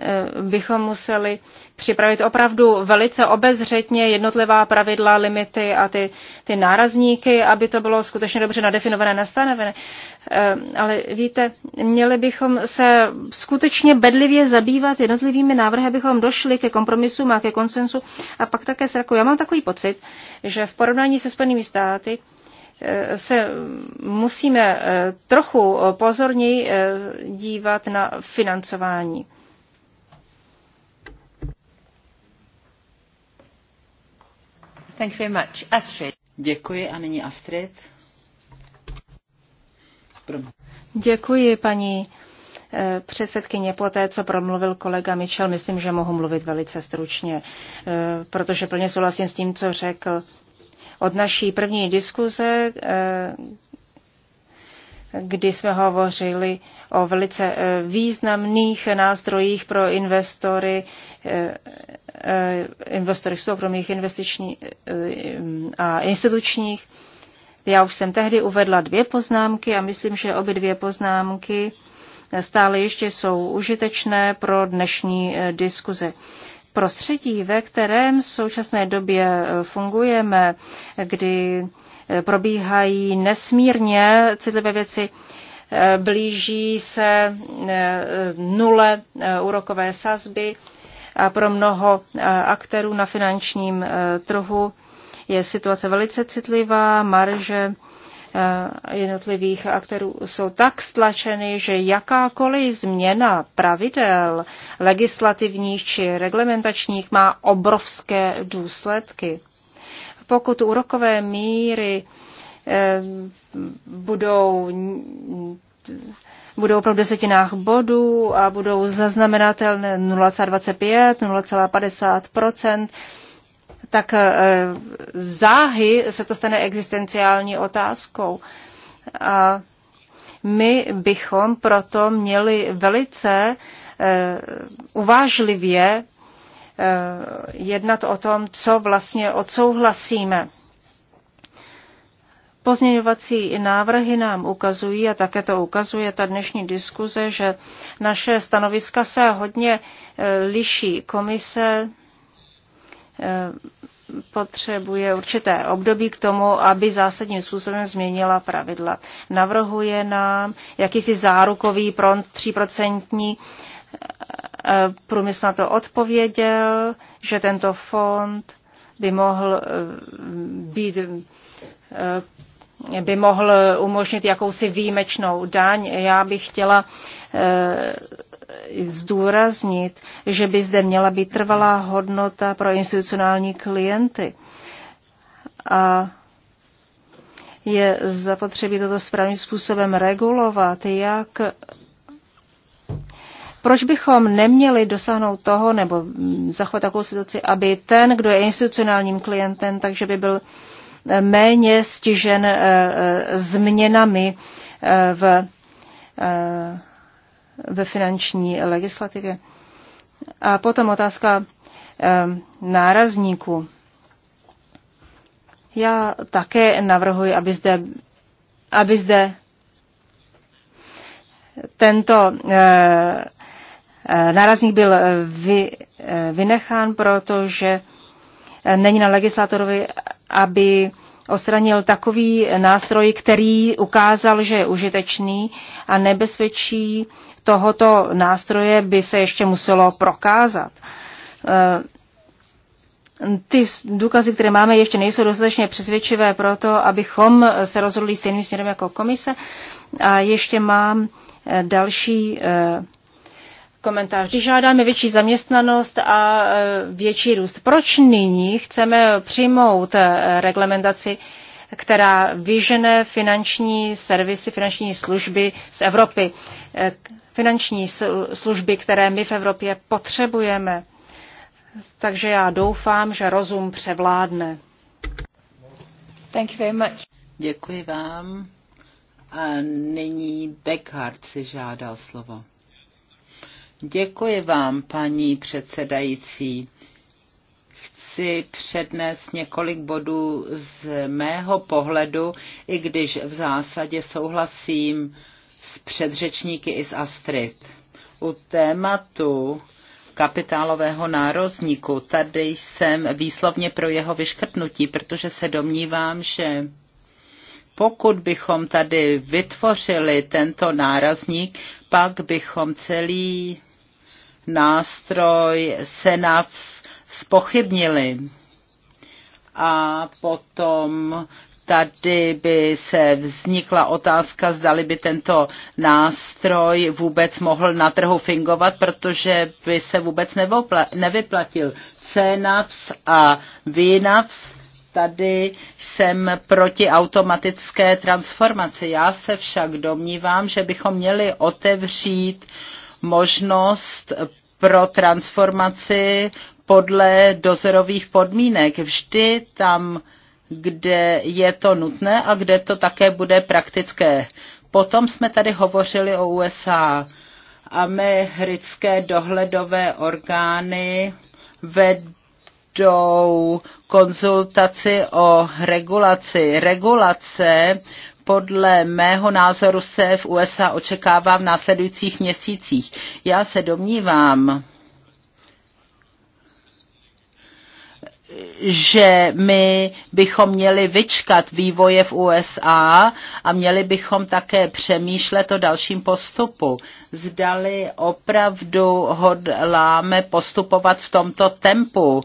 S3: Eh, bychom museli připravit opravdu velice obezřetně jednotlivá pravidla, limity a ty, ty nárazníky, aby to bylo skutečně dobře nadefinované, nastavené. Eh, ale víte, měli bychom se skutečně bedlivě zabývat jednotlivými návrhy, abychom došli ke kompromisům a ke konsensu. A pak také se já mám takový pocit, že v porovnání se Spojenými státy eh, se musíme trochu pozorněji dívat na financování Thank you very much.
S4: Astrid. Děkuji a nyní Astrid. Prom.
S3: Děkuji, paní eh, předsedkyně, té, co promluvil kolega Mitchell, myslím, že mohu mluvit velice stručně, eh, protože plně souhlasím s tím, co řekl. Od naší první diskuze, eh, kdy jsme hovořili o velice eh, významných nástrojích pro investory, eh, eh, investory soukromých investičních a institučních. Já už jsem tehdy uvedla dvě poznámky a myslím, že obě dvě poznámky stále ještě jsou užitečné pro dnešní diskuze prostředí, ve kterém v současné době fungujeme, kdy probíhají nesmírně citlivé věci. Eh, blíží se eh, nule eh, úrokové sazby a pro mnoho aktérů na finančním trhu je situace velice citlivá, marže jednotlivých aktérů jsou tak stlačeny, že jakákoliv změna pravidel legislativních či reglementačních má obrovské důsledky pokud úrokové míry eh, budou, budou pro desetinách bodů a budou zaznamenatelné 0,25, 0,50 tak eh, záhy se to stane existenciální otázkou. A my bychom proto měli velice eh, uvážlivě Eh, jednat o tom, co vlastně odsouhlasíme. Pozměňovací návrhy nám ukazují, a také to ukazuje ta dnešní diskuze, že naše stanoviska se hodně eh, liší. Komise eh, potřebuje určité období k tomu, aby zásadním způsobem změnila pravidla. Navrhuje nám jakýsi zárukový pront 3% Průmysl na to odpověděl, že tento fond by mohl eh, být eh, by mohl umožnit jakousi výjimečnou daň. Já bych chtěla eh, zdůraznit, že by zde měla být trvalá hodnota pro institucionální klienty. A je zapotřebí toto správným způsobem regulovat, jak proč bychom neměli dosáhnout toho nebo mm, zachovat takovou situaci, aby ten, kdo je institucionálním klientem, takže by byl eh, méně stižen eh, eh, změnami v, ve finanční legislativě. A potom otázka nárazníků. Já také navrhuji, aby zde, aby zde tento Eh, nárazník byl eh, vy, eh, vynechán, protože není na legislatorovi, aby odstranil takový nástroj, který ukázal, že je užitečný a nebezpečí tohoto nástroje by se ještě muselo prokázat. Ty důkazy, které máme, ještě nejsou dostatečně přesvědčivé pro to, abychom se rozhodli stejným směrem jako komise. A ještě mám další komentář. Když žádáme větší zaměstnanost a e, větší růst, proč nyní chceme přijmout e, reglementaci, která vyžene finanční servisy, finanční služby z Evropy? E, finanční služby, které my v Evropě potřebujeme. Takže já doufám, že rozum převládne.
S4: Thank you very much. Děkuji vám. A nyní Beckhardt si žádal slovo. Děkuji vám, paní předsedající. Chci přednést několik bodů z mého pohledu, i když v zásadě souhlasím s předřečníky i s Astrid. U tématu kapitálového nározníku. Tady jsem výslovně pro jeho vyškrtnutí, protože se domnívám, že pokud bychom tady vytvořili tento nárazník, pak bychom celý nástroj SENAPS spochybnili. A potom tady by se vznikla otázka, zdali by tento nástroj vůbec mohl na trhu fingovat, protože by se vůbec nevyplatil. CNAVS a VNAVS, tady jsem proti automatické transformaci. Já se však domnívám, že bychom měli otevřít uh, možnost pro transformaci podle dozorových podmínek. Vždy tam, kde je to nutné a kde to také bude praktické. Potom jsme tady hovořili o USA. Americké dohledové orgány vedou konzultaci o regulaci. Regulace podle mého názoru se v USA očekává v následujících měsících. Já se domnívám, že my bychom měli vyčkat vývoje v USA a měli bychom také přemýšlet o dalším postupu. Zdali opravdu hodláme postupovat v tomto tempu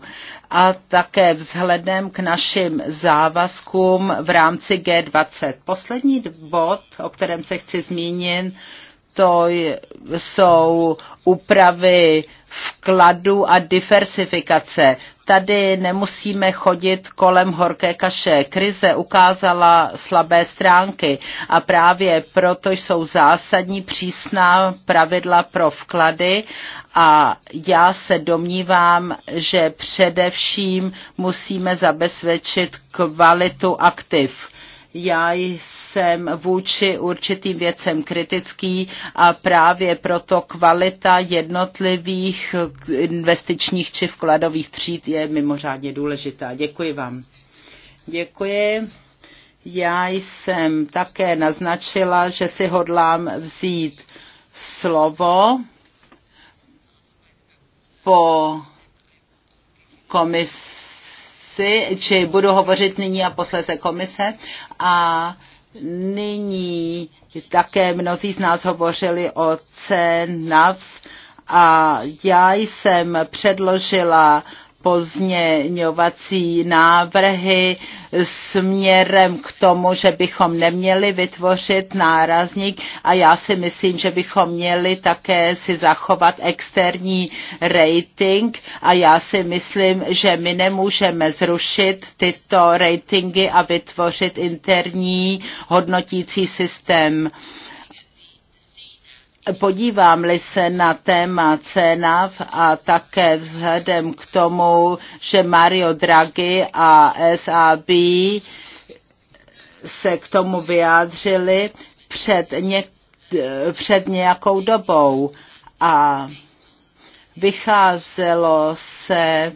S4: a také vzhledem k našim závazkům v rámci G20. Poslední bod, o kterém se chci zmínit, to jsou úpravy vkladu a diversifikace tady nemusíme chodit kolem horké kaše. Krize ukázala slabé stránky a právě proto jsou zásadní přísná pravidla pro vklady a já se domnívám, že především musíme zabezpečit kvalitu aktiv já jsem vůči určitým věcem kritický a právě proto kvalita jednotlivých investičních či vkladových tříd je mimořádně důležitá. Děkuji vám. Děkuji. Já jsem také naznačila, že si hodlám vzít slovo po komis komisi, či budu hovořit nyní a posléze komise. A nyní také mnozí z nás hovořili o CNAVS a já jsem předložila pozměňovací návrhy směrem k tomu, že bychom neměli vytvořit nárazník a já si myslím, že bychom měli také si zachovat externí rating a já si myslím, že my nemůžeme zrušit tyto ratingy a vytvořit interní hodnotící systém. Podívám-li se na téma CENAV a také vzhledem k tomu, že Mario Draghi a SAB se k tomu vyjádřili před, něk- před nějakou dobou a vycházelo se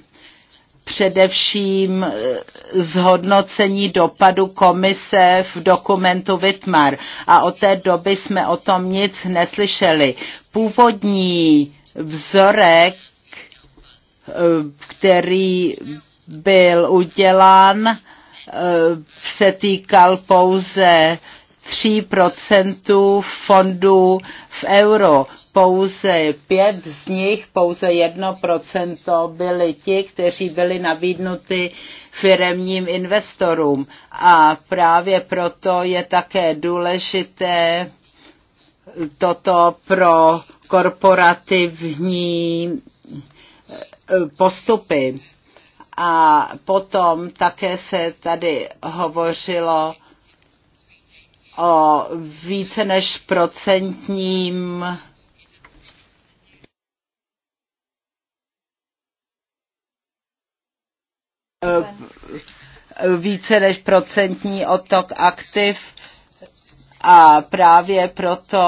S4: především eh, zhodnocení dopadu komise v dokumentu Vitmar a od té doby jsme o tom nic neslyšeli. Původní vzorek, eh, který byl udělán, eh, se týkal pouze 3% fondů v euro pouze pět z nich, pouze jedno procento byli ti, kteří byli nabídnuty firemním investorům. A právě proto je také důležité toto pro korporativní eh, postupy. A potom také se tady hovořilo o více než procentním Eh, více než procentní otok aktiv a právě proto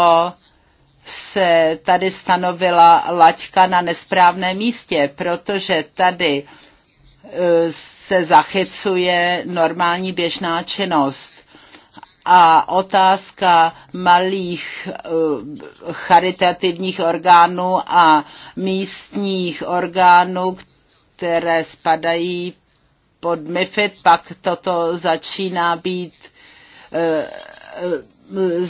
S4: se tady stanovila laťka na nesprávném místě, protože tady eh, se zachycuje normální běžná činnost. A otázka malých eh, charitativních orgánů a místních orgánů, které spadají pod MIFID, pak toto začíná být eh, eh,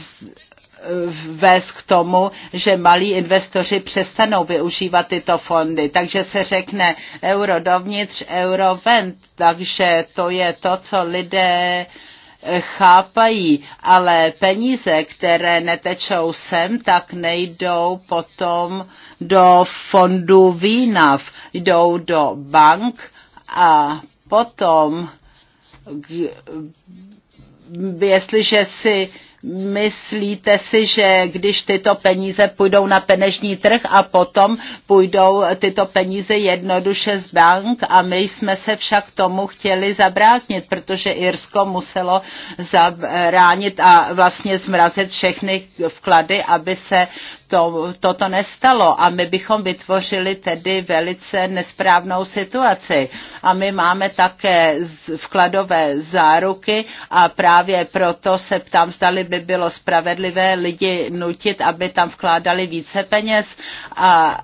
S4: eh, vést k tomu, že malí investoři přestanou využívat tyto fondy. Takže se řekne euro dovnitř, euro ven. Takže to je to, co lidé chápají, ale peníze, které netečou sem, tak nejdou potom do fondu výnav, jdou do bank a potom, jestliže si Myslíte si, že když tyto peníze půjdou na peněžní trh a potom půjdou tyto peníze jednoduše z bank a my jsme se však tomu chtěli zabránit, protože Irsko muselo zabránit a vlastně zmrazit všechny vklady, aby se to, toto nestalo a my bychom vytvořili tedy velice nesprávnou situaci. A my máme také vkladové záruky a právě proto se ptám, zdali by bylo spravedlivé lidi nutit, aby tam vkládali více peněz a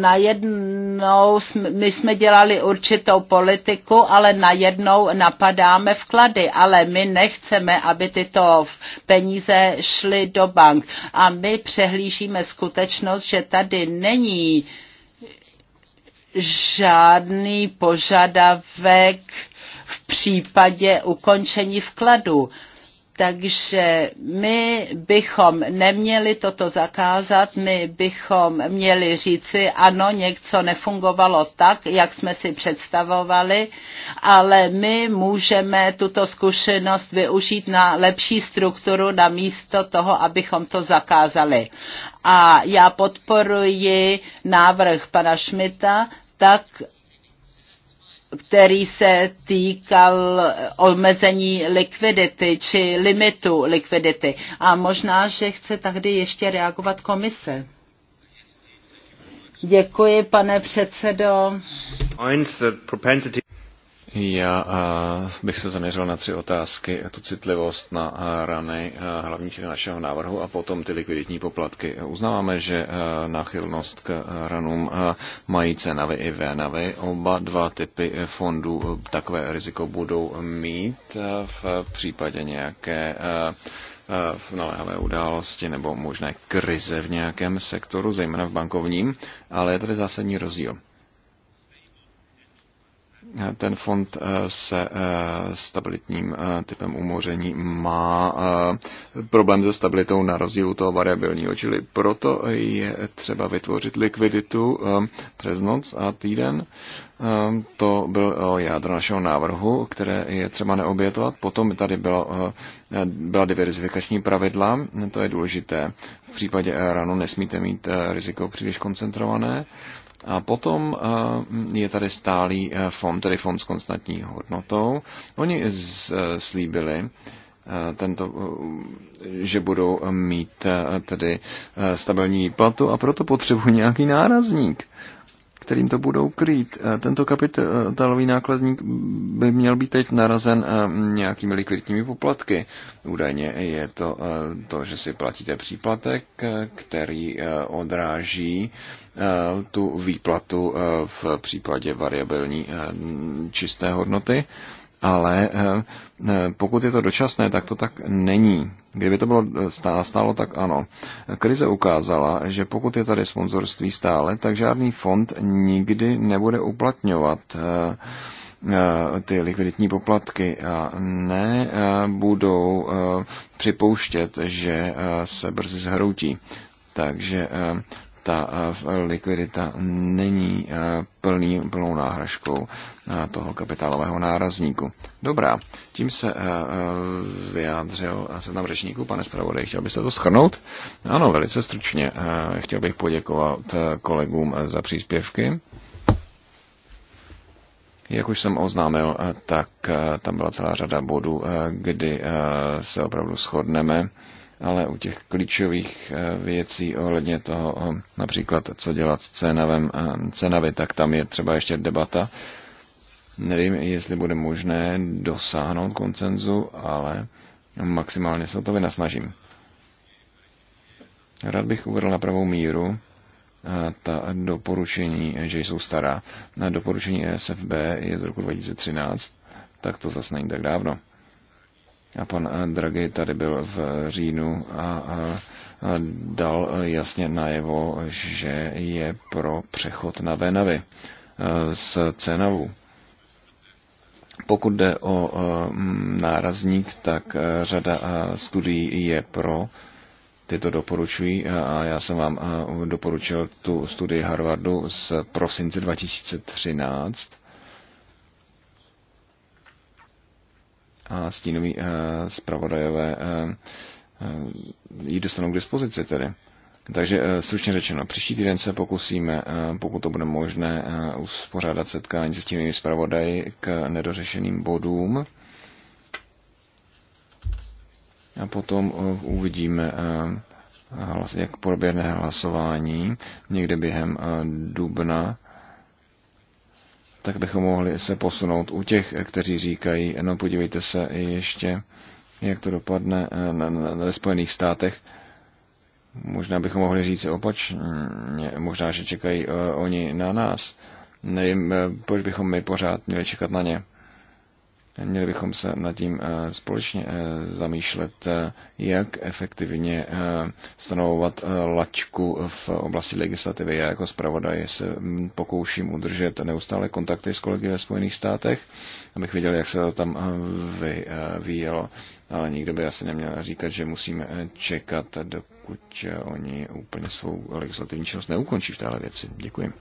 S4: najednou my jsme dělali určitou politiku, ale najednou napadáme vklady, ale my nechceme, aby tyto peníze šly do bank. A my přehlížíme skutečnost, že tady není žádný požadavek v případě ukončení vkladu. Takže my bychom neměli toto zakázat, my bychom měli říci, ano, něco nefungovalo tak, jak jsme si představovali, ale my můžeme tuto zkušenost využít na lepší strukturu, na místo toho, abychom to zakázali. A já podporuji návrh pana Šmita, tak který se týkal omezení likvidity či limitu likvidity. A možná, že chce tady ještě reagovat komise. Děkuji, pane předsedo.
S2: Já bych se zaměřil na tři otázky. Tu citlivost na rany hlavní cíle našeho návrhu a potom ty likviditní poplatky. Uznáváme, že náchylnost k ranům mají cenavy i vénavy. Oba dva typy fondů e, takové riziko budou mít e, v případě nějaké e, v naléhavé události nebo možné krize v nějakém sektoru, zejména v bankovním, ale je tady zásadní rozdíl ten fond eh, se eh, stabilitním eh, typem umoření má problém se stabilitou na rozdíl toho variabilního, čili proto je třeba vytvořit likviditu přes noc a týden. To byl jádro našeho návrhu, které je třeba neobětovat. Potom tady bylo, byla diverzifikační pravidla, to je důležité. V případě ranu nesmíte mít riziko příliš koncentrované. A potom eh, je tady stálý eh, fond, tedy fond s konstantní hodnotou. Oni eh, slíbili, tento, že budou mít tedy stabilní platu a proto potřebují nějaký nárazník kterým to budou krýt. Eh, tento kapitálový eh, nákladník by měl být teď narazen eh, nějakými likvidními poplatky. Údajně je to to, že si platíte příplatek, který odráží tu výplatu v případě variabilní čisté hodnoty ale eh, eh, pokud je to dočasné, tak to tak není. Kdyby to bylo eh, stálo, tak ano. Krize ukázala, že pokud je tady sponzorství stále, tak žádný fond nikdy nebude uplatňovat ty likviditní poplatky a ne budou připouštět, že se brzy zhroutí. Takže ta eh, likvidita není eh, plný, plnou náhražkou eh, toho kapitálového nárazníku. Dobrá, tím se vyjádřil tam řečníků. Pane zpravodaj, chtěl byste to schrnout? Ano, velice stručně. Chtěl bych poděkovat kolegům za příspěvky. Jak už jsem oznámil, tak tam byla celá řada bodů, kdy se opravdu shodneme ale u těch klíčových eh, věcí ohledně toho, eh, například co dělat s cenavem, eh, cenavy, tak tam je třeba ještě debata. Nevím, jestli bude možné dosáhnout koncenzu, ale maximálně se o to vynasnažím. Rád bych uvedl na pravou míru ta doporučení, že jsou stará. na Doporučení e SFB je z roku 2013, tak to zase není tak dávno. A pan eh, Draghi tady byl v říjnu a dal eh, jasně najevo, že je pro přechod na Venavy eh, z Cenavu. Pokud jde o nárazník, tak řada studií je pro, ty to doporučují a já jsem vám doporučil tu studii Harvardu z prosince 2013, a stínoví eh, zpravodajové eh, eh, ji dostanou k dispozici tedy. Takže stručně řečeno, příští týden se pokusíme, pokud to bude možné, uspořádat setkání se stínovými zpravodaji k nedořešeným bodům. A potom uvidíme, vlastně, jak proběhne hlasování někde během dubna tak bychom mohli se posunout u těch, kteří říkají, no podívejte se ještě, jak to dopadne eh, na, na, na Spojených státech. Možná bychom mohli říct opačně, možná, že čekají uh, oni na nás. Nevím, eh, proč bychom my pořád měli čekat na ně. Měli bychom se nad tím eh, společně eh, zamýšlet, eh, jak efektivně stanovovat lačku v oblasti legislativy. Já jako zpravodaj se mm, pokouším udržet neustále kontakty s kolegy ve Spojených státech, abych viděl, jak se to tam vyvíjelo. Ale nikdo by asi neměl říkat, že musíme čekat, dokud oni úplně svou legislativní činnost neukončí v téhle věci. Děkuji.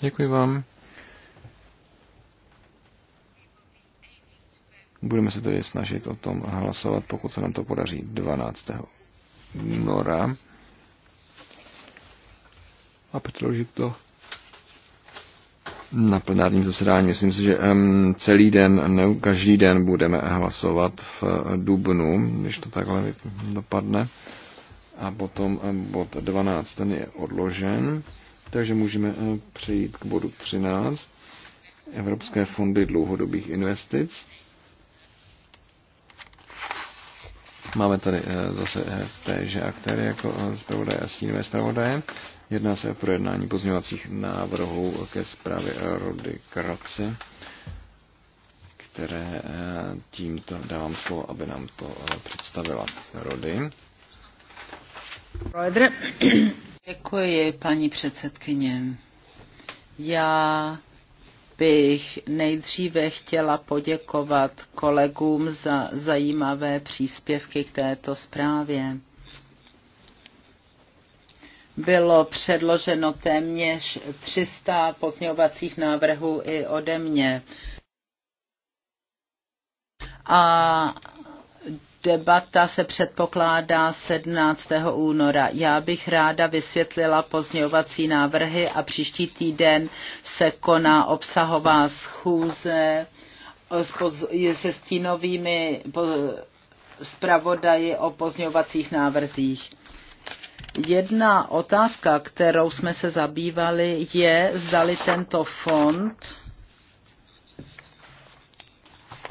S2: Děkuji vám. Budeme se tedy snažit o tom hlasovat, pokud se nám to podaří 12. února a předložit to na plenárním zasedání. Myslím si, že celý den, ne každý den budeme hlasovat v eh, dubnu, když to takhle dopadne. A potom eh, bod 12, ten je odložen, takže můžeme eh, přejít k bodu 13. Evropské fondy dlouhodobých investic. Máme tady eh, zase eh, téže aktéry jako eh, zpravodaje a stínové zpravodaje. Jedná se o projednání pozměňovacích návrhů ke zprávě Rody Krace, které tímto dávám slovo, aby nám to představila Rody.
S4: Děkuji, paní předsedkyně. Já bych nejdříve chtěla poděkovat kolegům za zajímavé příspěvky k této zprávě. Bylo předloženo téměř 300 pozměňovacích návrhů i ode mě. A Debata se předpokládá 17. února. Já bych ráda vysvětlila pozměňovací návrhy a příští týden se koná obsahová schůze se stínovými zpravodaji o pozměňovacích návrzích. Jedna otázka, kterou jsme se zabývali, je, zdali tento fond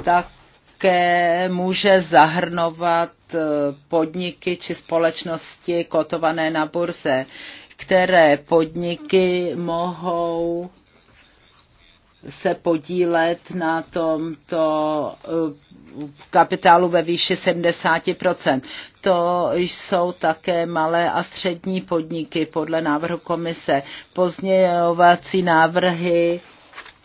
S4: tak také může zahrnovat eh, podniky či společnosti kotované na burze, které podniky mohou se podílet na tomto eh, kapitálu ve výši 70%. To jsou také malé a střední podniky podle návrhu komise. Pozměňovací návrhy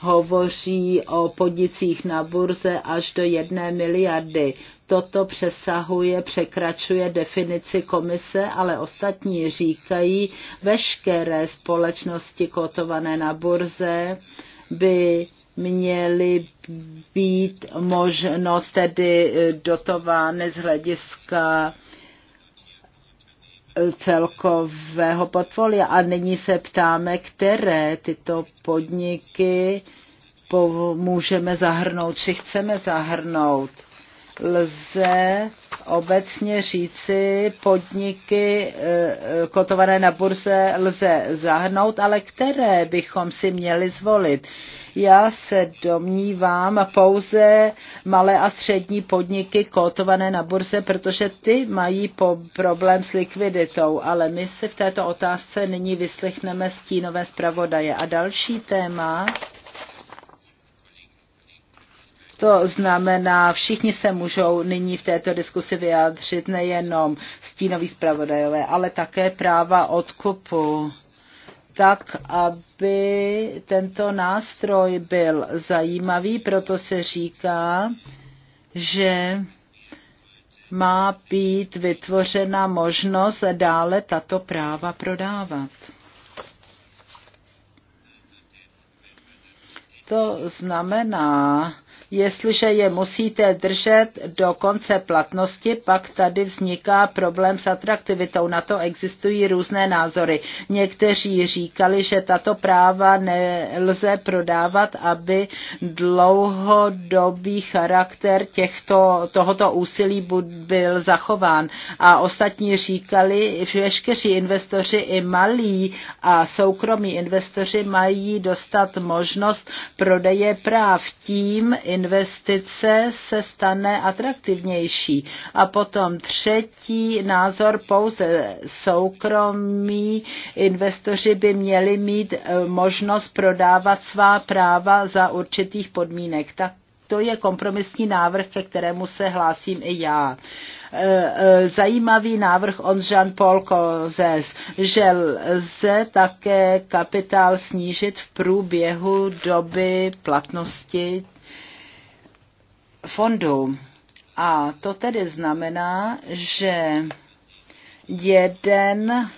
S4: hovoří o podnicích na burze až do jedné miliardy. Toto přesahuje, překračuje definici komise, ale ostatní říkají, veškeré společnosti kotované na burze by měly být možnost tedy dotovány z hlediska celkového portfolia. A nyní se ptáme, které tyto podniky můžeme zahrnout, či chceme zahrnout. Lze obecně říci, podniky e, e, kotované na burze lze zahrnout, ale které bychom si měli zvolit? Já se domnívám pouze malé a střední podniky kotované na burze, protože ty mají po problém s likviditou, ale my si v této otázce nyní vyslechneme stínové zpravodaje. A další téma to znamená, všichni se můžou nyní v této diskusi vyjádřit nejenom stínoví zpravodajové, ale také práva odkupu tak, aby tento nástroj byl zajímavý, proto se říká, že má být vytvořena možnost dále tato práva prodávat. To znamená, Jestliže je musíte držet do konce platnosti, pak tady vzniká problém s atraktivitou. Na to existují různé názory. Někteří říkali, že tato práva nelze prodávat, aby dlouhodobý charakter těchto, tohoto úsilí byl zachován. A ostatní říkali, že veškeří investoři i malí a soukromí investoři mají dostat možnost prodeje práv tím, in investice se stane atraktivnější. A potom třetí názor, pouze soukromí investoři by měli mít eh, možnost prodávat svá práva za určitých podmínek. Tak to je kompromisní návrh, ke kterému se hlásím i já eh, eh, zajímavý návrh od Jean-Paul Cozes, že lze také kapitál snížit v průběhu doby platnosti fondů. A to tedy znamená, že jeden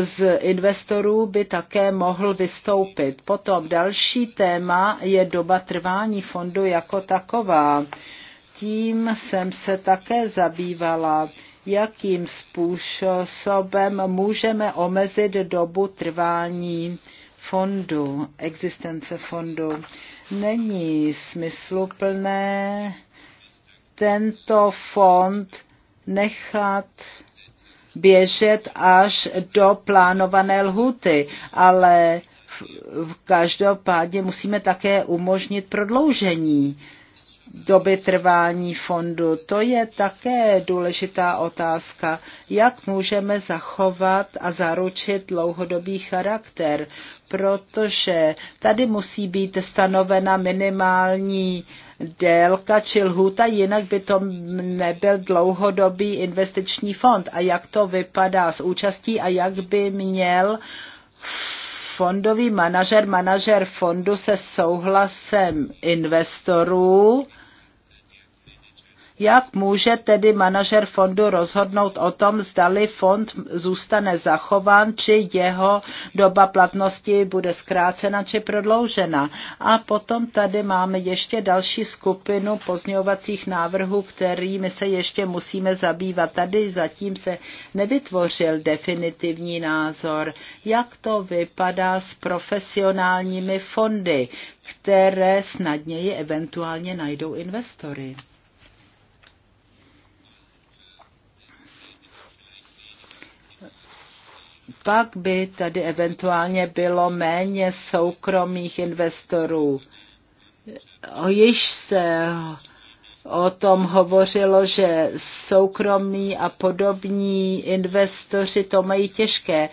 S4: z investorů by také mohl vystoupit. Potom další téma je doba trvání fondu jako taková. Tím jsem se také zabývala, jakým způsobem můžeme omezit dobu trvání fondu, existence fondu není smysluplné tento fond nechat běžet až do plánované lhuty, ale v každopádně musíme také umožnit prodloužení doby trvání fondu. To je také důležitá otázka, jak můžeme zachovat a zaručit dlouhodobý charakter, protože tady musí být stanovena minimální délka či lhůta, jinak by to nebyl dlouhodobý investiční fond. A jak to vypadá s účastí a jak by měl fondový manažer, manažer fondu se souhlasem investorů jak může tedy manažer fondu rozhodnout o tom, zdali fond zůstane zachován, či jeho doba platnosti bude zkrácena či prodloužena? A potom tady máme ještě další skupinu pozňovacích návrhů, kterými se ještě musíme zabývat. Tady zatím se nevytvořil definitivní názor, jak to vypadá s profesionálními fondy, které snadněji eventuálně najdou investory. pak by tady eventuálně bylo méně soukromých investorů. Již se o tom hovořilo, že soukromí a podobní investoři to mají těžké,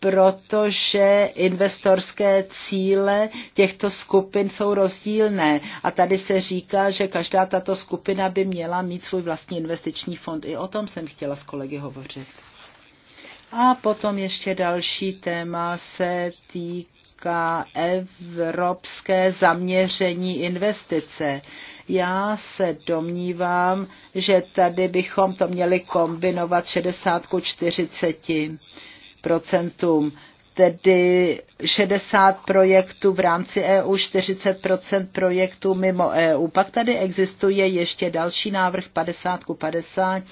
S4: protože investorské cíle těchto skupin jsou rozdílné. A tady se říká, že každá tato skupina by měla mít svůj vlastní investiční fond. I o tom jsem chtěla s kolegy hovořit. A potom ještě další téma se týká evropské zaměření investice. Já se domnívám, že tady bychom to měli kombinovat 60 ku 40 procentům tedy 60 projektů v rámci EU, 40 projektů mimo EU. Pak tady existuje ještě další návrh 50 ku 50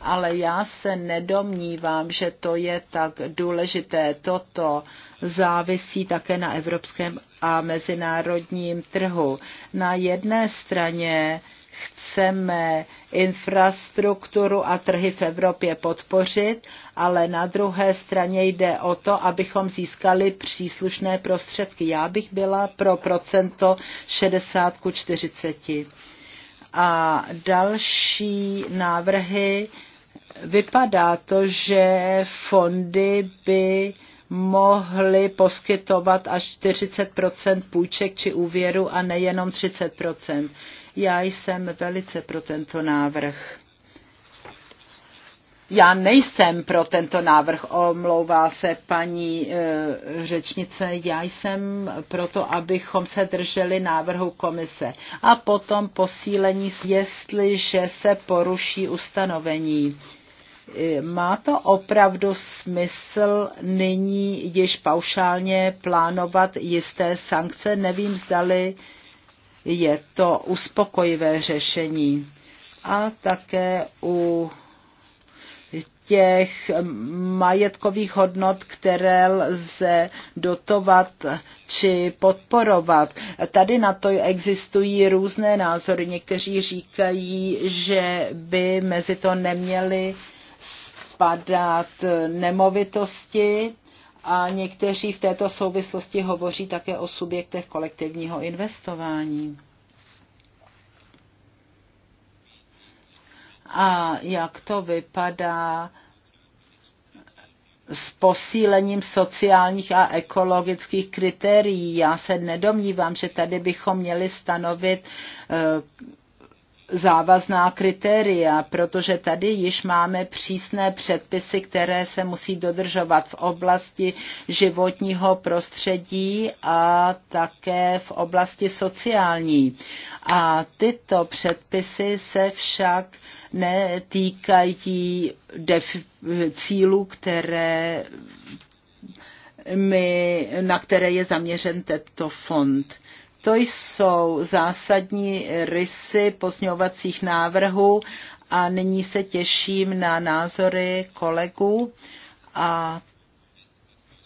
S4: ale já se nedomnívám, že to je tak důležité. Toto závisí také na evropském a mezinárodním trhu. Na jedné straně chceme infrastrukturu a trhy v Evropě podpořit, ale na druhé straně jde o to, abychom získali příslušné prostředky. Já bych byla pro procento 60 ku 40. A další návrhy Vypadá to, že fondy by mohly poskytovat až 40 půjček či úvěru a nejenom 30 Já jsem velice pro tento návrh. Já nejsem pro tento návrh, omlouvá se paní e, řečnice. Já jsem pro to, abychom se drželi návrhu komise. A potom posílení, jestliže se poruší ustanovení má to opravdu smysl nyní již paušálně plánovat jisté sankce? Nevím, zdali je to uspokojivé řešení. A také u těch majetkových hodnot, které lze dotovat či podporovat. Tady na to existují různé názory. Někteří říkají, že by mezi to neměli spadat nemovitosti a někteří v této souvislosti hovoří také o subjektech kolektivního investování. A jak to vypadá s posílením sociálních a ekologických kritérií. Já se nedomnívám, že tady bychom měli stanovit eh, závazná kritéria, protože tady již máme přísné předpisy, které se musí dodržovat v oblasti životního prostředí a také v oblasti sociální. A tyto předpisy se však netýkají def- cílů, které my, na které je zaměřen tento fond. To jsou zásadní rysy pozňovacích návrhů a nyní se těším na názory kolegů a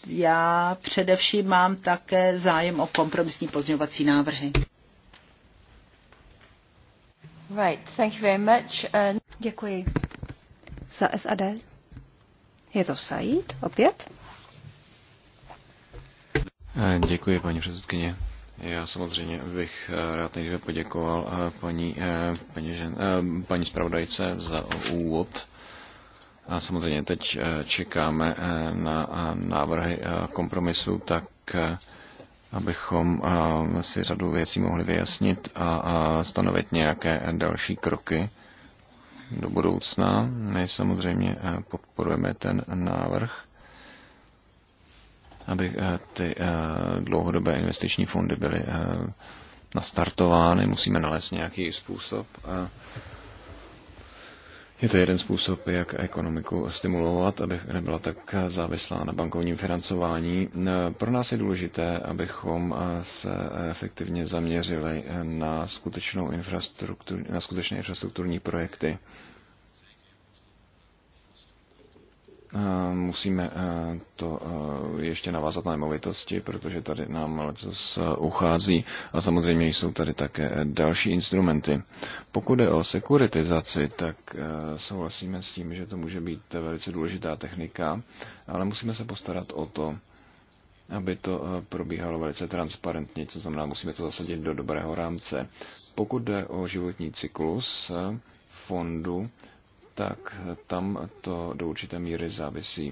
S4: já především mám také zájem o kompromisní pozňovací návrhy.
S3: Right, thank you very much. And... Uh, děkuji. Za SAD. Je to Said opět?
S2: Eh, děkuji, paní předsedkyně. Já samozřejmě bych eh, rád nejdříve poděkoval eh, paní, eh, paní, žen, paní spravodajce za úvod. A samozřejmě teď čekáme na návrhy kompromisu, tak abychom si řadu věcí mohli vyjasnit a stanovit nějaké další kroky do budoucna. My samozřejmě podporujeme ten návrh aby eh, ty eh, dlouhodobé investiční fondy byly eh, nastartovány. Musíme nalézt nějaký způsob. Je to jeden způsob, jak ekonomiku stimulovat, aby nebyla tak závislá na bankovním financování. Pro nás je důležité, abychom se efektivně zaměřili na, skutečnou infrastruktur, na skutečné infrastrukturní projekty Eh, musíme eh, to eh, ještě navázat na nemovitosti, protože tady nám lecos uchází a samozřejmě jsou tady také další instrumenty. Pokud je o sekuritizaci, tak souhlasíme s tím, že to může být velice důležitá technika, ale musíme se postarat o to, aby to probíhalo velice transparentně, co znamená, musíme to zasadit do dobrého rámce. Pokud jde o životní cyklus fondu, tak tam to do určité míry závisí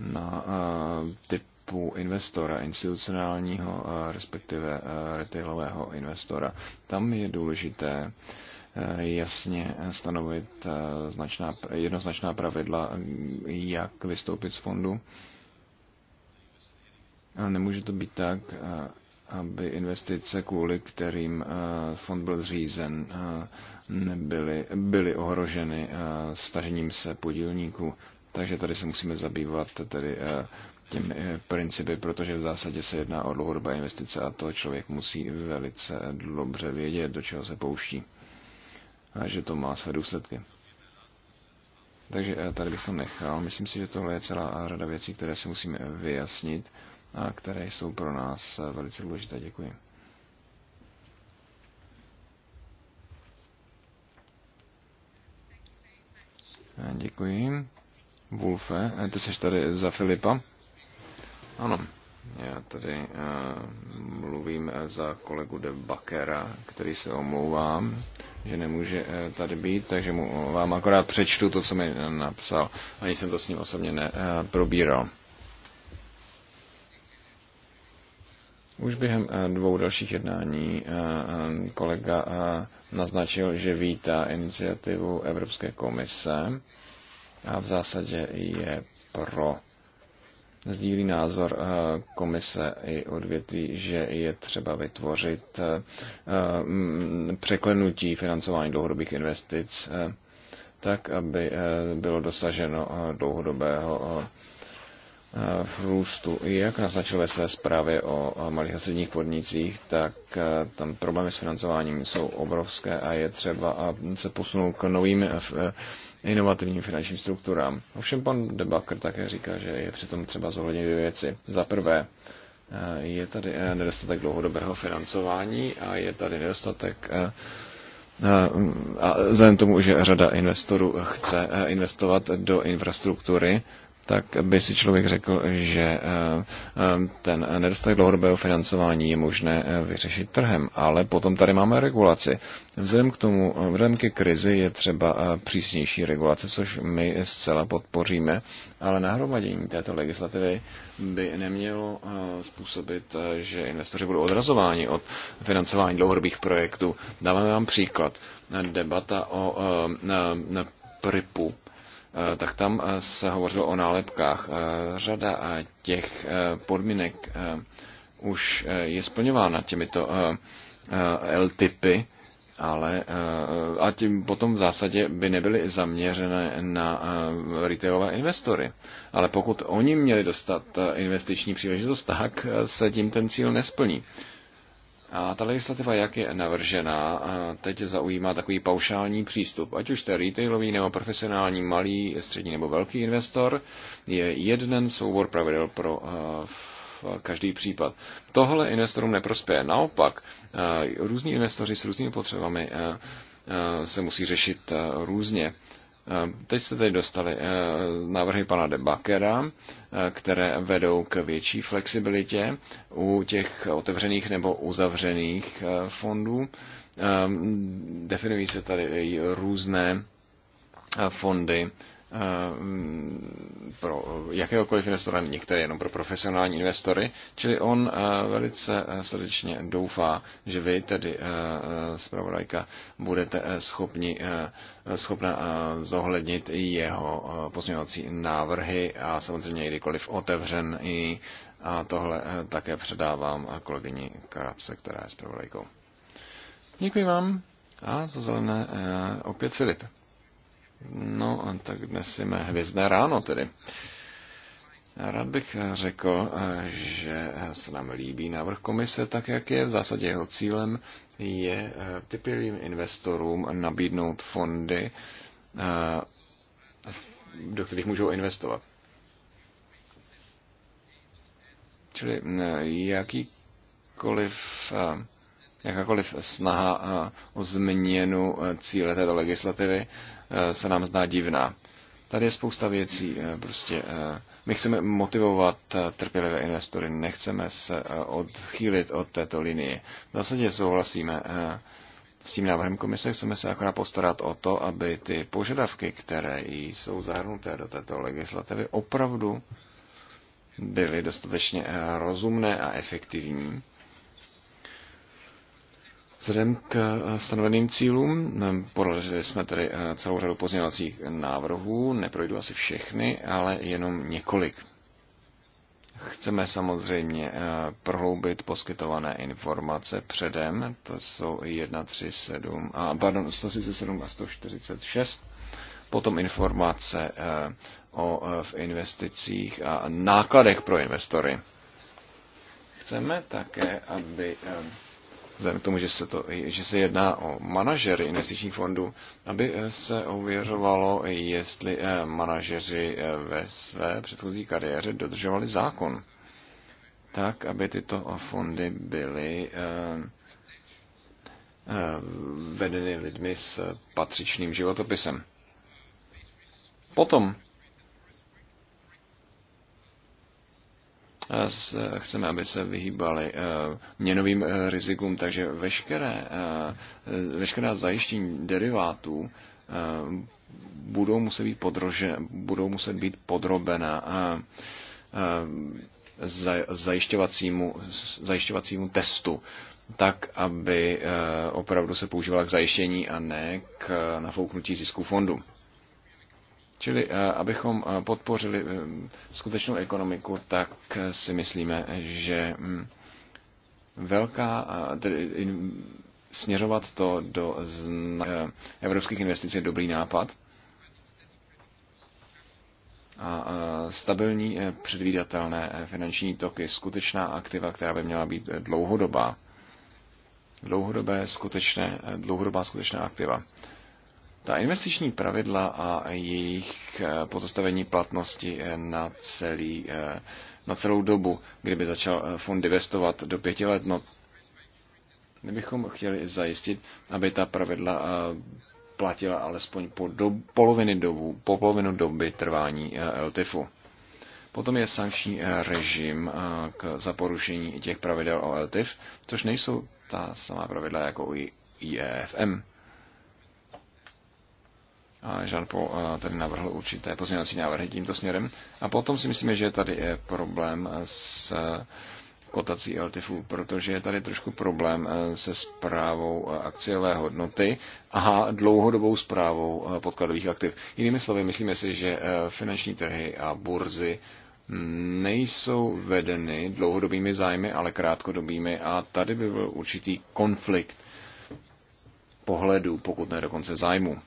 S2: na eh, typu investora, institucionálního, eh, respektive eh, retailového investora. Tam je důležité jasně stanovit značná, jednoznačná pravidla, jak vystoupit z fondu. Ale nemůže to být tak, aby investice, kvůli kterým eh, fond byl zřízen, eh, nebyly, byly ohroženy eh, stažením se podílníků. Takže tady se musíme zabývat tedy těmi principy, protože v zásadě se jedná o dlouhodobé investice a to člověk musí velice dobře vědět, do čeho se pouští a že to má své důsledky. Takže tady bych to nechal. Myslím si, že tohle je celá rada věcí, které si musíme vyjasnit které jsou pro nás velice důležité. Děkuji. Děkuji. Wolfe, eh, ty jsi tady za Filipa? Ano, já tady uh, mluvím za kolegu de Bakera, který se omlouvá, že nemůže uh, tady být, takže mu, vám akorát přečtu to, co mi napsal. Ani jsem to s ním osobně neprobíral. Uh, Už během eh, dvou dalších jednání eh, eh, kolega naznačil, že vítá iniciativu Evropské komise a v zásadě je pro. Sdílí názor komise i odvětví, že je třeba vytvořit překlenutí financování dlouhodobých investic tak, aby bylo dosaženo dlouhodobého v růstu. Jak naznačil ve své zprávě o malých a středních podnicích, tak eh, tam problémy s financováním jsou obrovské a je třeba se posunout k novým eh, eh, inovativním finančním strukturám. Ovšem pan Debakr také říká, že je přitom třeba zohlednit dvě věci. Za prvé, je tady nedostatek dlouhodobého financování a je tady nedostatek a vzhledem tomu, že řada investorů chce investovat do infrastruktury, tak by si člověk řekl, že eh, eh, ten nedostatek dlouhodobého financování je možné eh, vyřešit trhem. Ale potom tady máme regulaci. Vzhledem k tomu, vzhledem ke krizi je třeba přísnější regulace, což my zcela podpoříme, ale nahromadění této legislativy by nemělo způsobit, že investoři budou odrazováni od financování dlouhodobých projektů. Dáváme vám příklad. Debata o PRIPu Eh, tak tam eh, se hovořilo o nálepkách. Eh, řada těch podmínek už je splňována těmito L-typy, ale a tím potom v zásadě by nebyly zaměřené na retailové investory. Ale pokud oni měli dostat investiční příležitost, tak se tím ten cíl nesplní. A ta legislativa, jak je navržená, teď zaujímá takový paušální přístup. Ať už to je retailový nebo profesionální malý, střední nebo velký investor, je jeden soubor pravidel pro každý případ. Tohle investorům neprospěje. Naopak, různí investoři s různými potřebami se musí řešit různě. Teď se tady dostali eh, návrhy pana Debakera, eh, které vedou k větší flexibilitě u těch otevřených nebo uzavřených eh, fondů. Ehm, definují se tady i různé fondy Eh, pro jakéhokoliv investora, některé jenom pro profesionální investory, čili on eh, velice eh, srdečně doufá, že vy tedy zpravodajka budete schopni, schopna zohlednit i jeho pozměňovací návrhy a samozřejmě kdykoliv otevřen i a tohle také předávám kolegyni Karace, která je zpravodajkou. Děkuji vám a za zelené opět Filip. No, tak dnes jsme hvězdné ráno tedy. Rád bych řekl, že se nám líbí návrh komise tak, jak je. V zásadě jeho cílem je eh, typovým investorům nabídnout fondy, eh, do kterých můžou investovat. Čili eh, jakýkoliv Jakákoliv snaha eh, o změnu eh, cíle této legislativy eh, se nám zdá divná. Tady je spousta věcí. Prostě my chceme motivovat trpělivé investory, nechceme se odchýlit od této linie. V zásadě souhlasíme s tím návrhem komise, chceme se akorát postarat o to, aby ty požadavky, které jsou zahrnuté do této legislativy, opravdu byly dostatečně rozumné a efektivní Vzhledem k eh, stanoveným cílům, eh, prorazili jsme tedy eh, celou řadu pozměňovacích návrhů, neprojdu asi všechny, ale jenom několik. Chceme samozřejmě prohloubit poskytované informace předem, to jsou 137, a, pardon, 137 a 146, potom informace o v investicích a nákladech pro investory. Chceme také, aby vzhledem k tomu, že se, to, že se jedná o manažery investičních fondů, aby eh, se ověřovalo, jestli eh, manažeři eh, ve své předchozí kariéře dodržovali zákon. Tak, aby tyto fondy byly vedeny lidmi s patřičným životopisem. Potom chceme, aby se vyhýbali eh, měnovým eh, rizikům, takže veškeré, eh, veškerá zajištění derivátů budou muset být, podrože, budou muset být podrobena zajišťovacímu, zajišťovacímu testu, tak, aby opravdu se používala k zajištění a ne k nafouknutí zisku fondu. Čili eh, abychom eh, podpořili eh, skutečnou ekonomiku, tak si myslíme, že mm, velká, tedy směřovat to do evropských investic je dobrý nápad. A stabilní, předvídatelné finanční toky, skutečná aktiva, která by měla být dlouhodobá. Dlouhodobé, skutečné, dlouhodobá skutečná aktiva. Ta investiční pravidla a jejich eh, pozastavení platnosti eh, na, celý, eh, na celou dobu, kdyby začal fond investovat do pěti let, no, my bychom chtěli zajistit, aby ta pravidla platila alespoň po do, poloviny dobu, po polovinu doby trvání LTIFu. Potom je sankční režim k, zaporušení těch pravidel o LTIF, což nejsou ta samá pravidla jako u IEFM. Jean Paul eh, tady navrhl určité pozměňovací návrhy tímto směrem. A potom si myslíme, že tady je problém s eh, kotací LTIFů, protože je tady trošku problém eh, se zprávou akciové hodnoty a dlouhodobou zprávou podkladových aktiv. Jinými slovy, myslíme si, že finanční trhy a burzy hm, nejsou vedeny dlouhodobými zájmy, ale krátkodobými a tady by byl určitý konflikt pohledů, pokud ne dokonce zájmu.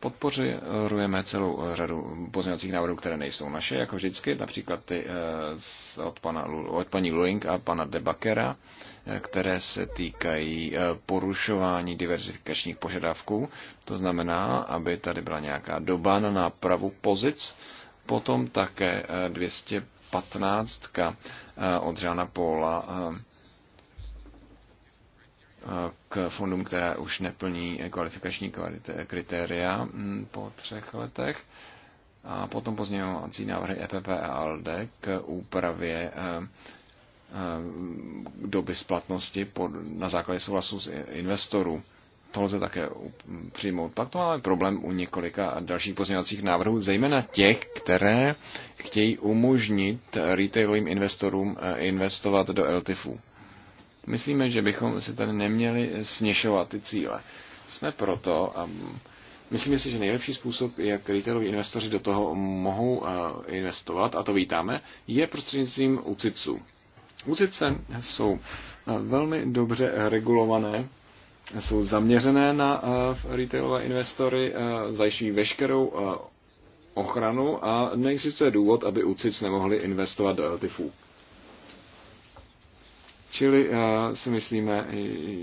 S2: Podpořujeme celou eh, řadu pozměňovacích návrhů, které nejsou naše, jako vždycky, například ty eh, od, pana, od paní Luing a pana Debakera, eh, které se týkají porušování diverzifikačních požadavků. To znamená, aby tady byla nějaká doba na nápravu pozic, potom také 215 od Žána Póla k fondům, které už neplní kvalifikační kritéria mm, po třech letech. A potom pozměňovací návrhy EPP a ALD k úpravě eh, eh, doby splatnosti pod, na základě souhlasu z investorů. To lze také přijmout. Pak to máme problém u několika dalších pozměňovacích návrhů, zejména těch, které chtějí umožnit retailovým investorům eh, investovat do LTIFů. Myslíme, že bychom si tady neměli směšovat ty cíle. Jsme proto, a myslím si, že nejlepší způsob, jak retailoví investoři do toho mohou eh, investovat, a to vítáme, je prostřednictvím UCITSů. UCITSe jsou eh, velmi dobře regulované, jsou zaměřené na eh, retailové investory, zajišťují veškerou ochranu a neexistuje důvod, aby UCITS nemohli investovat do LTIFů. Čili eh, si myslíme, eh,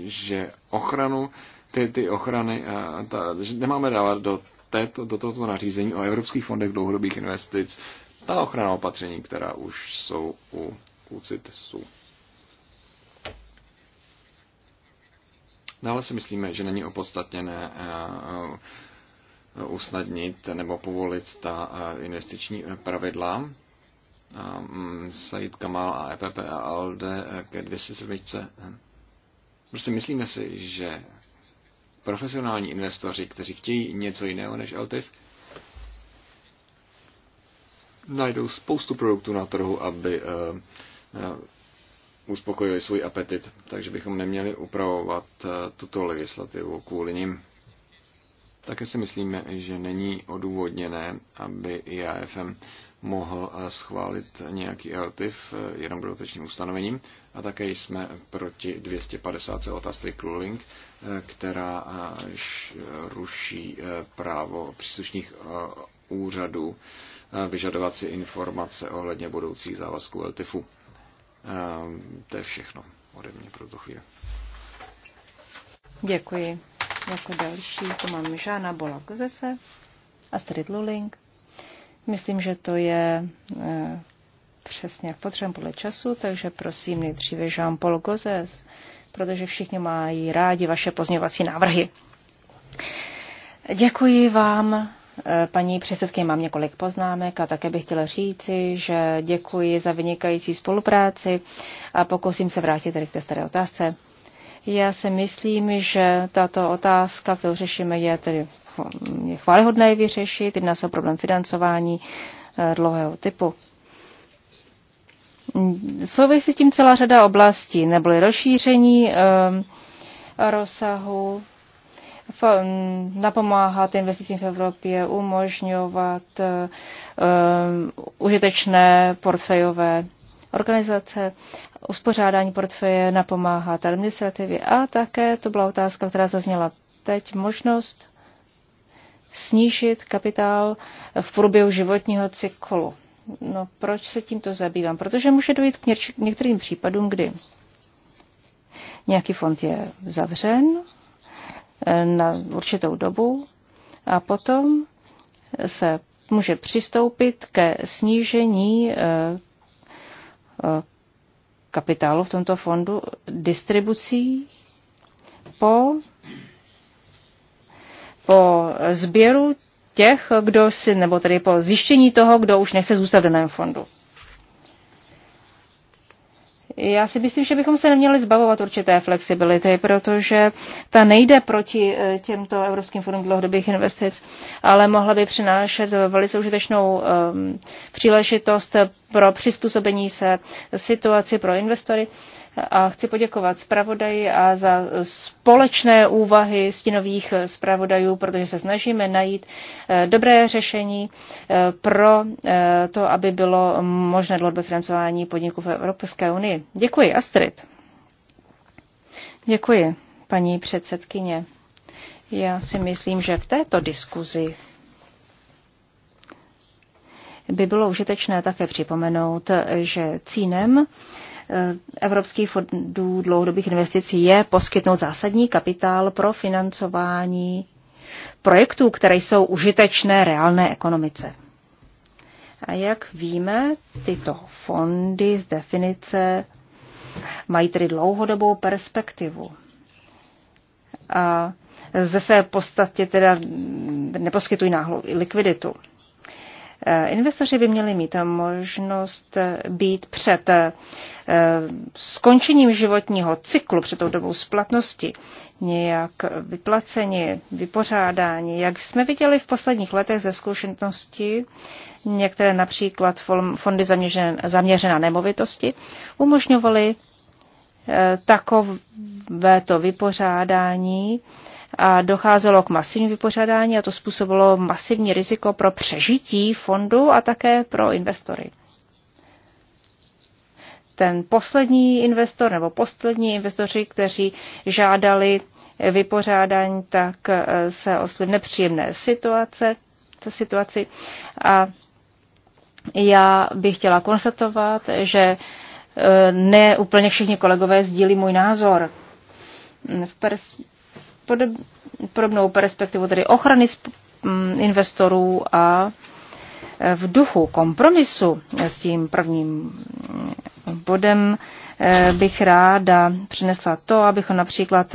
S2: že ochranu, ty, ty ochrany, eh, ta, že nemáme dávat do, této, do tohoto nařízení o evropských fondech dlouhodobých investic ta ochrana opatření, která už jsou u UCITESu. Dále si myslíme, že není opodstatněné usnadnit nebo povolit ta investiční pravidla Mm, Said Kamal a EPP a ALDE ke 207. Prostě myslíme si, že profesionální investoři, kteří chtějí něco jiného než LTIF, najdou spoustu produktů na trhu, aby e, e, uspokojili svůj apetit. Takže bychom neměli upravovat e, tuto legislativu kvůli nim. Také si myslíme, že není odůvodněné, aby IAFM mohl eh, schválit nějaký LTIF eh, jenom dodatečným ustanovením. A také jsme proti 250 celota strict Ruling, která eh, ruší právo příslušných úřadů vyžadovat si informace ohledně budoucích závazků LTIFu. To je všechno ode mě pro tu chvíli.
S3: Děkuji. Jako další to mám Žána Bola a Strid Luling, Myslím, že to je eh, přesně jak potřebujeme podle času, takže prosím nejdříve Jean-Paul Gozes, protože všichni mají rádi vaše pozměňovací návrhy. Děkuji vám, eh, paní předsedkyně, mám několik poznámek a také bych chtěla říci, že děkuji za vynikající spolupráci a pokusím se vrátit tady k té staré otázce. Já si myslím, že tato otázka, kterou řešíme, je tedy jako je chválihodné vyřešit. Jedná se o problém financování eh, dlouhého typu. Souvisí s tím celá řada oblastí, neboli rozšíření eh, rozsahu, mm, napomáhat investicím v Evropě, umožňovat eh, užitečné portfejové organizace, uspořádání portfeje napomáhat administrativě. A také to byla otázka, která zazněla teď, možnost snížit kapitál v průběhu životního cyklu. No proč se tímto zabývám? Protože může dojít k některým případům, kdy nějaký fond je zavřen eh, na určitou dobu a potom se může přistoupit ke snížení eh, eh, kapitálu v tomto fondu distribucí po po sběru těch, kdo si, nebo tedy po zjištění toho, kdo už nechce zůstat v daném fondu. Já si myslím, že bychom se neměli zbavovat určité flexibility, protože ta nejde proti eh, těmto Evropským fondům dlouhodobých investic, ale mohla by přinášet velice užitečnou um, příležitost pro přizpůsobení se situaci pro investory. Uh, a chci poděkovat zpravodaji a za společné úvahy stinových zpravodajů, protože se snažíme najít eh, dobré řešení eh, pro eh, to, aby bylo možné dlouhodobé financování podniků v Evropské unii. Děkuji, Astrid. Děkuji, paní předsedkyně. Já si myslím, že v této diskuzi by bylo užitečné také připomenout, že cílem Eh, Evropských fondů dlouhodobých investicí je poskytnout zásadní kapitál pro financování projektů, které jsou užitečné reálné ekonomice. A jak víme, tyto fondy z definice mají tedy dlouhodobou perspektivu. A zde se v podstatě teda neposkytují náhlou likviditu. Eh, investoři by měli mít možnost eh, být před eh, skončením životního cyklu, před tou dobou splatnosti, nějak vyplaceni, vypořádání. Jak jsme viděli v posledních letech ze zkušenosti, některé například fondy zaměřené, na nemovitosti umožňovaly takovéto vypořádání a docházelo k masivnímu vypořádání a to způsobilo masivní riziko pro přežití fondu a také pro investory. Ten poslední investor nebo poslední investoři, kteří žádali vypořádání, tak eh, se osly v nepříjemné situace, situaci. A já bych chtěla konstatovat, že eh, ne úplně všichni kolegové sdílí můj názor. V pers- podobnou perspektivu, tedy ochrany mm, investorů a e, v duchu kompromisu s tím prvním mm, bodem e, bych ráda přinesla to, abychom například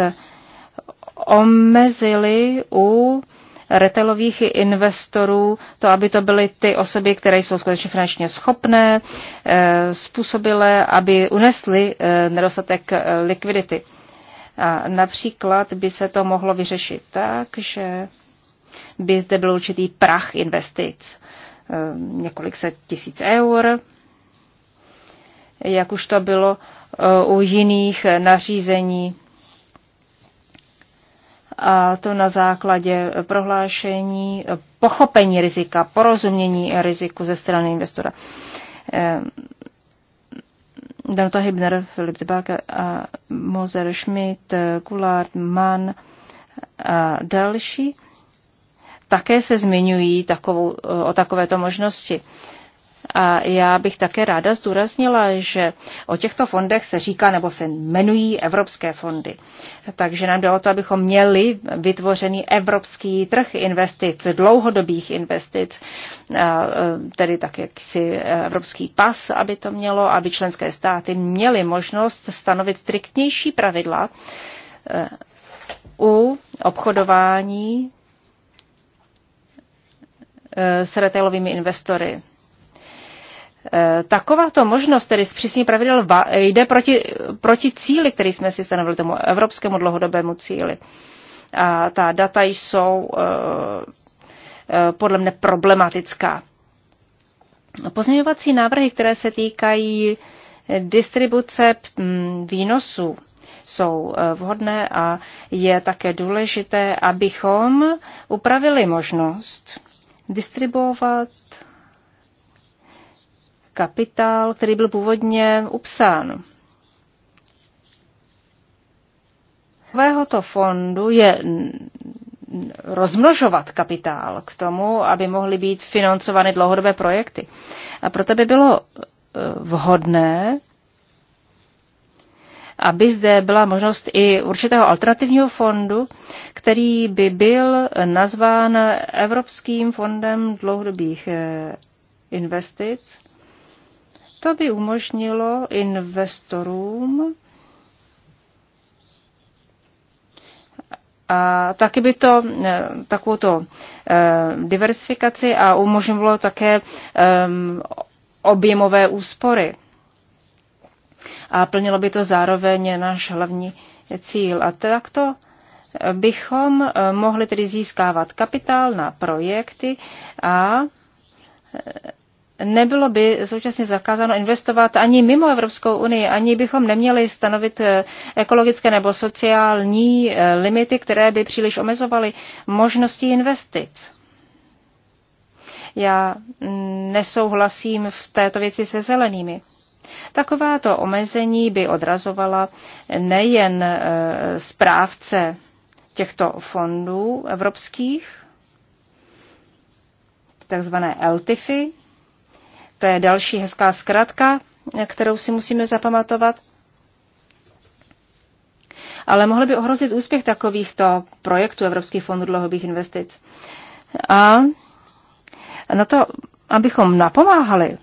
S3: omezili u retailových investorů to, aby to byly ty osoby, které jsou skutečně finančně schopné, e, způsobilé, aby unesly nedostatek likvidity například by se to mohlo vyřešit tak, že by zde byl určitý prach investic, e, několik set tisíc eur, jak už to bylo e, u jiných nařízení. A to na základě prohlášení, pochopení rizika, porozumění riziku ze strany investora. E, Danuta Hibner, Filip Zibák, a Moser Schmidt, Kulár, Mann a další, také se zmiňují takovou, o takovéto možnosti. A já bych také ráda zdůraznila, že o těchto fondech se říká nebo se jmenují evropské fondy. Takže nám jde o to, abychom měli vytvořený evropský trh investic, dlouhodobých investic, e, tedy tak jaksi e, evropský pas, aby to mělo, aby členské státy měly možnost stanovit striktnější pravidla e, u obchodování s retailovými investory. Eh, takováto možnost, tedy zpřísnění pravidel, jde proti, proti cíli, který jsme si stanovili, tomu evropskému dlouhodobému cíli. A ta data jsou eh, eh, podle mne problematická. Pozměňovací návrhy, které se týkají distribuce hm, výnosů, jsou vhodné a je také důležité, abychom upravili možnost distribuovat kapitál, který byl původně upsán. Takovéhoto fondu je rozmnožovat kapitál k tomu, aby mohly být financovány dlouhodobé projekty. A proto by bylo e, vhodné, aby zde byla možnost i určitého alternativního fondu, který by byl nazván Evropským fondem dlouhodobých e, investic. To by umožnilo investorům A taky by to eh, takovou to eh, diversifikaci a umožnilo také ehm, objemové úspory. A plnilo by to zároveň náš hlavní cíl. A takto bychom eh, mohli tedy získávat kapitál na projekty a nebylo by současně zakázáno investovat ani mimo Evropskou unii, ani bychom neměli stanovit eh, ekologické nebo sociální eh, limity, které by příliš omezovaly možnosti investic. Já mm, nesouhlasím v této věci se zelenými. Takováto omezení by odrazovala nejen eh, správce těchto fondů evropských, takzvané LTIFy, to je další hezká zkratka, kterou si musíme zapamatovat. Ale mohly by ohrozit úspěch takovýchto projektů Evropských fondů dlouhodobých investic. A na to, abychom napomáhali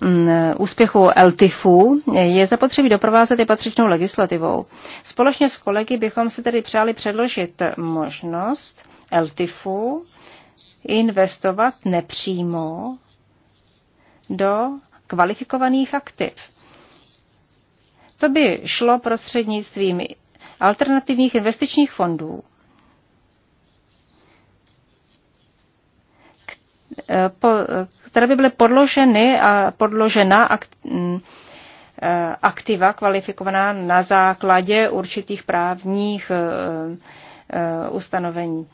S3: mm, úspěchu LTIFu je zapotřebí doprovázet i patřičnou legislativou. Společně s kolegy bychom si tedy přáli předložit možnost LTIFu investovat nepřímo do kvalifikovaných aktiv. To by šlo prostřednictvím alternativních investičních fondů, které by byly podloženy a podložena mm, eh, aktiva kvalifikovaná na základě určitých právních eh, eh, ustanovení.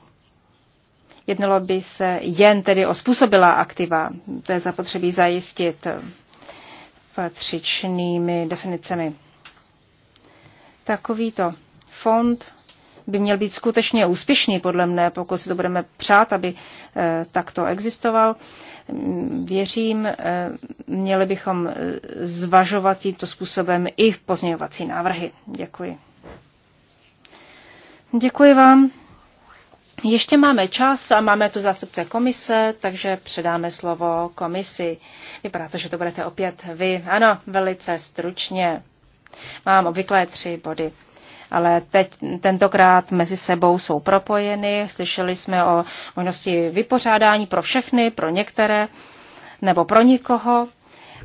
S3: Jednalo by se jen tedy o způsobilá aktiva, to je zapotřebí zajistit patřičnými definicemi. Takovýto fond by měl být skutečně úspěšný, podle mne, pokud si to budeme přát, aby eh, takto existoval. Věřím, eh, měli bychom eh, zvažovat tímto způsobem i v pozměňovací návrhy. Děkuji. Děkuji vám. Ještě máme čas a máme tu zástupce komise, takže předáme slovo komisi. Vypadá to, že to budete opět vy. Ano, velice stručně. Mám obvyklé tři body. Ale teď, tentokrát mezi sebou jsou propojeny. Slyšeli jsme o možnosti vypořádání pro všechny, pro některé nebo pro nikoho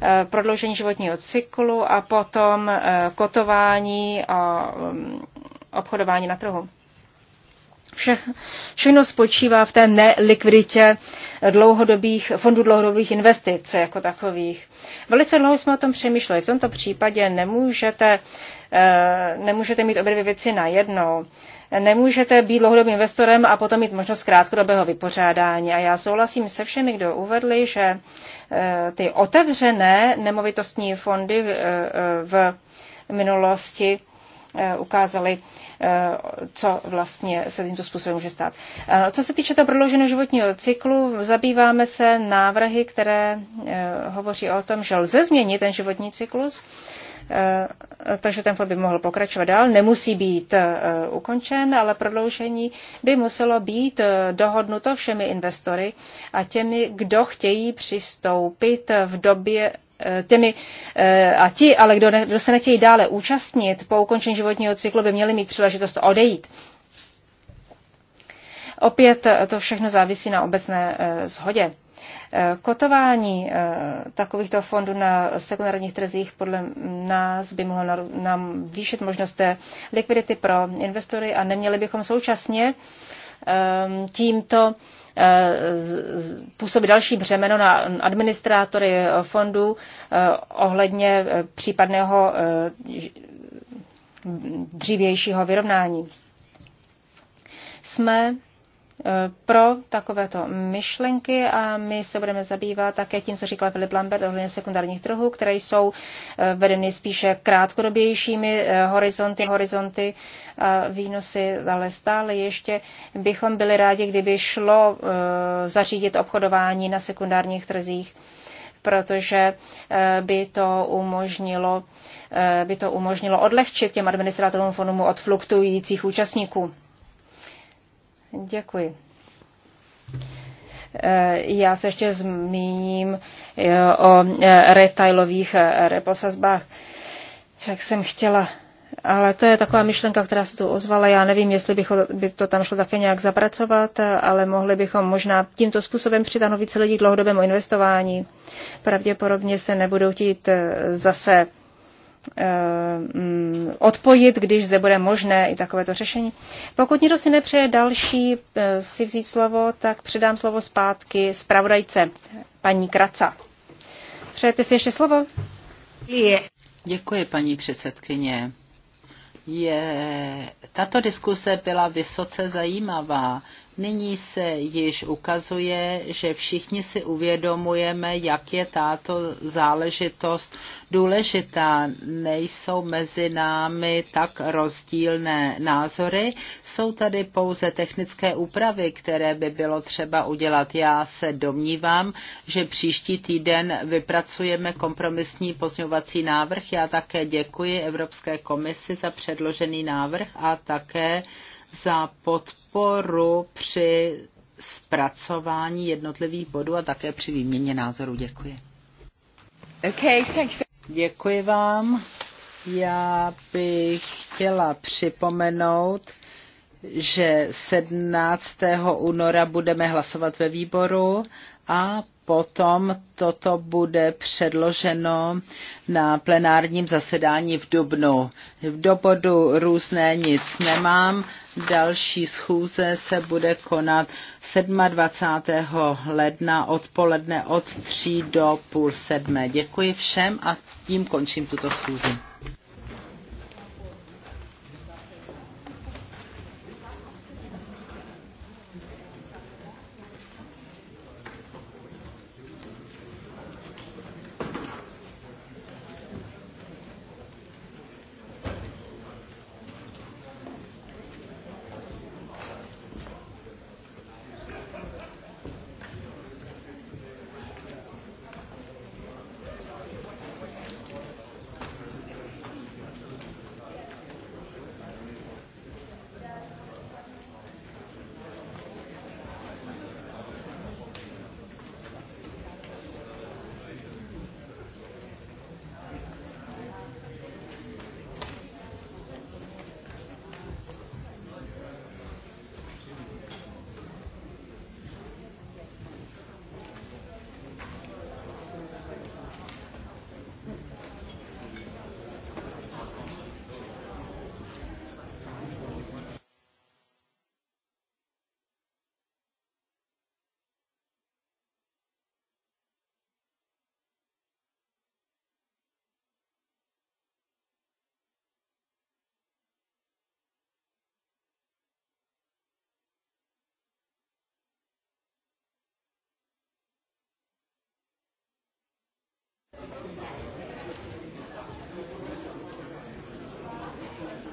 S3: eh, prodloužení životního cyklu a potom eh, kotování a mm, obchodování na trhu. Vše, všechno spočívá v té nelikviditě dlouhodobých, fondů dlouhodobých investic jako takových. Velice dlouho jsme o tom přemýšleli. V tomto případě nemůžete, eh, nemůžete mít obě dvě věci najednou. Nemůžete být dlouhodobým investorem a potom mít možnost krátkodobého vypořádání. A já souhlasím se všemi, kdo uvedli, že eh, ty otevřené nemovitostní fondy v eh, minulosti Eh, ukázali, eh, co vlastně se tímto způsobem může stát. Eh, co se týče toho prodlouženého životního cyklu, zabýváme se návrhy, které hovoří o tom, že lze změnit ten životní cyklus, takže ten fond by mohl pokračovat dál. Nemusí být ukončen, ale prodloužení by muselo být dohodnuto všemi investory a těmi, kdo chtějí přistoupit v době Eh, těmi, eh, a ti, ale kdo, ne, kdo se nechtějí dále účastnit po ukončení životního cyklu, by měli mít příležitost odejít. Opět eh, to všechno závisí na obecné shodě. Kotování takovýchto fondů na sekundárních trzích podle nás by mohlo nám výšit možnost té likvidity pro investory a neměli bychom současně ehm, tímto Eh, působí další břemeno na administrátory fondů eh, ohledně eh, případného dřívějšího vyrovnání. Jsme pro takovéto myšlenky a my se budeme zabývat také tím, co říkal Filip Lambert ohledně sekundárních trhů, které jsou eh, vedeny spíše krátkodobějšími eh, horizonty, horizonty a výnosy, ale stále ještě bychom byli rádi, kdyby šlo eh, zařídit obchodování na sekundárních trzích protože by to umožnilo, by to umožnilo odlehčit těm administrativním fondům od fluktujících účastníků. Děkuji. E, já se ještě zmíním e, o e, retailových reposazbách, jak jsem chtěla. Ale to je taková myšlenka, která se tu ozvala. Já nevím, jestli bych, by to tam šlo také nějak zapracovat, ale mohli bychom možná tímto způsobem přitáhnout více lidí k dlouhodobému investování. Pravděpodobně se nebudou chtít zase Eh, mm, odpojit, když zde bude možné i takovéto řešení. Pokud někdo si nepřeje další eh, si vzít slovo, tak předám slovo zpátky zpravodajce, paní Kraca. Přejete si ještě slovo? Děkuji, paní předsedkyně. Je, tato diskuse
S4: byla vysoce zajímavá. Nyní se již ukazuje, že všichni si uvědomujeme, jak je tato záležitost důležitá. Nejsou mezi námi tak rozdílné názory, jsou tady pouze technické úpravy, které by bylo třeba udělat. Já se domnívám, že příští týden vypracujeme kompromisní pozňovací návrh. Já také děkuji Evropské komisi za předložený návrh a také za podporu při zpracování jednotlivých bodů a také při výměně názorů. Děkuji. Okay, thank you. Děkuji vám. Já bych chtěla připomenout, že 17. února budeme hlasovat ve výboru a potom toto bude předloženo na plenárním zasedání v Dubnu. V dobodu různé nic nemám Další schůze se bude konat 27. ledna odpoledne od 3 do půl sedmé. Děkuji všem a tím končím tuto schůzi.